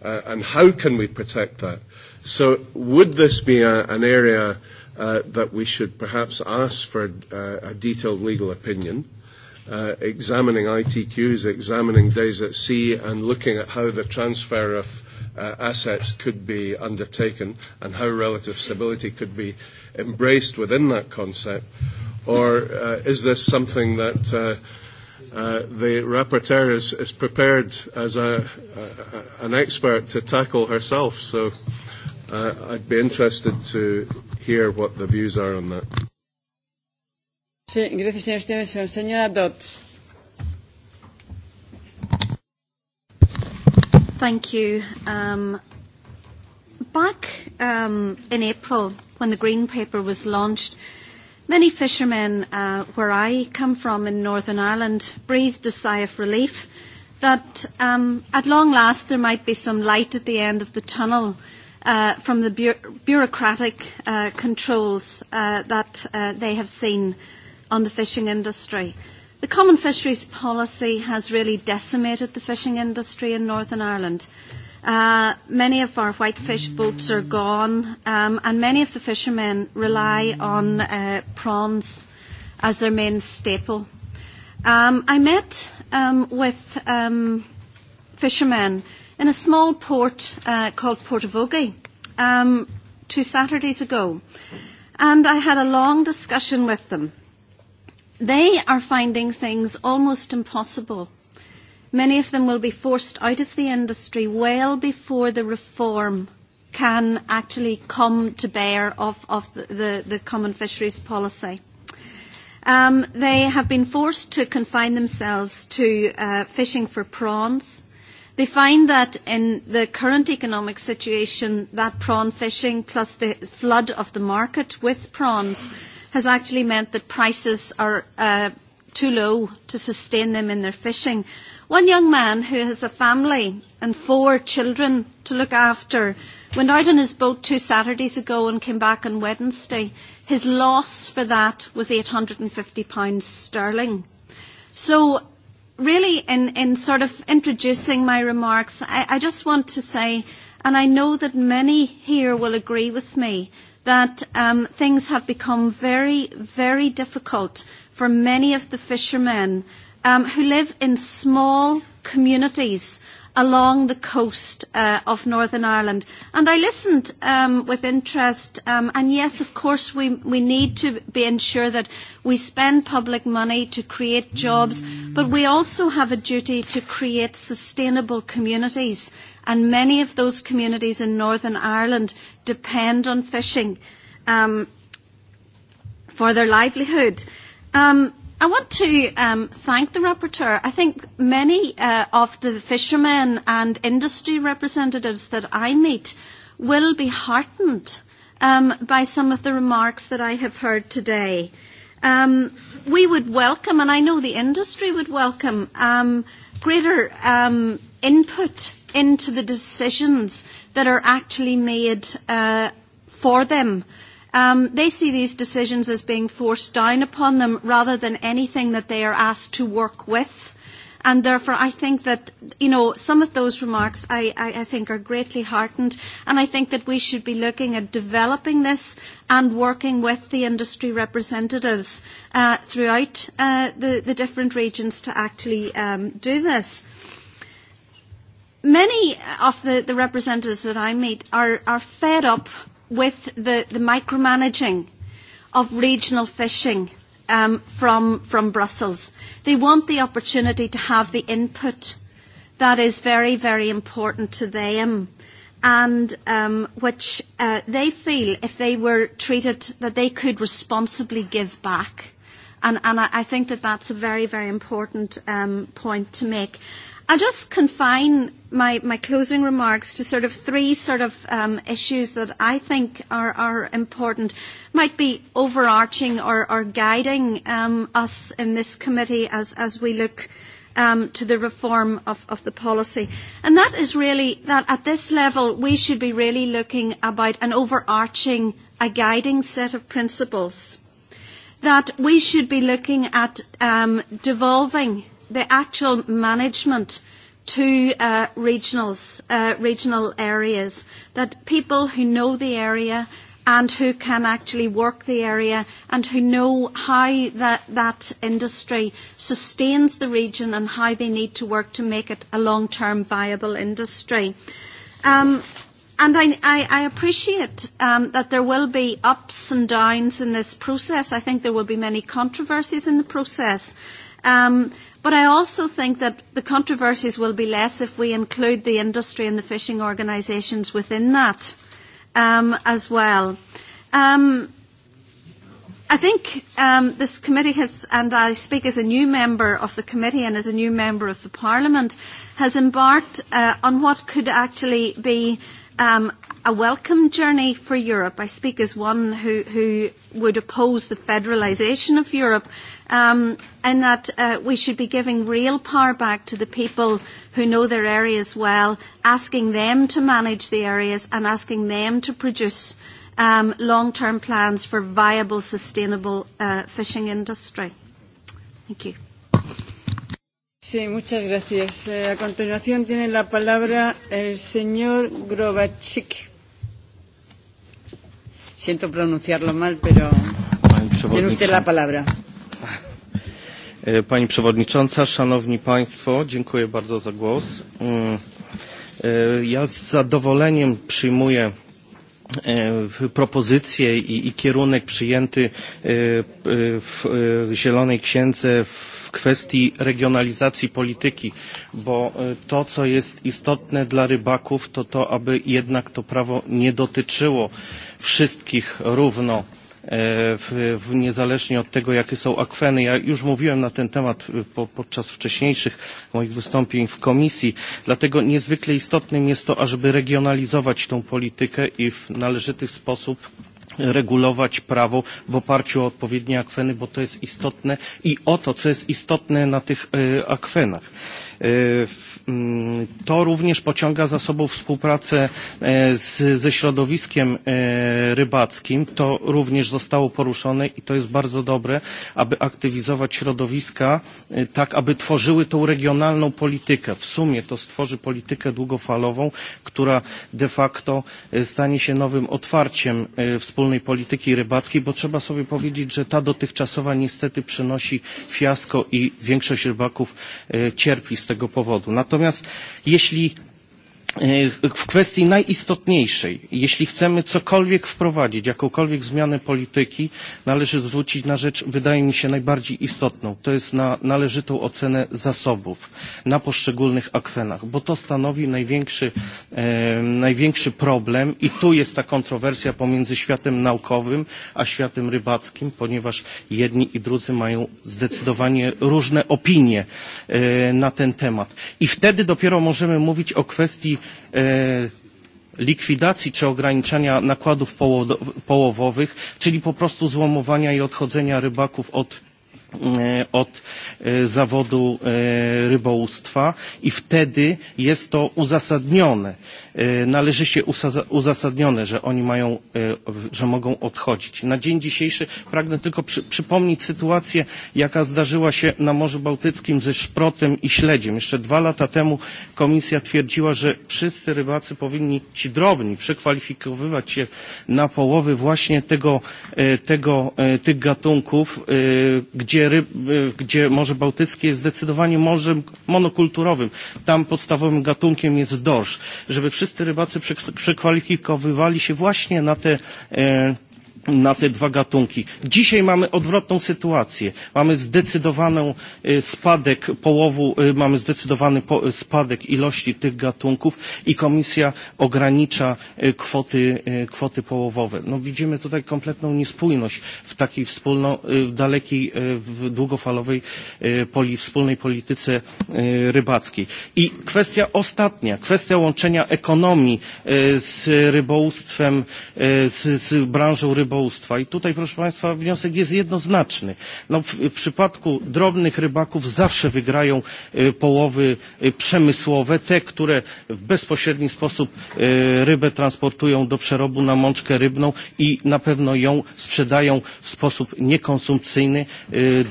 Uh, and how can we protect that? So would this be a, an area uh, that we should perhaps ask for uh, a detailed legal opinion? Uh, uh, examining ITQs, examining days at sea, and looking at how the transfer of uh, assets could be undertaken and how relative stability could be embraced within that concept? Or uh, is this something that uh, the rapporteur is, is prepared as a, a, an expert to tackle herself. So uh, I'd be interested to hear what the views are on that. Sí, gracias, señor Stevenson. Señora Dodds. Thank you. Um, back um, in April, when the Green Paper was launched, many fishermen uh, where I come from in Northern Ireland breathed a sigh of relief that um, at long last there might be some light at the end of the tunnel uh, from the bu- bureaucratic uh, controls uh, that uh, they have seen on the fishing industry. The common fisheries policy has really decimated the fishing industry in Northern Ireland. Uh, many of our whitefish boats are gone, um, and many of the fishermen rely on uh, prawns as their main staple. Um, I met um, with um, fishermen in a small port uh, called Ogie um, two Saturdays ago, and I had a long discussion with them They are finding things almost impossible. Many of them will be forced out of the industry well before the reform can actually come to bear of, of the, the, the common fisheries policy. Um, they have been forced to confine themselves to uh, fishing for prawns. They find that in the current economic situation, that prawn fishing plus the flood of the market with prawns has actually meant that prices are uh, too low to sustain them in their fishing. One young man who has a family and four children to look after went out on his boat two Saturdays ago and came back on Wednesday. His loss for that was £850 sterling. So really in, in sort of introducing my remarks, I, I just want to say, and I know that many here will agree with me, that um, things have become very, very difficult for many of the fishermen um, who live in small communities along the coast uh, of Northern Ireland. And I listened um, with interest, um, and yes, of course, we, we need to be ensure that we spend public money to create jobs, but we also have a duty to create sustainable communities and many of those communities in Northern Ireland depend on fishing um, for their livelihood. Um, I want to um, thank the rapporteur. I think many uh, of the fishermen and industry representatives that I meet will be heartened um, by some of the remarks that I have heard today. Um, we would welcome, and I know the industry would welcome, um, greater um, input into the decisions that are actually made uh, for them. Um, they see these decisions as being forced down upon them rather than anything that they are asked to work with. And therefore, I think that, you know, some of those remarks I, I, I think are greatly heartened. And I think that we should be looking at developing this and working with the industry representatives uh, throughout uh, the, the different regions to actually um, do this many of the, the representatives that I meet are, are fed up with the, the micromanaging of regional fishing um, from, from Brussels. They want the opportunity to have the input that is very, very important to them and um, which uh, they feel if they were treated that they could responsibly give back. And, and I, I think that that's a very, very important um, point to make. I'll just confine my, my closing remarks to sort of three sort of um, issues that I think are, are important, might be overarching or, or guiding um, us in this committee as, as we look um, to the reform of, of the policy. And that is really that at this level we should be really looking about an overarching, a guiding set of principles. That we should be looking at um, devolving the actual management to uh, regionals, uh, regional areas, that people who know the area and who can actually work the area and who know how that, that industry sustains the region and how they need to work to make it a long-term viable industry. Um, and I, I, I appreciate um, that there will be ups and downs in this process. I think there will be many controversies in the process. Um, But I also think that the controversies will be less if we include the industry and the fishing organisations within that um, as well. Um, I think um, this committee has, and I speak as a new member of the committee and as a new member of the Parliament, has embarked uh, on what could actually be um, a welcome journey for Europe. I speak as one who, who would oppose the federalisation of Europe um, and that uh, we should be giving real power back to the people who know their areas well, asking them to manage the areas and asking them to produce um, long-term plans for viable, sustainable uh, fishing industry. Thank you. Sí, muchas gracias. Eh, a continuación tiene la palabra el señor Grobachik. Siento pronunciarlo mal, pero tiene usted la palabra. Pani Przewodnicząca, Szanowni Państwo, dziękuję bardzo za głos. Ja z zadowoleniem przyjmuję propozycje i kierunek przyjęty w Zielonej Księdze w kwestii regionalizacji polityki, bo to, co jest istotne dla rybaków, to to, aby jednak to prawo nie dotyczyło wszystkich równo niezależnie od tego, jakie są akweny. Ja już mówiłem na ten temat podczas wcześniejszych moich wystąpień w komisji, dlatego niezwykle istotnym jest to, ażeby regionalizować tę politykę i w należyty sposób regulować prawo w oparciu o odpowiednie akweny, bo to jest istotne i o to, co jest istotne na tych akwenach. To również pociąga za sobą współpracę z, ze środowiskiem rybackim. To również zostało poruszone i to jest bardzo dobre, aby aktywizować środowiska tak, aby tworzyły tą regionalną politykę. W sumie to stworzy politykę długofalową, która de facto stanie się nowym otwarciem wspólnej polityki rybackiej, bo trzeba sobie powiedzieć, że ta dotychczasowa niestety przynosi fiasko i większość rybaków cierpi z tego powodu. Natomiast jeśli w kwestii najistotniejszej. Jeśli chcemy cokolwiek wprowadzić, jakąkolwiek zmianę polityki, należy zwrócić na rzecz, wydaje mi się, najbardziej istotną. To jest na należytą ocenę zasobów na poszczególnych akwenach, bo to stanowi największy, problem i tu jest ta kontrowersja pomiędzy światem naukowym a światem rybackim, ponieważ jedni i drudzy mają zdecydowanie różne opinie na ten temat. I wtedy dopiero możemy mówić o kwestii likwidacji czy ograniczania nakładów połowowych, czyli po prostu złamowania i odchodzenia rybaków od od zawodu rybołówstwa i wtedy jest to uzasadnione. Należy się uzasadnione, że oni mają, że mogą odchodzić. Na dzień dzisiejszy pragnę tylko przypomnieć sytuację, jaka zdarzyła się na Morzu Bałtyckim ze szprotem i śledziem. Jeszcze dwa lata temu komisja twierdziła, że wszyscy rybacy powinni, ci drobni, przekwalifikowywać się na połowy właśnie tego tych gatunków, gdzie gdzie, ryb, gdzie Morze Bałtyckie jest zdecydowanie morzem monokulturowym. Tam podstawowym gatunkiem jest dorsz. Żeby wszyscy rybacy przekwalifikowywali się właśnie na te na te dwa gatunki. Dzisiaj mamy odwrotną sytuację. Mamy zdecydowany spadek połowu, mamy zdecydowany spadek ilości tych gatunków i komisja ogranicza kwoty, kwoty połowowe. No widzimy tutaj kompletną niespójność w takiej wspólno, w dalekiej, w długofalowej poli, wspólnej polityce rybackiej. I kwestia ostatnia, kwestia łączenia ekonomii z rybołówstwem, z, z branżą rybołówstwa rybołówstwa. I tutaj, proszę Państwa, wniosek jest jednoznaczny. No, w przypadku drobnych rybaków zawsze wygrają połowy przemysłowe, te, które w bezpośredni sposób rybę transportują do przerobu na mączkę rybną i na pewno ją sprzedają w sposób niekonsumpcyjny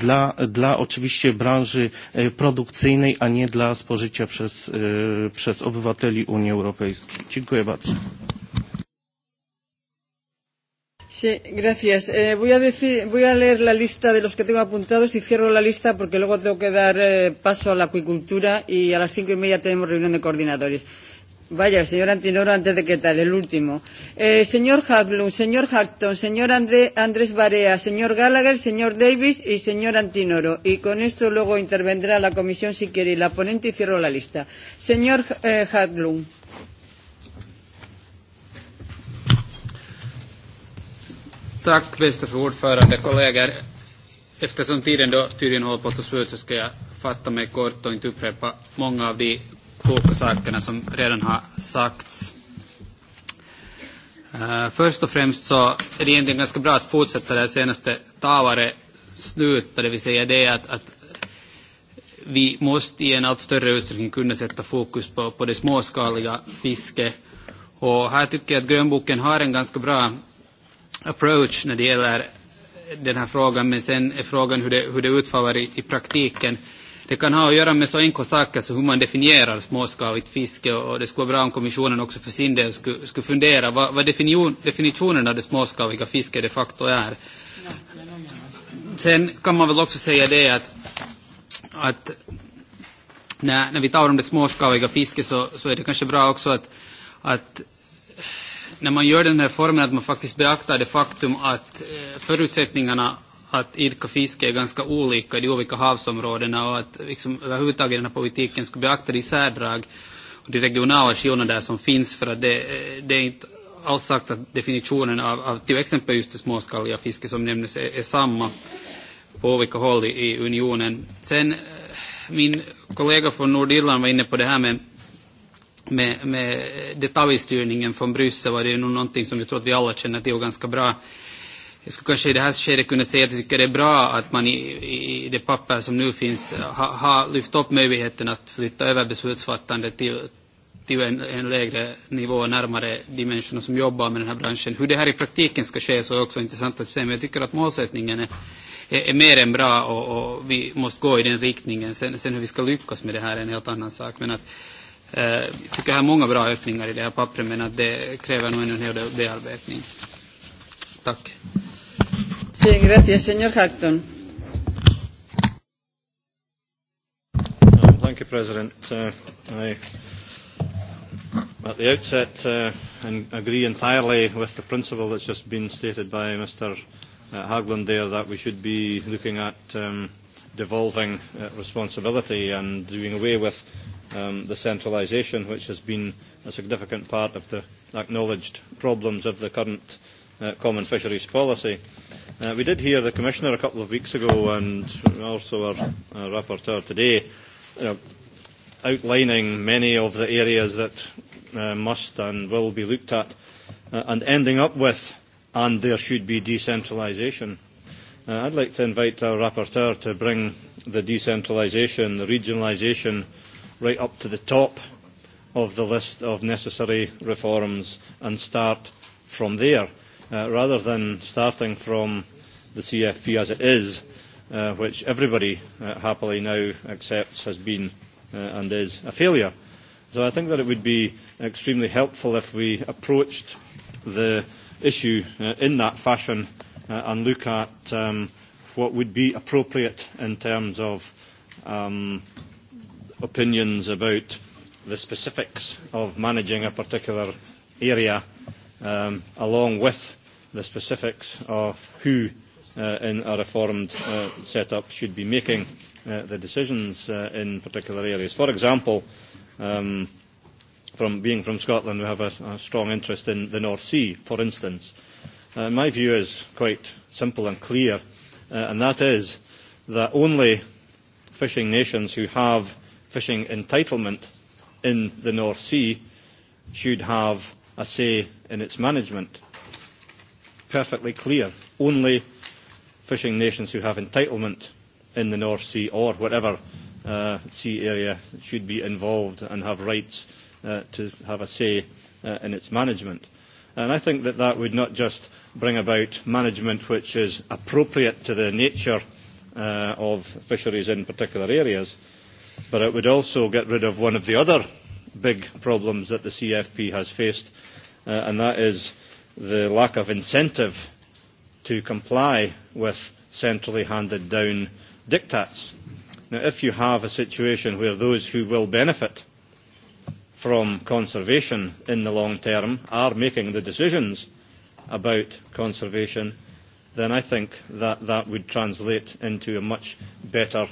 dla, dla oczywiście branży produkcyjnej, a nie dla spożycia przez, przez obywateli Unii Europejskiej. Dziękuję bardzo. Sí, gracias. Eh, voy, a decir, voy a leer la lista de los que tengo apuntados y cierro la lista porque luego tengo que dar eh, paso a la acuicultura y a las cinco y media tenemos reunión de coordinadores. Vaya, señor Antinoro, antes de que tal, el último. Eh, señor Haglund, señor Hackton, señor André, Andrés Barea, señor Gallagher, señor Davis y señor Antinoro. Y con esto luego intervendrá la comisión si quiere y la ponente y cierro la lista. Señor eh, Haglund. Tack, bästa för ordförande, kollegor. Eftersom tiden då tydligen håller på att ta slut så ska jag fatta mig kort och inte upprepa många av de kloka sakerna som redan har sagts. Först och främst så är det egentligen ganska bra att fortsätta det senaste talare slutade, det vill säga det att, att vi måste i en allt större utsträckning kunna sätta fokus på, på det småskaliga fisket. Och här tycker jag att grönboken har en ganska bra approach när det gäller den här frågan, men sen är frågan hur det, hur det utfaller i, i praktiken. Det kan ha att göra med så enkla saker som hur man definierar småskaligt fiske och det skulle vara bra om kommissionen också för sin del skulle, skulle fundera vad, vad definitionen av det småskaliga fisket de facto är. Sen kan man väl också säga det att, att när, när vi talar om det småskaliga fisket så, så är det kanske bra också att, att när man gör den här formen att man faktiskt beaktar det faktum att förutsättningarna att idka fiske är ganska olika i de olika havsområdena och att liksom överhuvudtaget den här politiken ska beakta de särdrag och de regionala skillnader som finns för att det, det är inte alls sagt att definitionen av, av till exempel just det småskaliga fiske som nämndes är, är samma på olika håll i, i unionen. Sen min kollega från Nordirland var inne på det här med med, med detaljstyrningen från Bryssel var det nog någonting som jag tror att vi alla känner till ganska bra. Jag skulle kanske i det här skedet kunna säga att jag tycker det är bra att man i, i det papper som nu finns har ha lyft upp möjligheten att flytta över beslutsfattande till, till en, en lägre nivå närmare de människorna som jobbar med den här branschen. Hur det här i praktiken ska ske så är också intressant att se, men jag tycker att målsättningen är, är, är mer än bra och, och vi måste gå i den riktningen. Sen, sen hur vi ska lyckas med det här är en helt annan sak. Men att, Jag tycker här många bra öppningar i det här pappret, men att det kräver nog en hel del bearbetning. Tack. Sí, gracias, señor Hackton. Thank you, President. Uh, I, at the outset, uh, and agree entirely with the principle that's just been stated by Mr. Uh, Haglund there that we should be looking at um, devolving uh, responsibility and doing away with um, the centralisation, which has been a significant part of the acknowledged problems of the current uh, common fisheries policy. Uh, we did hear the Commissioner a couple of weeks ago and also our, our rapporteur today you know, outlining many of the areas that uh, must and will be looked at uh, and ending up with, and there should be decentralisation. Uh, I'd like to invite our rapporteur to bring the decentralisation, the regionalisation, right up to the top of the list of necessary reforms and start from there, uh, rather than starting from the CFP as it is, uh, which everybody uh, happily now accepts has been uh, and is a failure. So I think that it would be extremely helpful if we approached the issue uh, in that fashion uh, and look at um, what would be appropriate in terms of um, opinions about the specifics of managing a particular area um, along with the specifics of who uh, in a reformed uh, setup should be making uh, the decisions uh, in particular areas. For example, um, from being from Scotland, we have a, a strong interest in the North Sea, for instance. Uh, my view is quite simple and clear, uh, and that is that only fishing nations who have fishing entitlement in the North Sea should have a say in its management. Perfectly clear. Only fishing nations who have entitlement in the North Sea or whatever uh, sea area should be involved and have rights uh, to have a say uh, in its management. And I think that that would not just bring about management which is appropriate to the nature uh, of fisheries in particular areas, but it would also get rid of one of the other big problems that the CFP has faced, and that is the lack of incentive to comply with centrally handed down diktats. Now, if you have a situation where those who will benefit from conservation in the long term are making the decisions about conservation, then I think that that would translate into a much better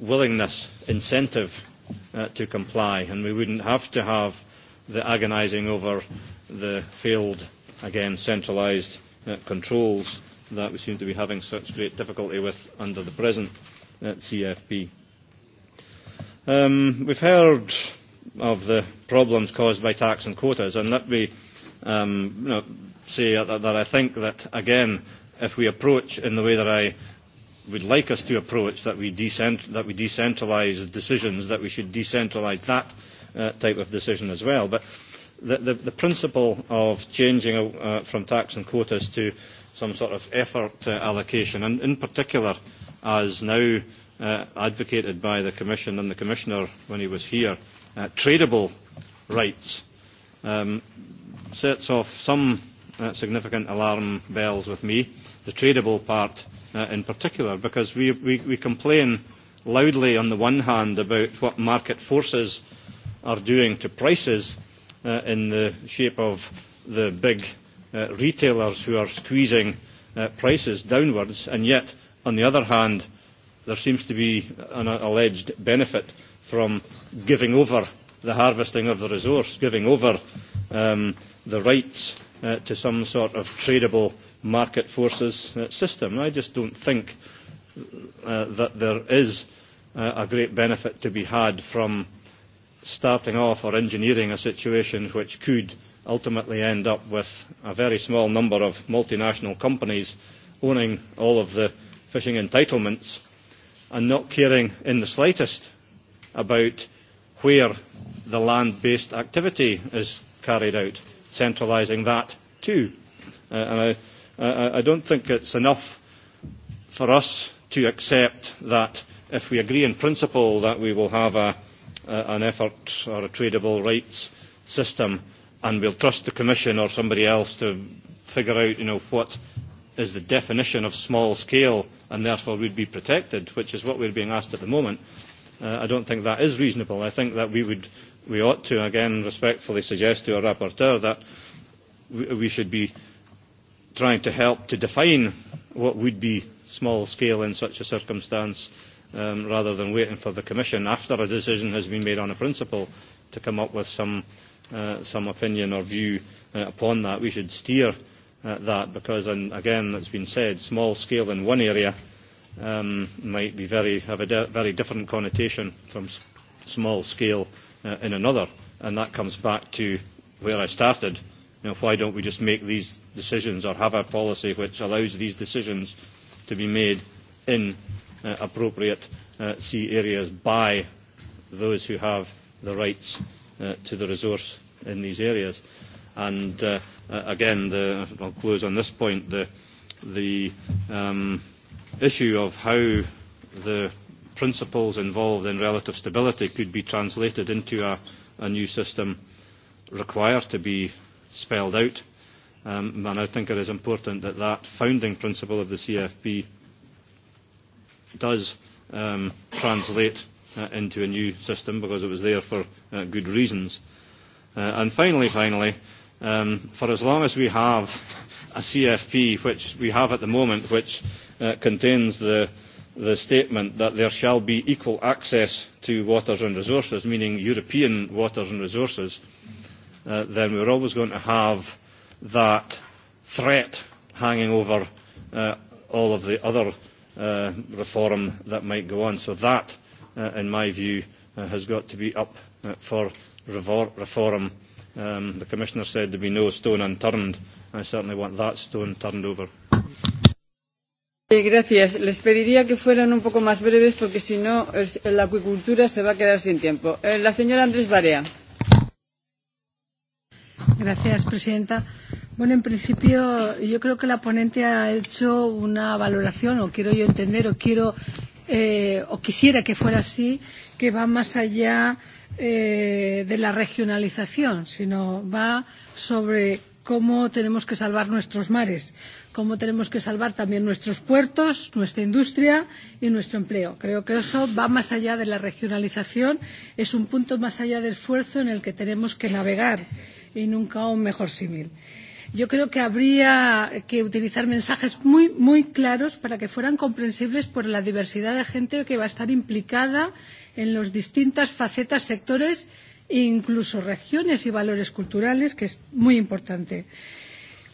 willingness incentive uh, to comply, and we wouldn't have to have the agonising over the failed, again, centralised uh, controls that we seem to be having such great difficulty with under the present uh, CFP. Um, we've heard of the problems caused by tax and quotas, and let me um, you know, say that, that I think that, again, if we approach in the way that I would like us to approach that we, decent, that we decentralise decisions, that we should decentralise that uh, type of decision as well. But the, the, the principle of changing uh, from tax and quotas to some sort of effort uh, allocation, and in particular, as now uh, advocated by the Commission and the Commissioner when he was here, uh, tradable rights um, sets off some uh, significant alarm bells with me. The tradable part uh, in particular, because we, we, we complain loudly on the one hand about what market forces are doing to prices uh, in the shape of the big uh, retailers who are squeezing uh, prices downwards, and yet, on the other hand, there seems to be an alleged benefit from giving over the harvesting of the resource, giving over um, the rights uh, to some sort of tradable market forces system. I just don't think uh, that there is uh, a great benefit to be had from starting off or engineering a situation which could ultimately end up with a very small number of multinational companies owning all of the fishing entitlements and not caring in the slightest about where the land-based activity is carried out, centralising that too. Uh, and I I, I don't think it's enough for us to accept that if we agree in principle that we will have a, an effort or a tradable rights system and we'll trust the Commission or somebody else to figure out you know, what is the definition of small scale and therefore would be protected, which is what we're being asked at the moment, uh, I don't think that is reasonable. I think that we, would, we ought to, again, respectfully suggest to our rapporteur that we, we should be trying to help to define what would be small scale in such a circumstance um, rather than waiting for the Commission after a decision has been made on a principle to come up with some, uh, some opinion or view uh, upon that. We should steer uh, that because, and again, it's been said, small scale in one area um, might be very, have a de- very different connotation from s- small scale uh, in another. And that comes back to where I started You know, why don't we just make these decisions or have a policy which allows these decisions to be made in uh, appropriate uh, sea areas by those who have the rights uh, to the resource in these areas? And uh, again, the, I'll close on this point, the, the um, issue of how the principles involved in relative stability could be translated into a, a new system require to be spelled out. Um, and I think it is important that that founding principle of the CFP does um, translate uh, into a new system because it was there for uh, good reasons. Uh, and finally, finally, um, for as long as we have a CFP, which we have at the moment, which uh, contains the, the statement that there shall be equal access to waters and resources, meaning European waters and resources, uh, uh, then we're always going to have that threat hanging over uh, all of the other uh, reform that might go on. So that, uh, in my view, uh, has got to be up uh, for reform. Um, the Commissioner said there'd be no stone unturned. I certainly want that stone turned over. Gracias. Les pediría que fueran un poco más breves porque si no la acuicultura se va a quedar sin tiempo. la señora Andrés Barea. Señora presidenta. Bueno, en principio, yo creo que la ponente ha hecho una valoración, o quiero yo entender, o quiero eh, o quisiera que fuera así, que va más allá eh, de la regionalización, sino va sobre cómo tenemos que salvar nuestros mares, cómo tenemos que salvar también nuestros puertos, nuestra industria y nuestro empleo. Creo que eso va más allá de la regionalización, es un punto más allá del esfuerzo en el que tenemos que navegar y nunca un mejor símil. Yo creo que habría que utilizar mensajes muy, muy claros para que fueran comprensibles por la diversidad de gente que va a estar implicada en las distintas facetas, sectores e incluso regiones y valores culturales, que es muy importante.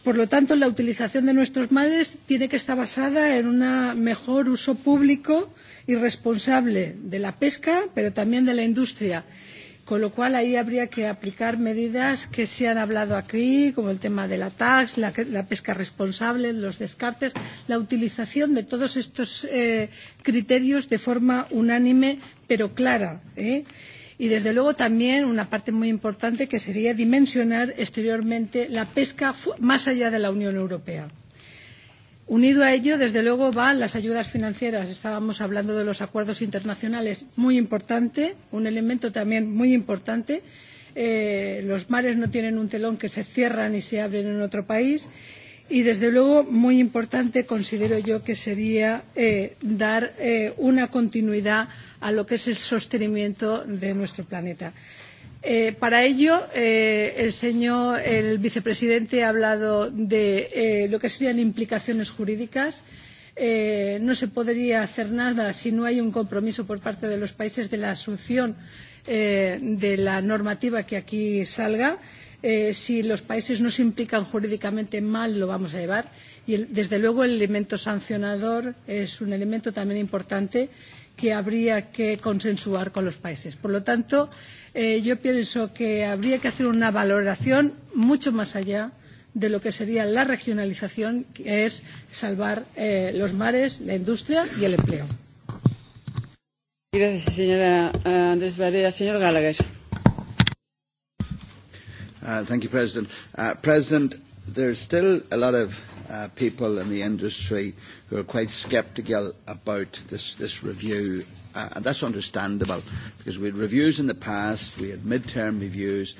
Por lo tanto, la utilización de nuestros mares tiene que estar basada en un mejor uso público y responsable de la pesca, pero también de la industria Con lo cual ahí habría que aplicar medidas que se han hablado aquí, como el tema de la tax, la, la pesca responsable, los descartes, la utilización de todos estos eh, criterios de forma unánime pero clara. ¿eh? Y desde luego también una parte muy importante que sería dimensionar exteriormente la pesca más allá de la Unión Europea Unido a ello, desde luego, van las ayudas financieras. Estábamos hablando de los acuerdos internacionales, muy importante, un elemento también muy importante. los mares no tienen un telón que se cierran y se abren en otro país. Y, desde luego, muy importante considero yo que sería dar una continuidad a lo que es el sostenimiento de nuestro planeta para ello, el, vicepresidente ha hablado de lo que serían implicaciones jurídicas. no se podría hacer nada si no hay un compromiso por parte de los países de la asunción de la normativa que aquí salga. si los países no se implican jurídicamente mal, lo vamos a llevar. Y, desde luego, el elemento sancionador es un elemento también importante que habría que consensuar con los países. Por lo tanto, eh, yo pienso que habría que hacer una valoración mucho más allá de lo que sería la regionalización, que es salvar eh, los mares, la industria y el empleo. Gracias, señora Andrés Barea. Señor Gallagher. Uh, thank you, President. Uh, President, there's still a lot of uh, people in the industry who are quite sceptical about this, this review uh, and that's understandable because we had reviews in the past, we had mid-term reviews,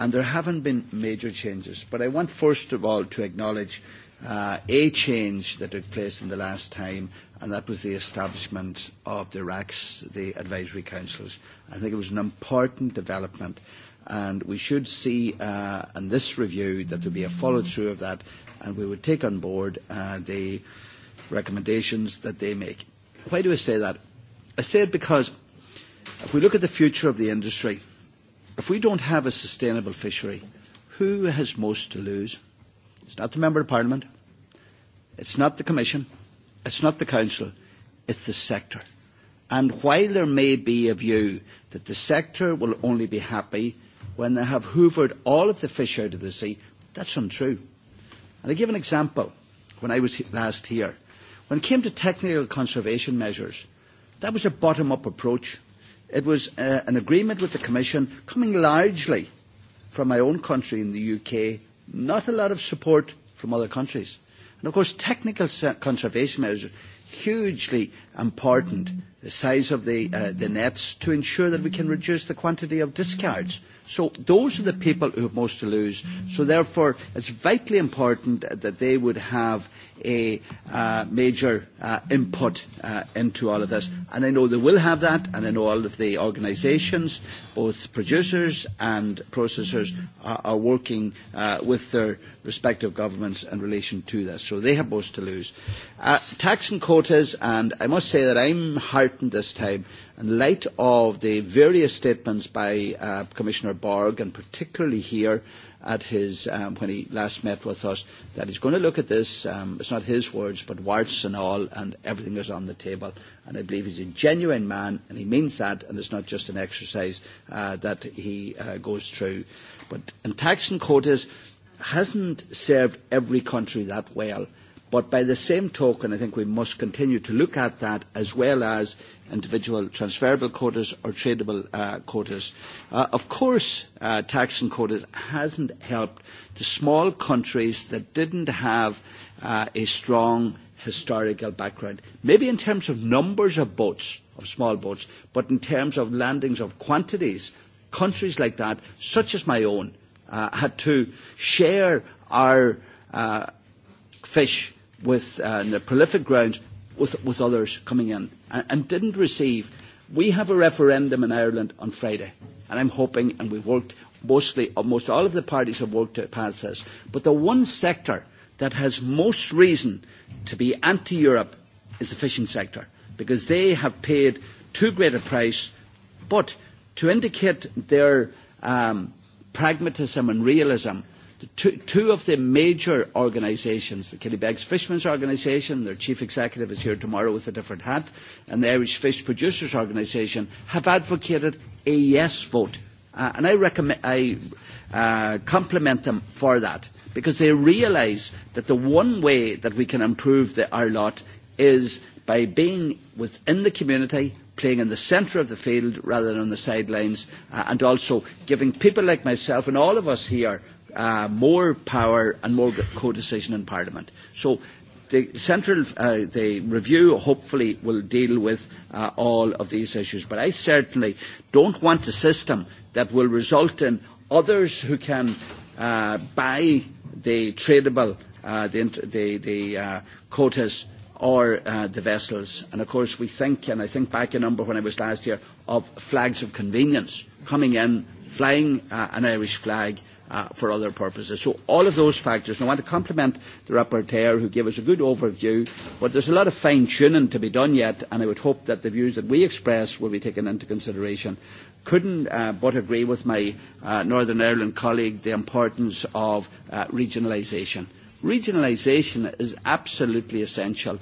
and there haven't been major changes. But I want first of all to acknowledge uh, a change that took place in the last time, and that was the establishment of the RACs, the advisory councils. I think it was an important development, and we should see uh, in this review that there be a follow-through of that, and we would take on board uh, the recommendations that they make. Why do I say that? I say it because if we look at the future of the industry, if we don't have a sustainable fishery, who has most to lose? It's not the Member of Parliament. It's not the Commission. It's not the Council. It's the sector. And while there may be a view that the sector will only be happy when they have hoovered all of the fish out of the sea, that's untrue. And I give an example when I was last here. When it came to technical conservation measures, That was a bottom-up approach. It was uh, an agreement with the Commission coming largely from my own country in the UK, not a lot of support from other countries. And of course, technical conservation measures are hugely important, the size of the, uh, the nets, to ensure that we can reduce the quantity of discards So those are the people who have most to lose. So therefore, it's vitally important that they would have a uh, major uh, input uh, into all of this. And I know they will have that, and I know all of the organisations, both producers and processors, are, are working uh, with their respective governments in relation to this. So they have most to lose. Uh, tax and quotas, and I must say that I'm heartened this time in light of the various statements by Commissioner Borg, and particularly here at his, when he last met with us, that he is going to look at this. Um, it's not his words, but Warts and all, and everything is on the table. And I believe he is a genuine man, and he means that, and it's not just an exercise that he goes through. But tax and quotas hasn't served every country that well But by the same token, I think we must continue to look at that as well as individual transferable quotas or tradable quotas. of course, tax and quotas hasn't helped the small countries that didn't have a strong historical background. Maybe in terms of numbers of boats, of small boats, but in terms of landings of quantities, countries like that, such as my own, had to share our fish with uh, the prolific ground with, with others coming in and, and didn't receive. We have a referendum in Ireland on Friday, and I'm hoping, and we've worked mostly, almost all of the parties have worked to pass this. But the one sector that has most reason to be anti-Europe is the fishing sector, because they have paid too great a price. But to indicate their um, pragmatism and realism, two of the major organisations, the Kennybegs Fishermen's Organisation, their chief executive is here tomorrow with a different hat, and the Irish Fish Producers Organisation, have advocated a yes vote. and I, recommend, I compliment them for that, because they realise that the one way that we can improve our lot is by being within the community, playing in the centre of the field rather than on the sidelines, and also giving people like myself and all of us here uh, more power and more co-decision in Parliament. So the central uh, the review hopefully will deal with uh, all of these issues. But I certainly don't want a system that will result in others who can uh, buy the tradable, uh, the, the, the uh, quotas or uh, the vessels. And of course we think, and I think back a number when I was last here, of flags of convenience coming in, flying uh, an Irish flag, uh, for other purposes. So all of those factors, and I want to compliment the rapporteur who gave us a good overview, but there's a lot of fine tuning to be done yet, and I would hope that the views that we express will be taken into consideration. Couldn't uh, but agree with my uh, Northern Ireland colleague the importance of uh, regionalisation. Regionalisation is absolutely essential.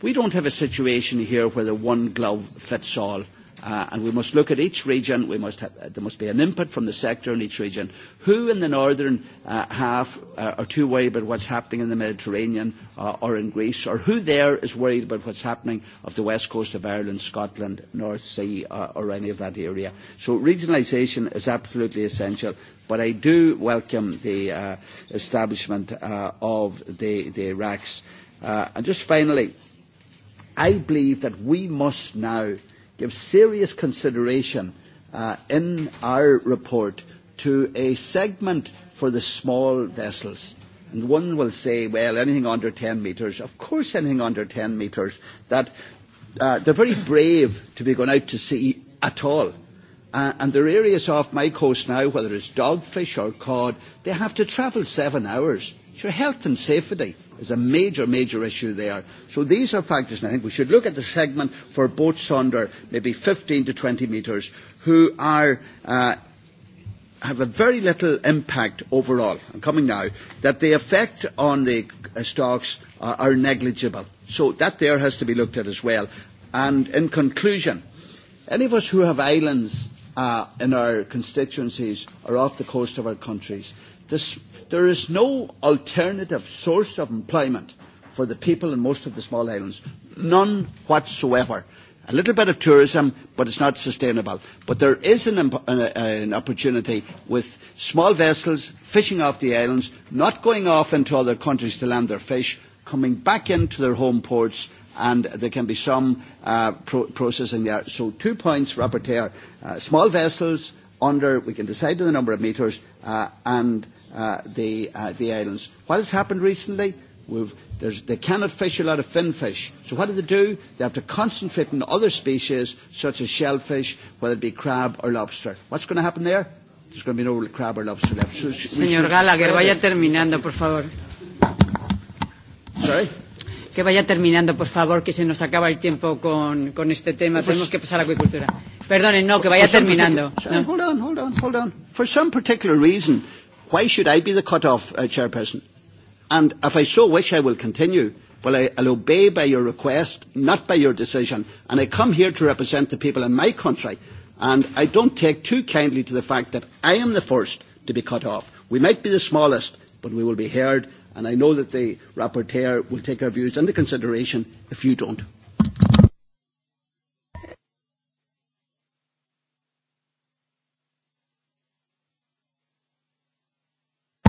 We don't have a situation here where the one glove fits all and we must look at each region. We must there must be an input from the sector in each region. Who in the northern half are too worried about what's happening in the Mediterranean or in Greece, or who there is worried about what's happening off the west coast of Ireland, Scotland, North Sea, or any of that area? So regionalisation is absolutely essential. But I do welcome the establishment of the, the RACs. and just finally, I believe that we must now give serious consideration in our report to a segment for the small vessels. And one will say, well, anything under 10 metres, of course anything under 10 metres, that uh, they're very brave to be going out to sea at all. Uh, and there are areas off my coast now, whether it's dogfish or cod, they have to travel seven hours. your health and safety is a major, major issue there. So these are factors, and I think we should look at the segment for boats under maybe 15 to 20 metres who are, uh, have a very little impact overall, I'm coming now, that the effect on the stocks uh, are negligible. So that there has to be looked at as well. And in conclusion, any of us who have islands uh, in our constituencies or off the coast of our countries, this There is no alternative source of employment for the people in most of the small islands. None whatsoever. A little bit of tourism, but it's not sustainable. But there is an, opportunity with small vessels fishing off the islands, not going off into other countries to land their fish, coming back into their home ports, and there can be some processing there. So two points, Rapporteur. small vessels, under, we can decide the number of metres uh, and uh, the, uh, the islands. What has happened recently? We've, there's, they cannot fish a lot of fin fish. So what do they do? They have to concentrate on other species such as shellfish, whether it be crab or lobster. What's going to happen there? There's going to be no crab or lobster left. So, Señor Gallagher, vaya terminando, por favor. Sorry? que vaya terminando, por favor, que se nos acaba el tiempo con, con este tema. Tenemos que pasar a acuicultura. Perdone, no, que vaya terminando. No. Hold on, hold on, hold on. For some particular reason, why should I be the cut-off uh, chairperson? And if I so wish, I will continue. Well, I, I'll obey by your request, not by your decision. And I come here to represent the people in my country. And I don't take too kindly to the fact that I am the first to be cut off. We might be the smallest, but we will be heard and I know that the rapporteur will take our views into consideration if you don't.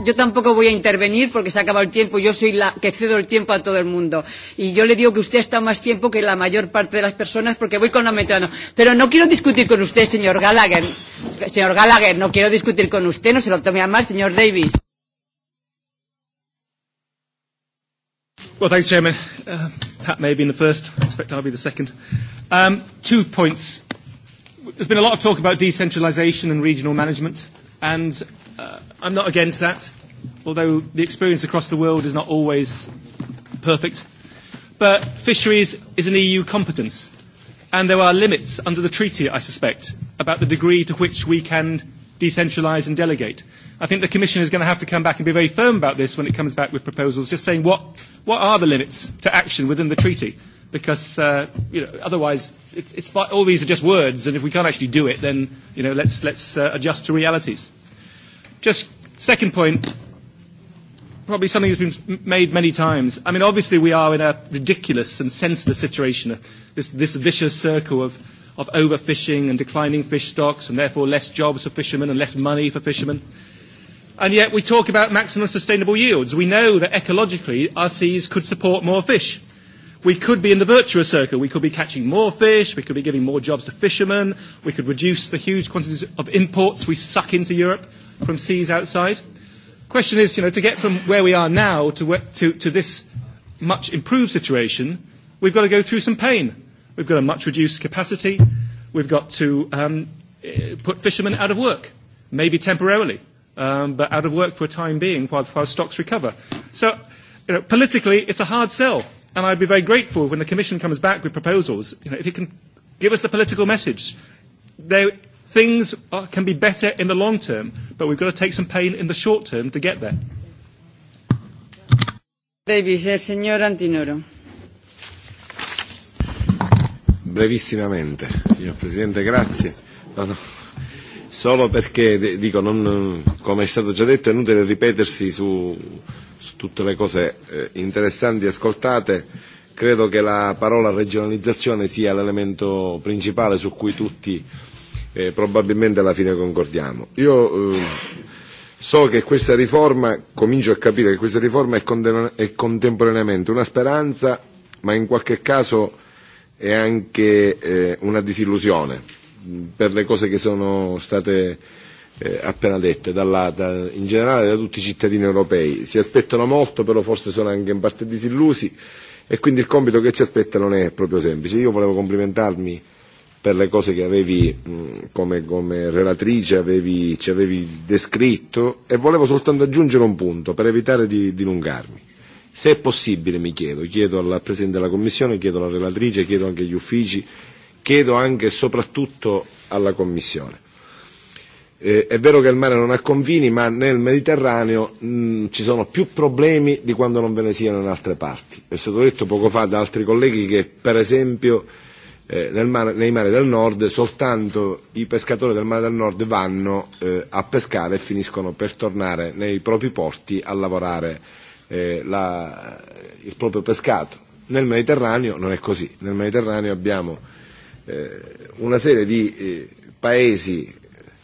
Yo tampoco voy a intervenir porque se ha acabado el tiempo. Yo soy la que cedo el tiempo a todo el mundo. Y yo le digo que usted ha estado más tiempo que la mayor parte de las personas porque voy con la metrano. Pero no quiero discutir con usted, señor Gallagher. Señor Gallagher, no quiero discutir con usted, no se lo tome a mal, señor Davis. Well, thanks, Chairman. Uh, Pat may have been the first. I expect I'll be the second. Um, two points. There's been a lot of talk about decentralisation and regional management, and uh, I'm not against that, although the experience across the world is not always perfect. But fisheries is an EU competence, and there are limits under the treaty, I suspect, about the degree to which we can decentralise and delegate. I think the Commission is going to have to come back and be very firm about this when it comes back with proposals, just saying what, what are the limits to action within the treaty? Because uh, you know, otherwise, it's, it's, all these are just words, and if we can't actually do it, then you know, let's, let's uh, adjust to realities. Just second point, probably something that's been made many times. I mean, obviously, we are in a ridiculous and senseless situation, this, this vicious circle of, of overfishing and declining fish stocks, and therefore less jobs for fishermen and less money for fishermen. And yet we talk about maximum sustainable yields. We know that ecologically our seas could support more fish. We could be in the virtuous circle. We could be catching more fish. We could be giving more jobs to fishermen. We could reduce the huge quantities of imports we suck into Europe from seas outside. Question is, you know, to get from where we are now to, to, to this much improved situation, we've got to go through some pain. We've got a much reduced capacity. We've got to um, put fishermen out of work, maybe temporarily um, but out of work for a time being while, while stocks recover. So you know, politically, it's a hard sell. And I'd be very grateful when the Commission comes back with proposals. You know, if it can give us the political message, there, things are, can be better in the long term, but we've got to take some pain in the short term to get there. Davis, el señor Antinoro. Brevissimamente, signor Presidente, grazie. No, no solo perché, dico, non, come è stato già detto, è inutile ripetersi su, su tutte le cose eh, interessanti ascoltate. Credo che la parola regionalizzazione sia l'elemento principale su cui tutti eh, probabilmente alla fine concordiamo. Io eh, so che questa riforma, comincio a capire che questa riforma è, è contemporaneamente una speranza, ma in qualche caso è anche eh, una disillusione per le cose che sono state eh, appena dette, dalla, da, in generale da tutti i cittadini europei. Si aspettano molto, però forse sono anche in parte disillusi e quindi il compito che ci aspetta non è proprio semplice. Io volevo complimentarmi per le cose che avevi mh, come, come relatrice, avevi, ci avevi descritto e volevo soltanto aggiungere un punto per evitare di dilungarmi. Se è possibile, mi chiedo, chiedo al Presidente della Commissione, chiedo alla relatrice, chiedo anche agli uffici chiedo anche e soprattutto alla Commissione. Eh, è vero che il mare non ha confini, ma nel Mediterraneo mh, ci sono più problemi di quando non ve ne siano in altre parti. È stato detto poco fa da altri colleghi che, per esempio, eh, nel mare, nei mari del nord soltanto i pescatori del mare del nord vanno eh, a pescare e finiscono per tornare nei propri porti a lavorare eh, la, il proprio pescato. Nel Mediterraneo non è così. Nel Mediterraneo abbiamo una serie di paesi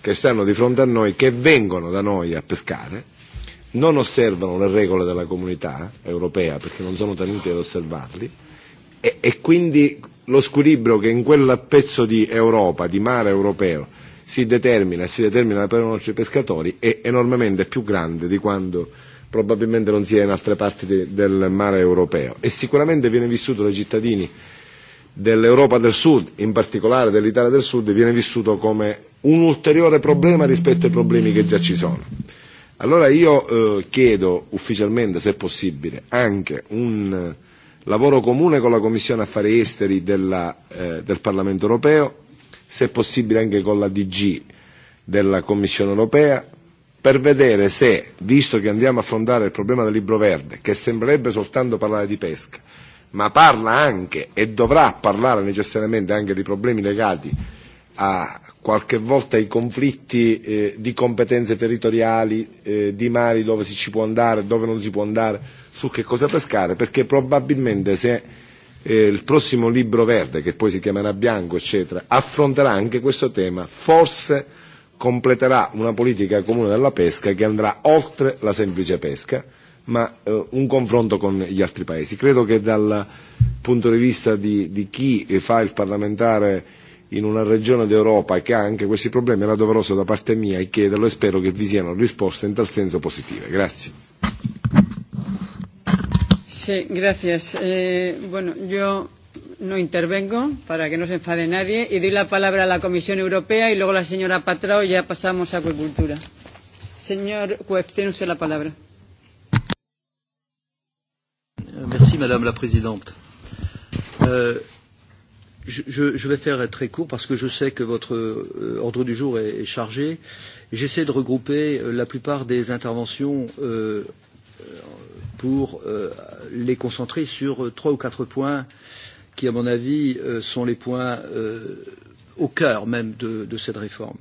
che stanno di fronte a noi, che vengono da noi a pescare, non osservano le regole della comunità europea perché non sono tenuti ad osservarli e, e quindi lo squilibrio che in quel pezzo di Europa, di mare europeo, si determina e si determina per i nostri pescatori è enormemente più grande di quando probabilmente non sia in altre parti de, del mare europeo e sicuramente viene vissuto dai cittadini dell'Europa del Sud, in particolare dell'Italia del Sud, viene vissuto come un ulteriore problema rispetto ai problemi che già ci sono. Allora io eh, chiedo ufficialmente, se possibile, anche un lavoro comune con la Commissione Affari Esteri della, eh, del Parlamento europeo, se possibile anche con la DG della Commissione europea, per vedere se, visto che andiamo a affrontare il problema del libro verde, che sembrerebbe soltanto parlare di pesca, ma parla anche e dovrà parlare necessariamente anche di problemi legati a qualche volta ai conflitti eh, di competenze territoriali, eh, di mari dove si ci può andare, dove non si può andare, su che cosa pescare, perché probabilmente se eh, il prossimo libro verde, che poi si chiamerà bianco, eccetera, affronterà anche questo tema, forse completerà una politica comune della pesca che andrà oltre la semplice pesca, ma eh, un confronto con gli altri paesi. Credo che dal punto di vista di, di chi fa il parlamentare in una regione d'Europa che ha anche questi problemi era doveroso da parte mia e chiederlo e spero che vi siano risposte in tal senso positive. Grazie. Sí, gracias. Eh, bueno, yo no intervengo para que no se enfade nadie y doy la palabra a la Comisión Europea y luego a la señora Patrao y ya pasamos a acuicultura. Señor Cuef, tiene usted la palabra. Merci Madame la Présidente. Euh, je, je vais faire très court parce que je sais que votre euh, ordre du jour est, est chargé. J'essaie de regrouper la plupart des interventions euh, pour euh, les concentrer sur trois ou quatre points qui, à mon avis, euh, sont les points euh, au cœur même de, de cette réforme.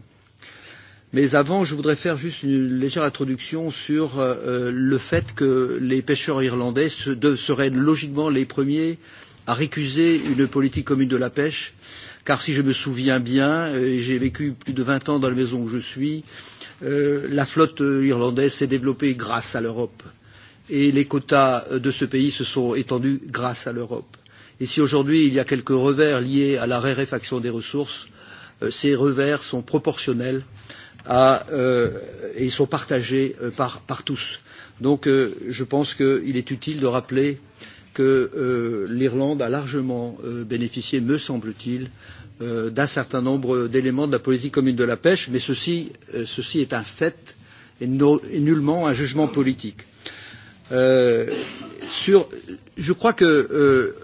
Mais avant, je voudrais faire juste une légère introduction sur euh, le fait que les pêcheurs irlandais se, de, seraient logiquement les premiers à récuser une politique commune de la pêche, car si je me souviens bien, et j'ai vécu plus de 20 ans dans la maison où je suis, euh, la flotte irlandaise s'est développée grâce à l'Europe, et les quotas de ce pays se sont étendus grâce à l'Europe. Et si aujourd'hui il y a quelques revers liés à la raréfaction des ressources, euh, ces revers sont proportionnels euh, à, euh, et ils sont partagés par, par tous. Donc euh, je pense qu'il est utile de rappeler que euh, l'Irlande a largement euh, bénéficié, me semble-t-il, euh, d'un certain nombre d'éléments de la politique commune de la pêche, mais ceci, euh, ceci est un fait et, no, et nullement un jugement politique. Euh, sur, je crois que euh,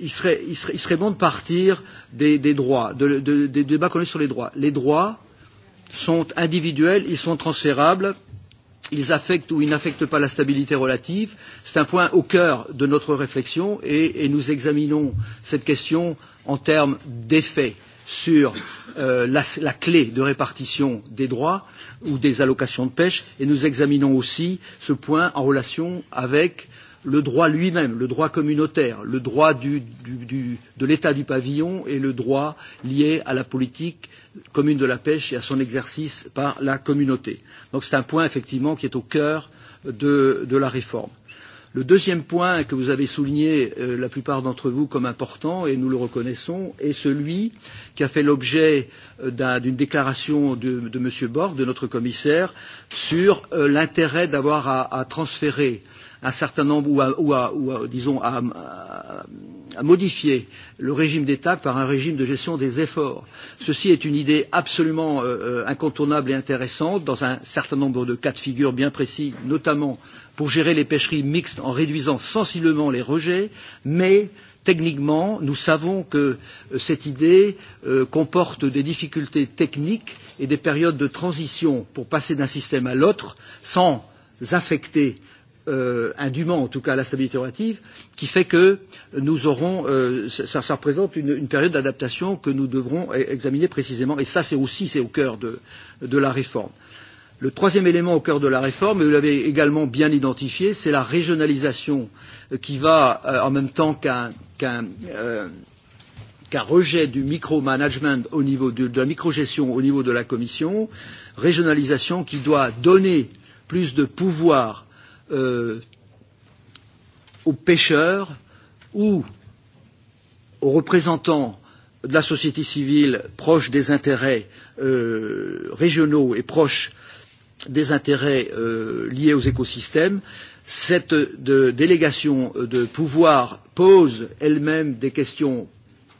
il, serait, il, serait, il serait bon de partir des, des droits, de, de, des débats qu'on a sur les droits. Les droits, sont individuels, ils sont transférables, ils affectent ou ils n'affectent pas la stabilité relative. C'est un point au cœur de notre réflexion et, nous examinons cette question en termes d'effet sur la, clé de répartition des droits ou des allocations de pêche et nous examinons aussi ce point en relation avec le droit lui-même, le droit communautaire, le droit de l'État du pavillon et le droit lié à la politique commune de la pêche et à son exercice par la communauté. Donc c'est un point effectivement qui est au cœur de, la réforme. Le deuxième point que vous avez souligné la plupart d'entre vous comme important, et nous le reconnaissons, est celui qui a fait l'objet d'une déclaration de, de M. Borg, de notre commissaire, sur l'intérêt d'avoir à, transférer un certain nombre ou à, ou à, ou à disons à, à modifier le régime d'État par un régime de gestion des efforts. Ceci est une idée absolument euh, incontournable et intéressante dans un certain nombre de cas de figure bien précis, notamment pour gérer les pêcheries mixtes en réduisant sensiblement les rejets, mais techniquement, nous savons que cette idée comporte des difficultés techniques et des périodes de transition pour passer d'un système à l'autre sans affecter euh, indûment, en tout cas à la stabilité relative, qui fait que nous aurons, euh, ça, ça représente une, une période d'adaptation que nous devrons examiner précisément. Et ça, c'est aussi c'est au cœur de, de la réforme. Le troisième élément au cœur de la réforme, et vous l'avez également bien identifié, c'est la régionalisation qui va, euh, en même temps qu'un qu euh, qu rejet du micromanagement au niveau de, de la microgestion au niveau de la Commission, régionalisation qui doit donner plus de pouvoir euh, aux pêcheurs ou aux représentants de la société civile proche des intérêts euh, régionaux et proches des intérêts euh, liés aux écosystèmes, cette de, délégation de pouvoir pose elle-même des questions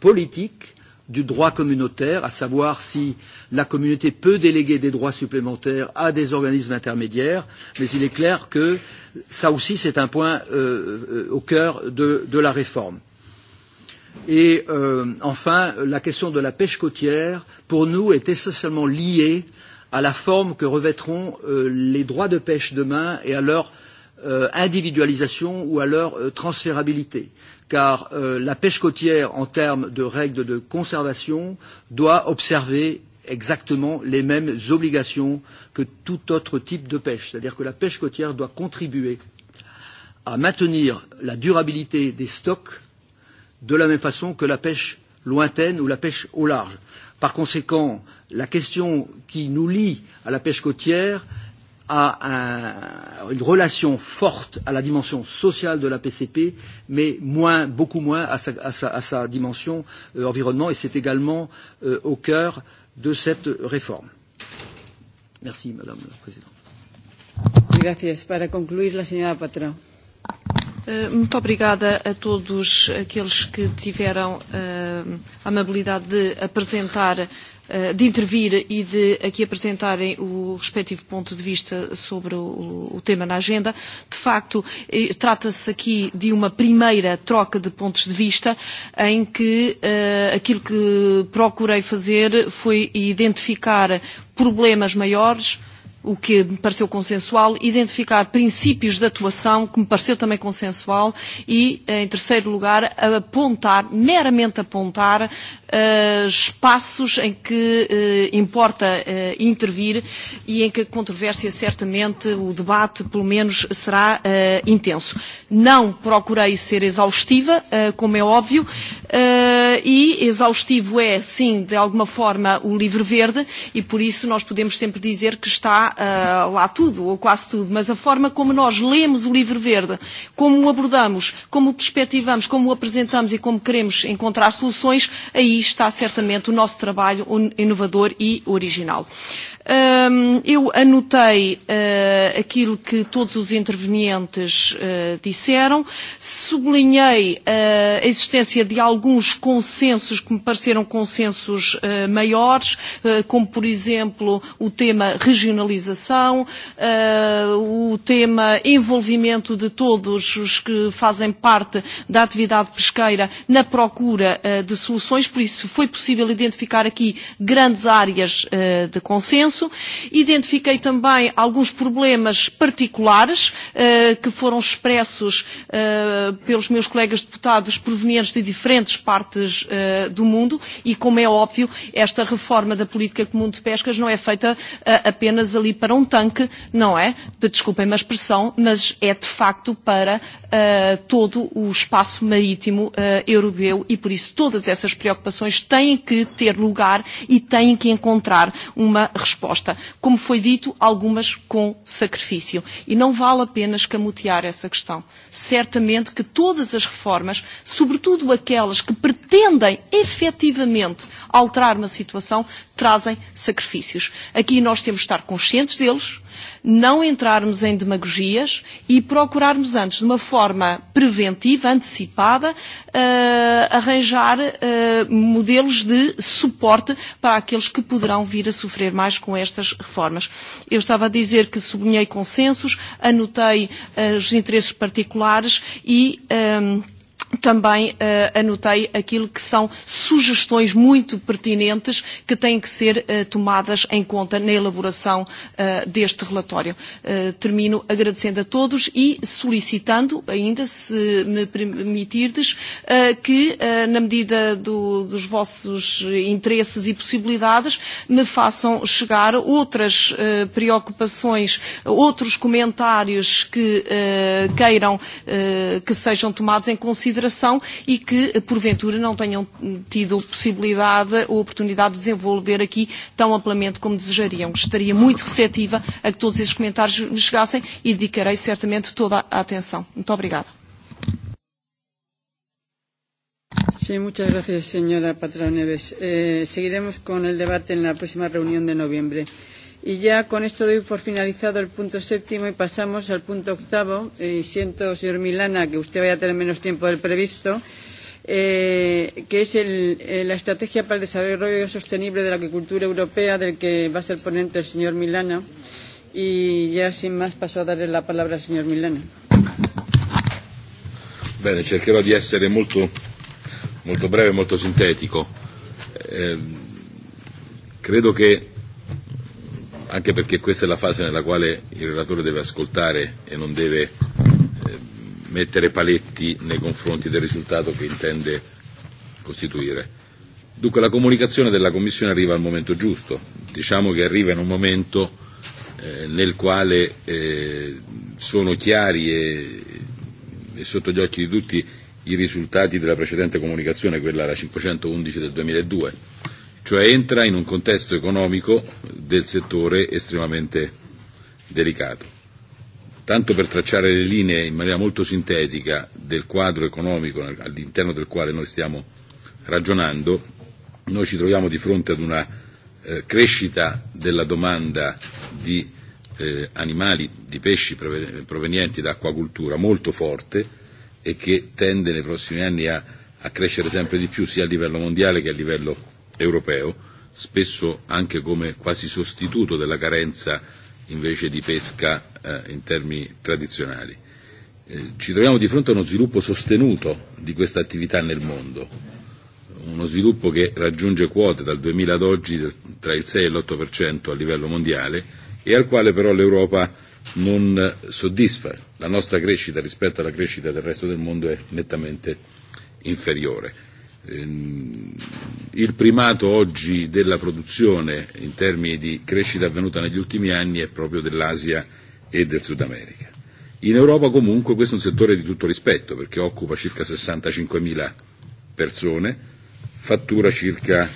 politiques du droit communautaire, à savoir si la communauté peut déléguer des droits supplémentaires à des organismes intermédiaires, mais il est clair que ça aussi c'est un point au cœur de, la réforme. Et enfin, la question de la pêche côtière, pour nous, est essentiellement liée à la forme que revêtront les droits de pêche demain et à leur individualisation ou à leur transférabilité car la pêche côtière, en termes de règles de conservation, doit observer exactement les mêmes obligations que tout autre type de pêche. C'est-à-dire que la pêche côtière doit contribuer à maintenir la durabilité des stocks de la même façon que la pêche lointaine ou la pêche au large. Par conséquent, la question qui nous lie à la pêche côtière à une relation forte à la dimension sociale de la PCP, mais moins, beaucoup moins à sa, à sa, à sa dimension euh, environnement, et c'est également euh, au cœur de cette réforme. Merci, Madame la Présidente. Merci. Para concluir, la señora Patrão. Muito obrigada a todos aqueles que tiveram uh, a amabilidade de apresentar de intervir e de aqui apresentarem o respectivo ponto de vista sobre o, o tema na agenda. De facto, trata-se aqui de uma primeira troca de pontos de vista em que uh, aquilo que procurei fazer foi identificar problemas maiores, o que me pareceu consensual, identificar princípios de atuação, que me pareceu também consensual, e, em terceiro lugar, apontar, meramente apontar, espaços em que uh, importa uh, intervir e em que a controvérsia, certamente, o debate, pelo menos, será uh, intenso. Não procurei ser exaustiva, uh, como é óbvio, uh, e exaustivo é, sim, de alguma forma, o Livre verde, e por isso nós podemos sempre dizer que está uh, lá tudo, ou quase tudo, mas a forma como nós lemos o Livre verde, como o abordamos, como o perspectivamos, como o apresentamos e como queremos encontrar soluções, aí está certamente o nosso trabalho inovador e original eu anotei aquilo que todos os intervenientes disseram, sublinhei a existência de alguns consensos que me pareceram consensos maiores, como por exemplo o tema regionalização, o tema envolvimento de todos os que fazem parte da atividade pesqueira na procura de soluções, por isso foi possível identificar aqui grandes áreas de consenso isso. Identifiquei também alguns problemas particulares que foram expressos pelos meus colegas deputados provenientes de diferentes partes do mundo e, como é óbvio, esta reforma da política comum de pescas não é feita apenas ali para um tanque, não é? Desculpem-me a expressão, mas é de facto para todo o espaço marítimo europeu e, por isso, todas essas preocupações têm que ter lugar e têm que encontrar uma resposta resposta. Como foi dito, algumas com sacrifício. E não vale a pena escamotear essa questão certamente que todas as reformas, sobretudo aquelas que pretendem efetivamente alterar uma situação, trazem sacrifícios. Aqui nós temos de estar conscientes deles, não entrarmos em demagogias e procurarmos antes, de uma forma preventiva, antecipada, uh, arranjar uh, modelos de suporte para aqueles que poderão vir a sofrer mais com estas reformas. Eu estava a dizer que sublinhei consensos, anotei uh, os interesses particulares populares e. Um, também uh, anotei aquilo que são sugestões muito pertinentes que têm que ser uh, tomadas em conta na elaboração uh, deste relatório. Uh, termino agradecendo a todos e solicitando, ainda se me permitirdes, uh, que uh, na medida do, dos vossos interesses e possibilidades me façam chegar outras uh, preocupações, outros comentários que uh, queiram uh, que sejam tomados em consideração consideração e que, porventura, não tenham tido possibilidade ou oportunidade de desenvolver aqui tão amplamente como desejariam. Estaria muito receptiva a que todos esses comentários me chegassem e dedicarei certamente toda a atenção. Muito obrigada. Sí, muchas gracias, señora Patrón Neves. Eh, seguiremos con el debate en la próxima reunión de noviembre. Y ya con esto doy por finalizado el punto séptimo y pasamos al punto octavo. Y siento, señor Milana, que usted vaya a tener menos tiempo del previsto, eh, que es el, eh, la estrategia para el desarrollo sostenible de la agricultura europea, del que va a ser ponente el señor Milana. Y ya sin más paso a darle la palabra al señor Milana. Bene, cercherò di essere molto, molto breve e molto sintetico. Eh, credo che anche perché questa è la fase nella quale il relatore deve ascoltare e non deve mettere paletti nei confronti del risultato che intende costituire. Dunque la comunicazione della Commissione arriva al momento giusto, diciamo che arriva in un momento eh, nel quale eh, sono chiari e, e sotto gli occhi di tutti i risultati della precedente comunicazione, quella la 511 del 2002 cioè entra in un contesto economico del settore estremamente delicato. Tanto per tracciare le linee in maniera molto sintetica del quadro economico all'interno del quale noi stiamo ragionando, noi ci troviamo di fronte ad una eh, crescita della domanda di eh, animali, di pesci provenienti da acquacultura molto forte e che tende nei prossimi anni a, a crescere sempre di più sia a livello mondiale che a livello europeo, spesso anche come quasi sostituto della carenza invece di pesca eh, in termini tradizionali. Eh, ci troviamo di fronte a uno sviluppo sostenuto di questa attività nel mondo, uno sviluppo che raggiunge quote dal 2000 ad oggi tra il 6 e l'8% a livello mondiale e al quale però l'Europa non soddisfa. La nostra crescita rispetto alla crescita del resto del mondo è nettamente inferiore il primato oggi della produzione in termini di crescita avvenuta negli ultimi anni è proprio dell'Asia e del Sud America. In Europa comunque questo è un settore di tutto rispetto perché occupa circa 65.000 persone, fattura circa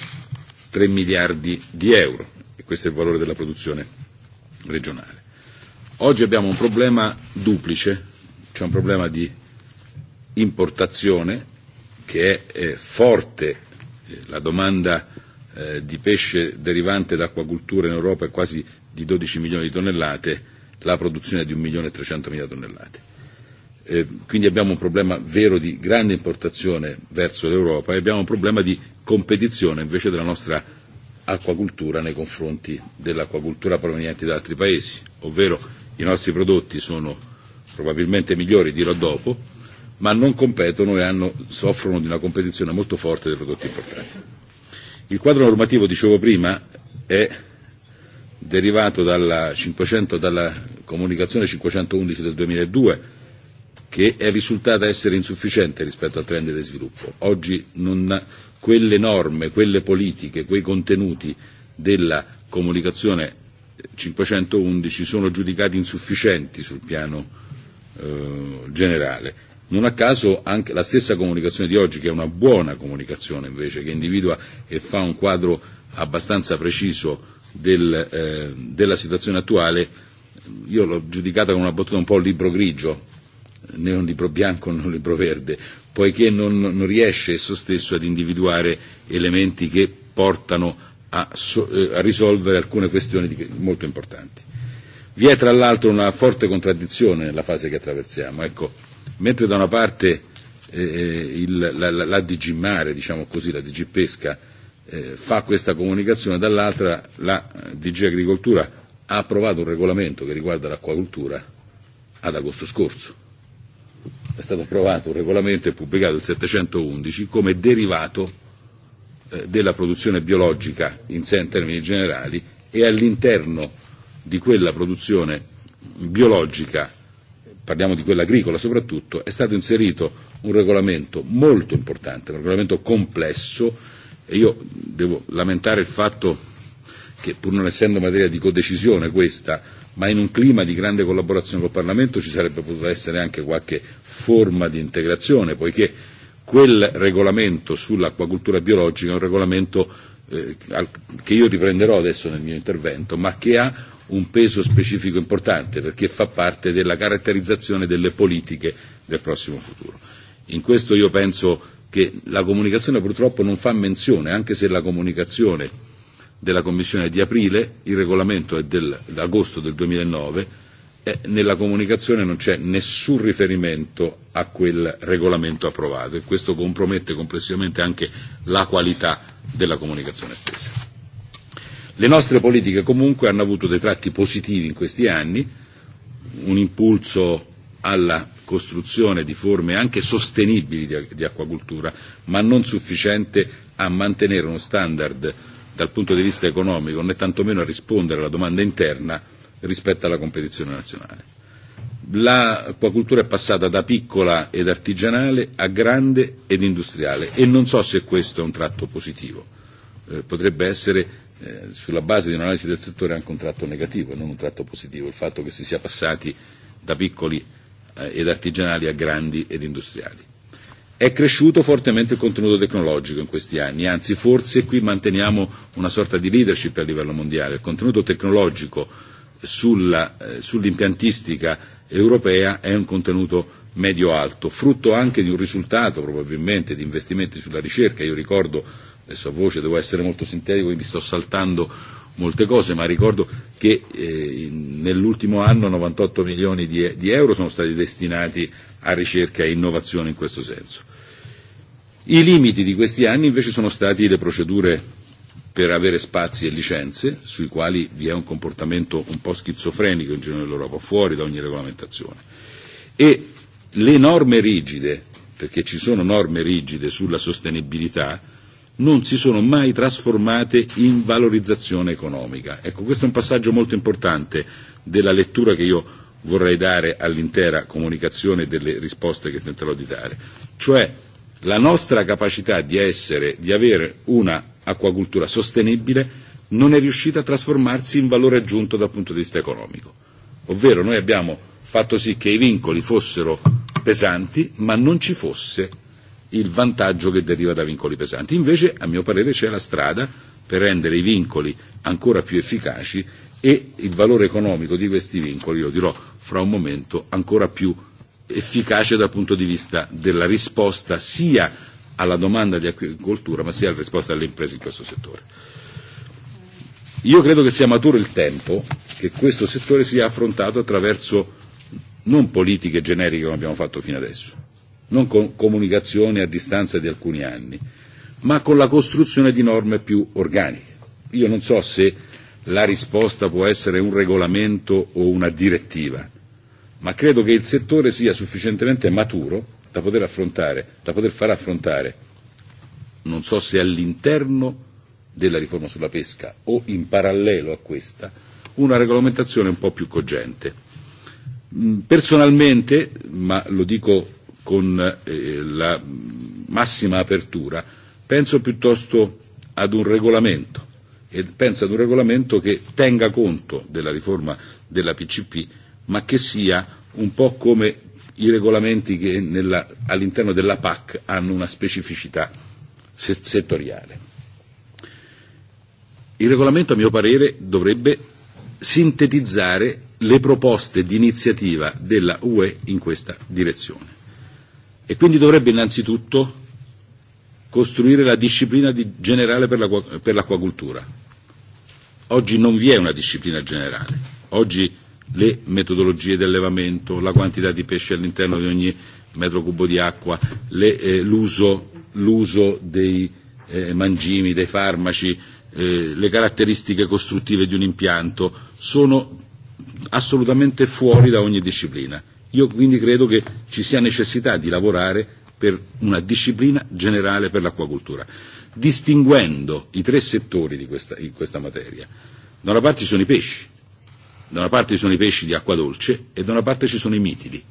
3 miliardi di euro e questo è il valore della produzione regionale. Oggi abbiamo un problema duplice, c'è un problema di importazione che è forte, la domanda eh, di pesce derivante da acquacultura in Europa è quasi di 12 milioni di tonnellate, la produzione è di 1 milione e 300 mila tonnellate. Eh, quindi abbiamo un problema vero di grande importazione verso l'Europa e abbiamo un problema di competizione invece della nostra acquacultura nei confronti dell'acquacultura proveniente da altri paesi, ovvero i nostri prodotti sono probabilmente migliori, dirò dopo, ma non competono e hanno, soffrono di una competizione molto forte dei prodotti importati. Il quadro normativo, dicevo prima, è derivato dalla, 500, dalla comunicazione 511 del 2002, che è risultata essere insufficiente rispetto al trend di sviluppo. Oggi non, quelle norme, quelle politiche, quei contenuti della comunicazione 511 sono giudicati insufficienti sul piano eh, generale Non a caso anche la stessa comunicazione di oggi, che è una buona comunicazione invece, che individua e fa un quadro abbastanza preciso del, eh, della situazione attuale, io l'ho giudicata con una battuta un po' libro grigio, né un libro bianco né un libro verde, poiché non, non riesce esso stesso ad individuare elementi che portano a, so, eh, a risolvere alcune questioni di, molto importanti. Vi è tra l'altro una forte contraddizione nella fase che attraversiamo. Ecco, mentre da una parte eh, il, la, la, la DG Mare, diciamo così, la DG Pesca, eh, fa questa comunicazione, dall'altra la DG Agricoltura ha approvato un regolamento che riguarda l'acquacultura ad agosto scorso. È stato approvato un regolamento e pubblicato il 711 come derivato della produzione biologica in in termini generali e all'interno di quella produzione biologica parliamo di quella agricola soprattutto, è stato inserito un regolamento molto importante, un regolamento complesso e io devo lamentare il fatto che pur non essendo materia di codecisione questa, ma in un clima di grande collaborazione col Parlamento ci sarebbe potuta essere anche qualche forma di integrazione, poiché quel regolamento sull'acquacultura biologica è un regolamento eh, che io riprenderò adesso nel mio intervento, ma che ha un peso specifico importante perché fa parte della caratterizzazione delle politiche del prossimo futuro. In questo io penso che la comunicazione purtroppo non fa menzione, anche se la comunicazione della Commissione è di aprile, il regolamento è dell'agosto del 2009, eh, nella comunicazione non c'è nessun riferimento a quel regolamento approvato e questo compromette complessivamente anche la qualità della comunicazione stessa. Le nostre politiche comunque hanno avuto dei tratti positivi in questi anni, un impulso alla costruzione di forme anche sostenibili di, di acquacultura, ma non sufficiente a mantenere uno standard dal punto di vista economico, né tantomeno a rispondere alla domanda interna rispetto alla competizione nazionale. L'acquacultura è passata da piccola ed artigianale a grande ed industriale e non so se questo è un tratto positivo. Eh, potrebbe essere sulla base di un'analisi del settore anche un tratto negativo e non un tratto positivo, il fatto che si sia passati da piccoli eh, ed artigianali a grandi ed industriali. È cresciuto fortemente il contenuto tecnologico in questi anni, anzi forse qui manteniamo una sorta di leadership a livello mondiale. Il contenuto tecnologico sulla, eh, sull'impiantistica europea è un contenuto medio-alto, frutto anche di un risultato probabilmente di investimenti sulla ricerca. Io ricordo adesso a voce devo essere molto sintetico, quindi sto saltando molte cose, ma ricordo che eh, nell'ultimo anno 98 milioni di, di euro sono stati destinati a ricerca e innovazione in questo senso. I limiti di questi anni invece sono stati le procedure per avere spazi e licenze, sui quali vi è un comportamento un po' schizofrenico in giro dell'Europa, fuori da ogni regolamentazione. E le norme rigide, perché ci sono norme rigide sulla sostenibilità, non si sono mai trasformate in valorizzazione economica. Ecco, questo è un passaggio molto importante della lettura che io vorrei dare all'intera comunicazione delle risposte che tenterò di dare, cioè la nostra capacità di essere, di avere una acquacultura sostenibile non è riuscita a trasformarsi in valore aggiunto dal punto di vista economico. Ovvero noi abbiamo fatto sì che i vincoli fossero pesanti, ma non ci fosse il vantaggio che deriva da vincoli pesanti. Invece, a mio parere, c'è la strada per rendere i vincoli ancora più efficaci e il valore economico di questi vincoli, lo dirò fra un momento, ancora più efficace dal punto di vista della risposta sia alla domanda di agricoltura ma sia alla risposta alle imprese in questo settore. Io credo che sia maturo il tempo che questo settore sia affrontato attraverso non politiche generiche come abbiamo fatto fino adesso, non con comunicazioni a distanza di alcuni anni, ma con la costruzione di norme più organiche. Io non so se la risposta può essere un regolamento o una direttiva, ma credo che il settore sia sufficientemente maturo da poter affrontare, da poter far affrontare, non so se all'interno della riforma sulla pesca o in parallelo a questa, una regolamentazione un po' più cogente. Personalmente, ma lo dico con eh, la massima apertura, penso piuttosto ad un regolamento e penso ad un regolamento che tenga conto della riforma della PCP, ma che sia un po' come i regolamenti che nella, all'interno della PAC hanno una specificità settoriale. Il regolamento, a mio parere, dovrebbe sintetizzare le proposte di iniziativa della UE in questa direzione e quindi dovrebbe innanzitutto costruire la disciplina di, generale per, la, per l'acquacultura. Oggi non vi è una disciplina generale, oggi le metodologie di allevamento, la quantità di pesce all'interno di ogni metro cubo di acqua, le, eh, l'uso, l'uso dei eh, mangimi, dei farmaci, eh, le caratteristiche costruttive di un impianto sono assolutamente fuori da ogni disciplina Io quindi credo che ci sia necessità di lavorare per una disciplina generale per l'acquacultura, distinguendo i tre settori di questa, in questa materia. Da una parte ci sono i pesci, da una parte ci sono i pesci di acqua dolce e da una parte ci sono i mitili.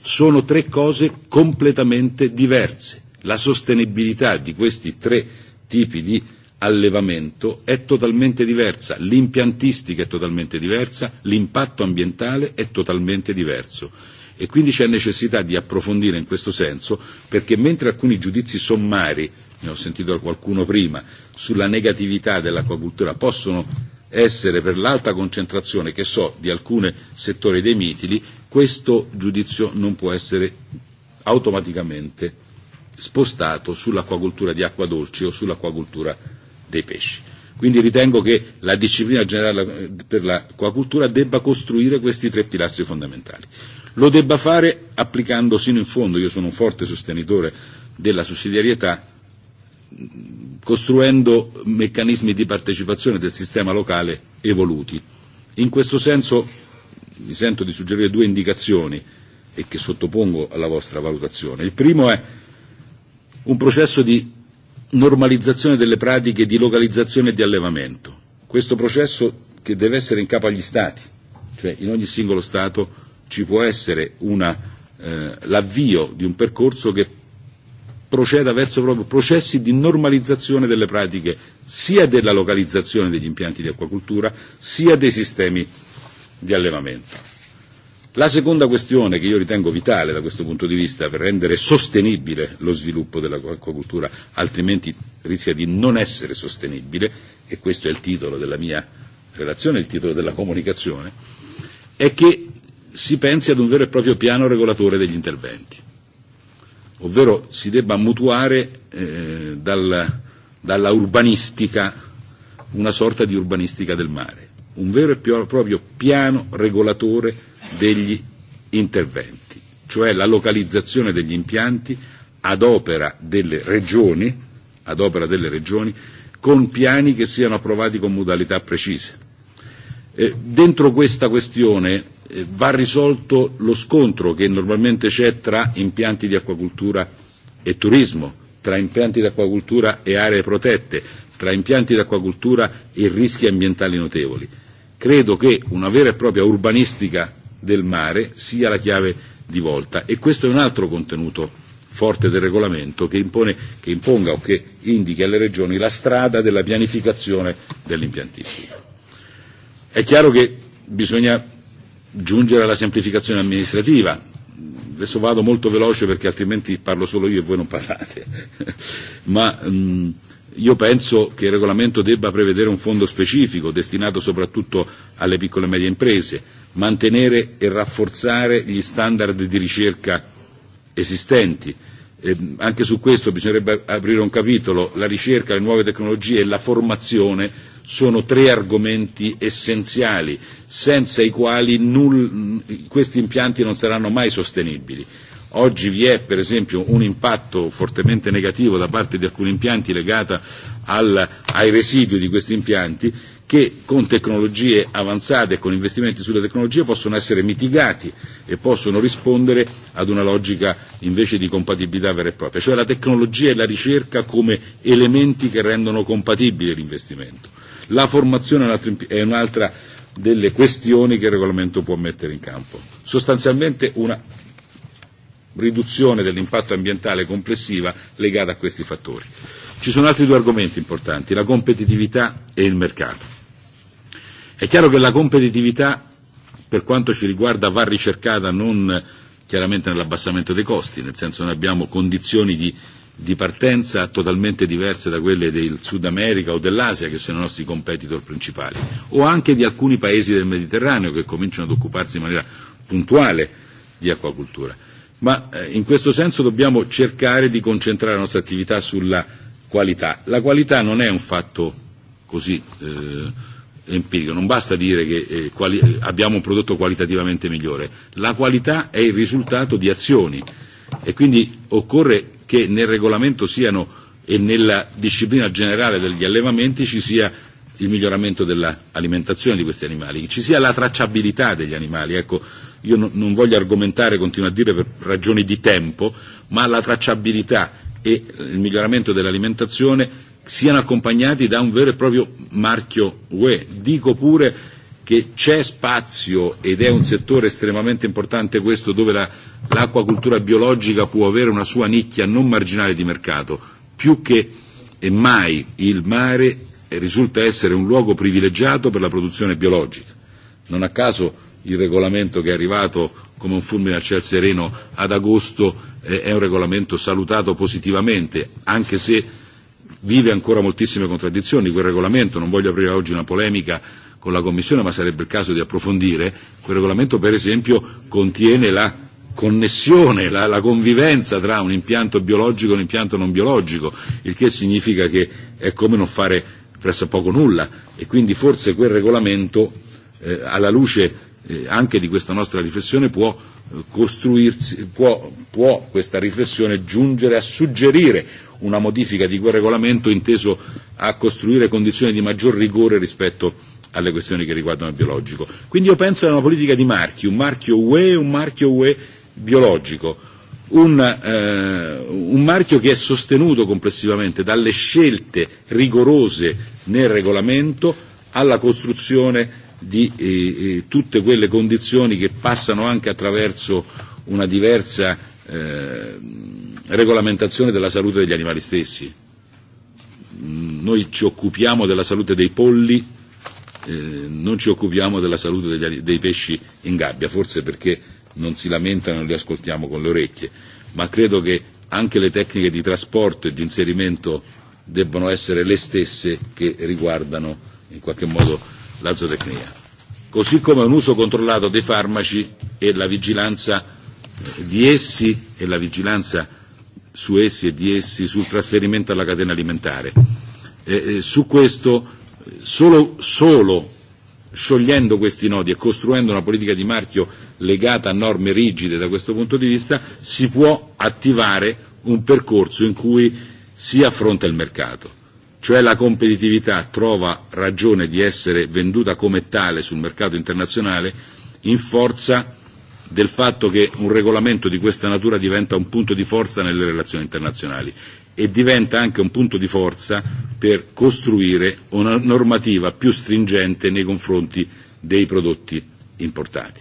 Sono tre cose completamente diverse. La sostenibilità di questi tre tipi di allevamento è totalmente diversa, l'impiantistica è totalmente diversa, l'impatto ambientale è totalmente diverso e quindi c'è necessità di approfondire in questo senso perché mentre alcuni giudizi sommari, ne ho sentito da qualcuno prima, sulla negatività dell'acquacultura possono essere per l'alta concentrazione che so di alcuni settori dei mitili, questo giudizio non può essere automaticamente spostato sull'acquacultura di acqua dolce o sull'acquacultura dei pesci. Quindi ritengo che la disciplina generale per l'acquacultura debba costruire questi tre pilastri fondamentali. Lo debba fare applicando sino in fondo, io sono un forte sostenitore della sussidiarietà, costruendo meccanismi di partecipazione del sistema locale evoluti. In questo senso mi sento di suggerire due indicazioni e che sottopongo alla vostra valutazione. Il primo è un processo di normalizzazione delle pratiche di localizzazione e di allevamento. Questo processo che deve essere in capo agli Stati, cioè in ogni singolo Stato ci può essere una, eh, l'avvio di un percorso che proceda verso proprio processi di normalizzazione delle pratiche sia della localizzazione degli impianti di acquacultura sia dei sistemi di allevamento. La seconda questione che io ritengo vitale da questo punto di vista per rendere sostenibile lo sviluppo dell'acquacultura, altrimenti rischia di non essere sostenibile, e questo è il titolo della mia relazione, il titolo della comunicazione, è che si pensi ad un vero e proprio piano regolatore degli interventi, ovvero si debba mutuare eh, dal, dalla urbanistica una sorta di urbanistica del mare, un vero e proprio piano regolatore degli interventi, cioè la localizzazione degli impianti ad opera delle regioni, ad opera delle regioni con piani che siano approvati con modalità precise. Eh, dentro questa questione eh, va risolto lo scontro che normalmente c'è tra impianti di acquacultura e turismo, tra impianti di acquacultura e aree protette, tra impianti di acquacultura e rischi ambientali notevoli. Credo che una vera e propria urbanistica del mare sia la chiave di volta e questo è un altro contenuto forte del regolamento che, impone, che imponga o che indichi alle regioni la strada della pianificazione dell'impiantistica. È chiaro che bisogna giungere alla semplificazione amministrativa. Adesso vado molto veloce perché altrimenti parlo solo io e voi non parlate. Ma mh, io penso che il regolamento debba prevedere un fondo specifico destinato soprattutto alle piccole e medie imprese, mantenere e rafforzare gli standard di ricerca esistenti. e anche su questo bisognerebbe aprire un capitolo. La ricerca, le nuove tecnologie e la formazione sono tre argomenti essenziali, senza i quali null, questi impianti non saranno mai sostenibili. Oggi vi è per esempio un impatto fortemente negativo da parte di alcuni impianti legato al, ai residui di questi impianti che con tecnologie avanzate e con investimenti sulle tecnologie possono essere mitigati e possono rispondere ad una logica invece di compatibilità vera e propria, cioè la tecnologia e la ricerca come elementi che rendono compatibile l'investimento. La formazione è un'altra delle questioni che il regolamento può mettere in campo. Sostanzialmente una riduzione dell'impatto ambientale complessiva legata a questi fattori. Ci sono altri due argomenti importanti, la competitività e il mercato. È chiaro che la competitività, per quanto ci riguarda, va ricercata non chiaramente nell'abbassamento dei costi, nel senso che noi abbiamo condizioni di, di partenza totalmente diverse da quelle del Sud America o dell'Asia, che sono i nostri competitor principali, o anche di alcuni paesi del Mediterraneo che cominciano ad occuparsi in maniera puntuale di acquacultura. Ma eh, in questo senso dobbiamo cercare di concentrare la nostra attività sulla qualità. La qualità non è un fatto così. Eh, empirico, non basta dire che eh, quali, abbiamo un prodotto qualitativamente migliore, la qualità è il risultato di azioni e quindi occorre che nel regolamento siano e nella disciplina generale degli allevamenti ci sia il miglioramento dell'alimentazione di questi animali, che ci sia la tracciabilità degli animali. Ecco, io no, non voglio argomentare, continuo a dire, per ragioni di tempo, ma la tracciabilità e il miglioramento dell'alimentazione siano accompagnati da un vero e proprio marchio UE. Dico pure che c'è spazio ed è un settore estremamente importante questo dove l'acquacultura biologica può avere una sua nicchia non marginale di mercato. Più che mai il mare risulta essere un luogo privilegiato per la produzione biologica. Non a caso il regolamento che è arrivato come un fulmine a ciel sereno ad agosto eh, è un regolamento salutato positivamente, anche se vive ancora moltissime contraddizioni quel regolamento, non voglio aprire oggi una polemica con la Commissione, ma sarebbe il caso di approfondire, quel regolamento per esempio contiene la connessione, la, la convivenza tra un impianto biologico e un impianto non biologico, il che significa che è come non fare presso poco nulla e quindi forse quel regolamento eh, alla luce eh, anche di questa nostra riflessione può costruirsi, può, può questa riflessione giungere a suggerire una modifica di quel regolamento inteso a costruire condizioni di maggior rigore rispetto alle questioni che riguardano il biologico. Quindi io penso a una politica di marchi, un marchio UE e un marchio UE biologico, un, eh, un marchio che è sostenuto complessivamente dalle scelte rigorose nel regolamento alla costruzione di eh, tutte quelle condizioni che passano anche attraverso una diversa eh, regolamentazione della salute degli animali stessi. Noi ci occupiamo della salute dei polli, eh, non ci occupiamo della salute degli, dei pesci in gabbia, forse perché non si lamentano e li ascoltiamo con le orecchie, ma credo che anche le tecniche di trasporto e di inserimento debbano essere le stesse che riguardano in qualche modo la zootecnia, così come un uso controllato dei farmaci e la vigilanza di essi e la vigilanza su essi e di essi sul trasferimento alla catena alimentare. Eh, eh, su questo solo, solo sciogliendo questi nodi e costruendo una politica di marchio legata a norme rigide da questo punto di vista si può attivare un percorso in cui si affronta il mercato cioè la competitività trova ragione di essere venduta come tale sul mercato internazionale in forza del fatto che un regolamento di questa natura diventa un punto di forza nelle relazioni internazionali e diventa anche un punto di forza per costruire una normativa più stringente nei confronti dei prodotti importati.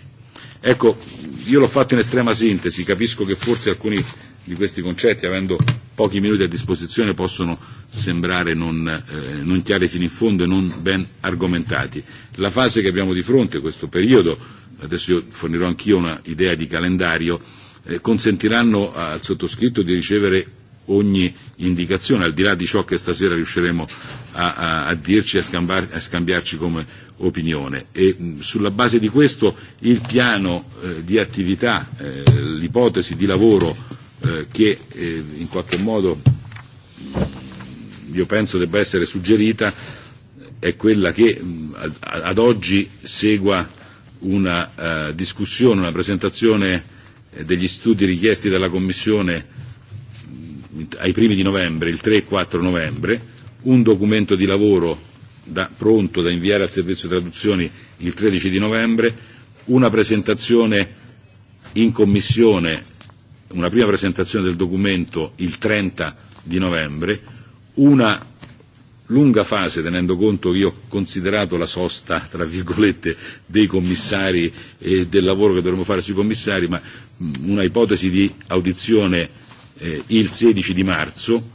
Ecco, io l'ho fatto in estrema sintesi, capisco che forse alcuni di questi concetti, avendo pochi minuti a disposizione, possono sembrare non, eh, non chiari fino in fondo e non ben argomentati. La fase che abbiamo di fronte, questo periodo adesso io fornirò anch'io un'idea di calendario, eh, consentiranno al sottoscritto di ricevere ogni indicazione, al di là di ciò che stasera riusciremo a, a, a dirci e a, scambar, a scambiarci come opinione. E mh, sulla base di questo il piano eh, di attività, eh, l'ipotesi di lavoro eh, che eh, in qualche modo io penso debba essere suggerita è quella che mh, ad, ad oggi segua una eh, discussione, una presentazione degli studi richiesti dalla Commissione ai primi di novembre, il 3 e 4 novembre, un documento di lavoro da, pronto da inviare al servizio traduzioni il 13 di novembre, una presentazione in commissione, una prima presentazione del documento il 30 di novembre, una lunga fase, tenendo conto che io ho considerato la sosta, tra virgolette, dei commissari e del lavoro che dovremmo fare sui commissari, ma una ipotesi di audizione eh, il 16 di marzo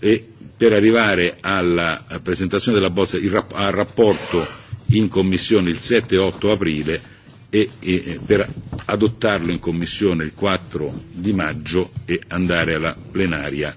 e per arrivare alla presentazione della bozza, il rap- al rapporto in commissione il 7 e 8 aprile e, e per adottarlo in commissione il 4 di maggio e andare alla plenaria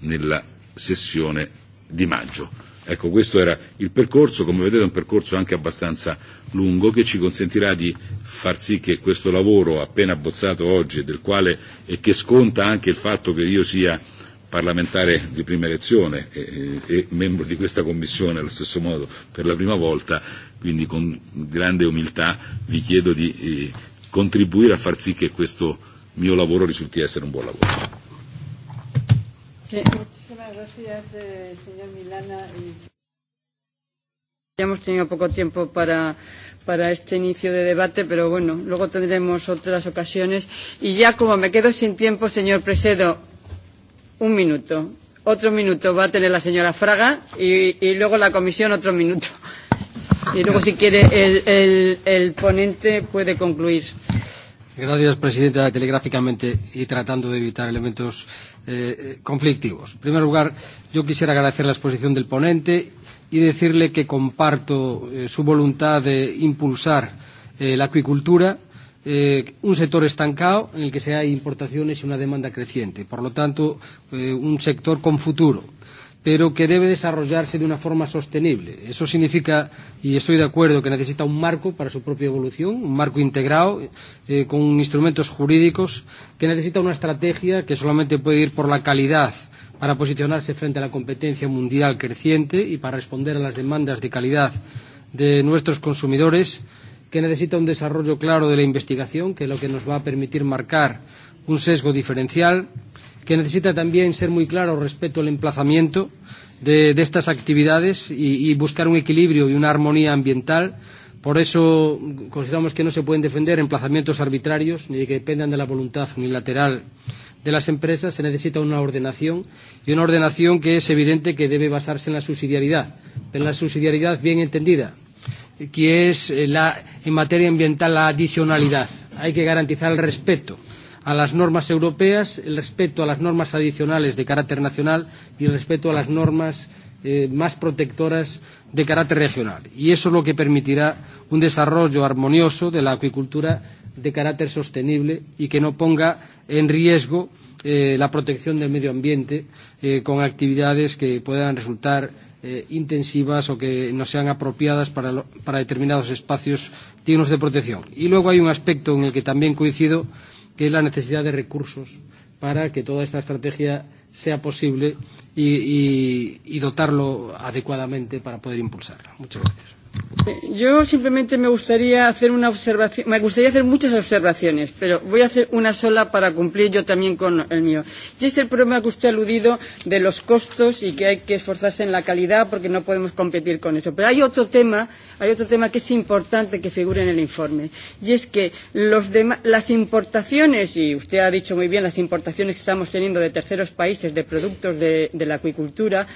nella sessione di maggio. Ecco, questo era il percorso, come vedete è un percorso anche abbastanza lungo che ci consentirà di far sì che questo lavoro appena abbozzato oggi del quale, e che sconta anche il fatto che io sia parlamentare di prima elezione e, e membro di questa commissione allo stesso modo per la prima volta, quindi con grande umiltà vi chiedo di eh, contribuire a far sì che questo mio lavoro risulti essere un buon lavoro. Sí, muchísimas gracias, eh, señor Milana. Y... Hemos tenido poco tiempo para, para este inicio de debate, pero bueno, luego tendremos otras ocasiones. Y ya como me quedo sin tiempo, señor Presedo, un minuto. Otro minuto va a tener la señora Fraga y, y luego la comisión otro minuto. Y luego, si quiere, el, el, el ponente puede concluir. Gracias, presidenta. Telegráficamente y tratando de evitar elementos conflictivos. En primer lugar, yo quisiera agradecer la exposición del ponente y decirle que comparto su voluntad de impulsar la acuicultura, un sector estancado en el que se hay importaciones y una demanda creciente. Por lo tanto, un sector con futuro pero que debe desarrollarse de una forma sostenible. Eso significa, y estoy de acuerdo, que necesita un marco para su propia evolución, un marco integrado, eh, con instrumentos jurídicos, que necesita una estrategia que solamente puede ir por la calidad para posicionarse frente a la competencia mundial creciente y para responder a las demandas de calidad de nuestros consumidores, que necesita un desarrollo claro de la investigación, que es lo que nos va a permitir marcar un sesgo diferencial, que necesita también ser muy claro respecto al emplazamiento de, de estas actividades y, y buscar un equilibrio y una armonía ambiental. Por eso consideramos que no se pueden defender emplazamientos arbitrarios ni que dependan de la voluntad unilateral de las empresas. Se necesita una ordenación y una ordenación que es evidente que debe basarse en la subsidiariedad, pero en la subsidiariedad bien entendida, que es la, en materia ambiental la adicionalidad. Hay que garantizar el respeto a las normas europeas, el respeto a las normas adicionales de carácter nacional y el respeto a las normas eh, más protectoras de carácter regional. Y eso es lo que permitirá un desarrollo armonioso de la acuicultura de carácter sostenible y que no ponga en riesgo eh, la protección del medio ambiente eh, con actividades que puedan resultar eh, intensivas o que no sean apropiadas para, lo, para determinados espacios dignos de protección. Y luego hay un aspecto en el que también coincido que es la necesidad de recursos para que toda esta estrategia sea posible y, y, y dotarlo adecuadamente para poder impulsarla. Muchas gracias. Yo simplemente me gustaría hacer una observación, me gustaría hacer muchas observaciones, pero voy a hacer una sola para cumplir yo también con el mío. Y es el problema que usted ha aludido de los costos y que hay que esforzarse en la calidad porque no podemos competir con eso. Pero hay otro tema hay otro tema que es importante que figure en el informe, y es que los las importaciones, y usted ha dicho muy bien las importaciones que estamos teniendo de terceros países de productos de, de la acuicultura,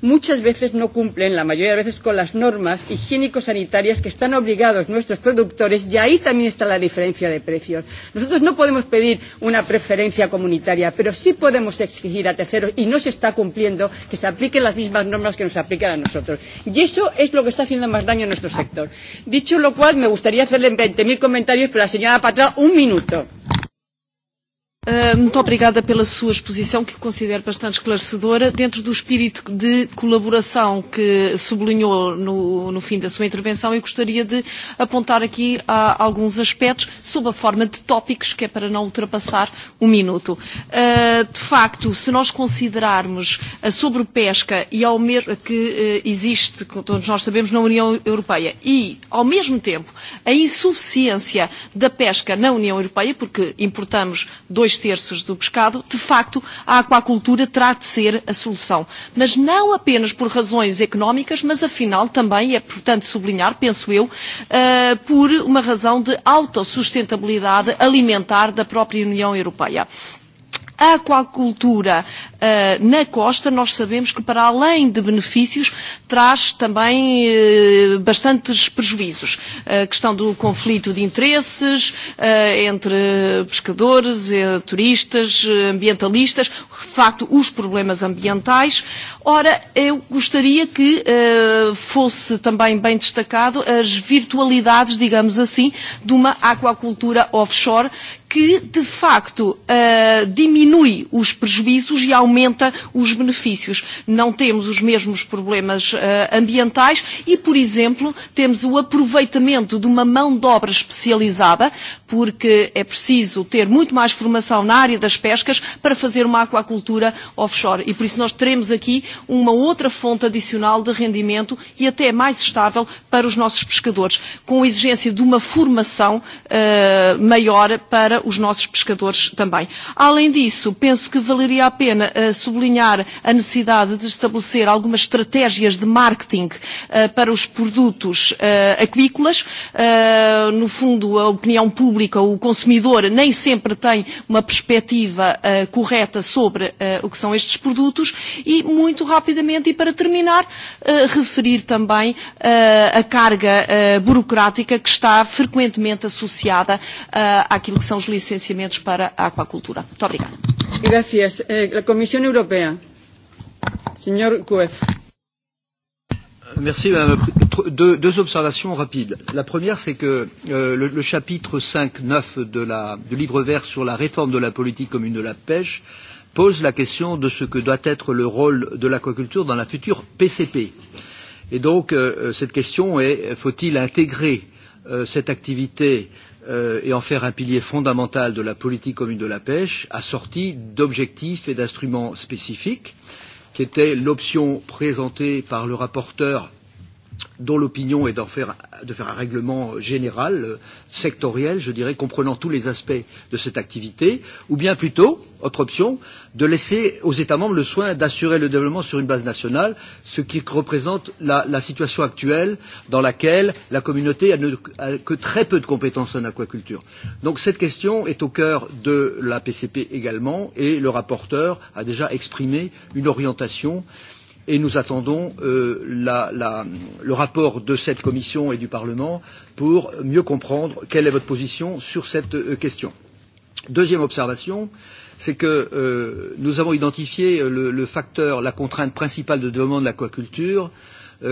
muchas veces no cumplen, la mayoría de veces, con las normas higiénico-sanitarias que están obligados nuestros productores, y ahí también está la diferencia de precios. Nosotros no podemos pedir una preferencia comunitaria, pero sí podemos exigir a terceros, y no se está cumpliendo, que se apliquen las mismas normas que nos aplican a nosotros. Y eso es lo que está haciendo más daño a nuestros sector. Dicho lo cual, me gustaría hacerle veinte mil comentarios, pero a la señora Patrao un minuto. Muito obrigada pela sua exposição, que considero bastante esclarecedora. Dentro do espírito de colaboração que sublinhou no, no fim da sua intervenção, eu gostaria de apontar aqui a, alguns aspectos sob a forma de tópicos, que é para não ultrapassar um minuto. de facto, se nós considerarmos a sobrepesca e ao mesmo, que existe, como todos nós sabemos, na União Europeia, e, ao mesmo tempo, a insuficiência da pesca na União Europeia, porque importamos dois dois terços do pescado, de facto, a aquacultura terá de ser a solução. Mas não apenas por razões económicas, mas afinal também é importante sublinhar, penso eu, uh, por uma razão de autossustentabilidade alimentar da própria União Europeia. A aquacultura uh, na costa, nós sabemos que para além de benefícios, traz também uh, bastantes prejuízos. A questão do conflito de interesses uh, entre pescadores, uh, turistas, ambientalistas, de facto, os problemas ambientais. Ora, eu gostaria que uh, fosse também bem destacado as virtualidades, digamos assim, de uma aquacultura offshore que, de facto, uh, diminui os prejuízos e aumenta os benefícios. Não temos os mesmos problemas uh, ambientais e, por exemplo, temos o aproveitamento de uma mão de obra especializada porque é preciso ter muito mais formação na área das pescas para fazer uma aquacultura offshore. E por isso nós teremos aqui uma outra fonte adicional de rendimento e até mais estável para os nossos pescadores, com a exigência de uma formação uh, maior para os nossos pescadores também. Além disso, penso que valeria a pena uh, sublinhar a necessidade de estabelecer algumas estratégias de marketing uh, para os produtos uh, aquícolas. Uh, no fundo, a opinião pública pública o consumidor nem sempre tem uma perspectiva uh, correta sobre uh, o que são estes produtos e muito rapidamente e para terminar uh, referir também uh, a carga uh, burocrática que está frequentemente associada uh, àquilo que são os licenciamentos para a aquacultura. Muito obrigada. Gracias. Eh, la Comisión Europea. Señor Cuef. Merci Madame deux, deux observations rapides. La première, c'est que euh, le, le chapitre cinq de la, du livre vert sur la réforme de la politique commune de la pêche pose la question de ce que doit être le rôle de l'aquaculture dans la future PCP. Et donc, euh, cette question est faut-il intégrer euh, cette activité euh, et en faire un pilier fondamental de la politique commune de la pêche, assortie d'objectifs et d'instruments spécifiques euh, qui était l'option présentée par le rapporteur dont l'opinion est d'en faire, de faire un règlement général, sectoriel, je dirais, comprenant tous les aspects de cette activité, ou bien plutôt, autre option, de laisser aux États membres le soin d'assurer le développement sur une base nationale, ce qui représente la, la situation actuelle dans laquelle la communauté a, ne, a que très peu de compétences en aquaculture. Donc cette question est au cœur de la PCP également, et le rapporteur a déjà exprimé une orientation euh, et nous attendons le rapport de cette commission et du Parlement pour mieux comprendre quelle est votre position sur cette question. Deuxième observation, c'est que nous avons identifié le, facteur, la contrainte principale de développement de l'aquaculture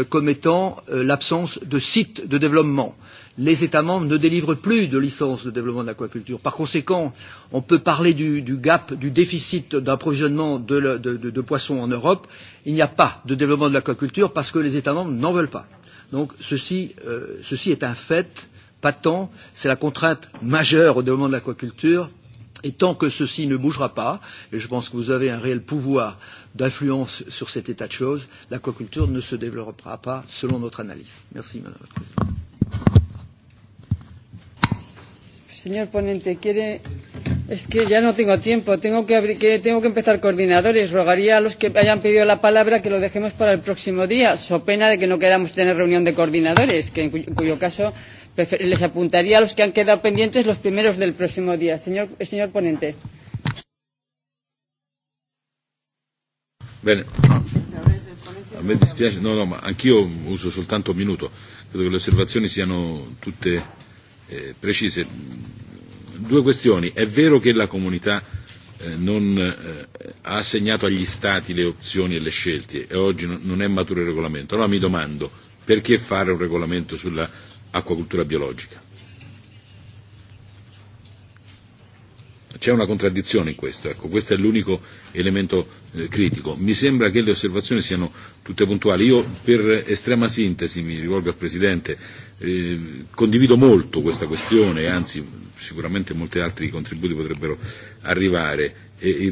comme étant l'absence de sites de développement. Euh, les États membres ne délivrent plus de licences de développement de l'aquaculture. Par conséquent, on peut parler du, du gap, du déficit d'approvisionnement de, de, de, de poissons en Europe. Il n'y a pas de développement de l'aquaculture parce que les États membres n'en veulent pas. Donc ceci, euh, ceci est un fait patent, c'est la contrainte majeure au développement de l'aquaculture. Et tant que ceci ne bougera pas, et je pense que vous avez un réel pouvoir d'influence sur cet état de choses, l'aquaculture ne se développera pas selon notre analyse. Merci Madame la Présidente. Señor ponente, quiere. Es que ya no tengo tiempo. Tengo que, abrir, que, tengo que empezar coordinadores. Rogaría a los que hayan pedido la palabra que lo dejemos para el próximo día, so pena de que no queramos tener reunión de coordinadores, que en cuyo, en cuyo caso les apuntaría a los que han quedado pendientes los primeros del próximo día. Señor, señor ponente. Bene. A me dispiace, no, no, ma anch'io uso soltanto un minuto. Credo che le osservazioni siano tutte precise. Due questioni. È vero che la comunità non ha assegnato agli Stati le opzioni e le scelte e oggi non è maturo il regolamento. Allora mi domando perché fare un regolamento sull'acquacultura biologica? C'è una contraddizione in questo, ecco, questo è l'unico elemento eh, critico. Mi sembra che le osservazioni siano tutte puntuali. Io per estrema sintesi mi rivolgo al Presidente, condivido molto questa questione, anzi sicuramente molti altri contributi potrebbero arrivare,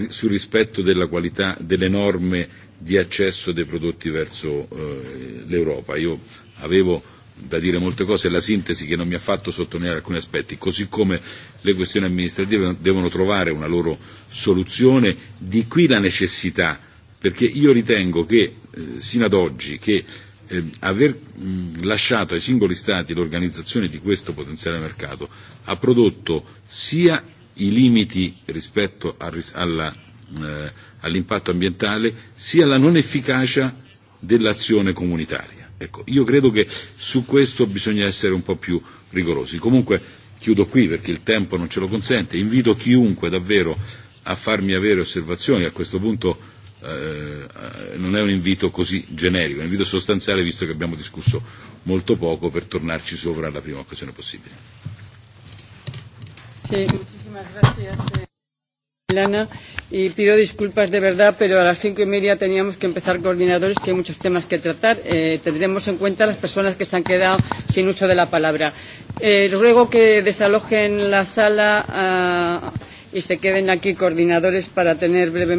sul rispetto della qualità delle norme di accesso dei prodotti verso eh, l'Europa. Io avevo da dire molte cose e la sintesi che non mi ha fatto sottolineare alcuni aspetti, così come le questioni amministrative devono trovare una loro soluzione, di qui la necessità, perché io ritengo che eh, sino ad oggi che eh, eh, aver mh, lasciato ai singoli Stati l'organizzazione di questo potenziale mercato ha prodotto sia i limiti rispetto al, alla, eh, all'impatto ambientale, sia la non efficacia dell'azione comunitaria. Ecco, io credo che su questo bisogna essere un po' più rigorosi. Comunque chiudo qui perché il tempo non ce lo consente. Invito chiunque davvero a farmi avere osservazioni. A questo punto eh, non è un invito così generico, è un invito sostanziale visto che abbiamo discusso molto poco per tornarci sopra alla prima occasione possibile. Sí, muchísimas gracias, Lana. Y pido disculpas de verdad, pero a las cinco y media teníamos que empezar coordinadores, que hay muchos temas que tratar. Eh, tendremos en cuenta las personas que se han quedado sin uso de la palabra. Eh, ruego que desalojen la sala. Uh, y se queden aquí coordinadores para tener brevemente.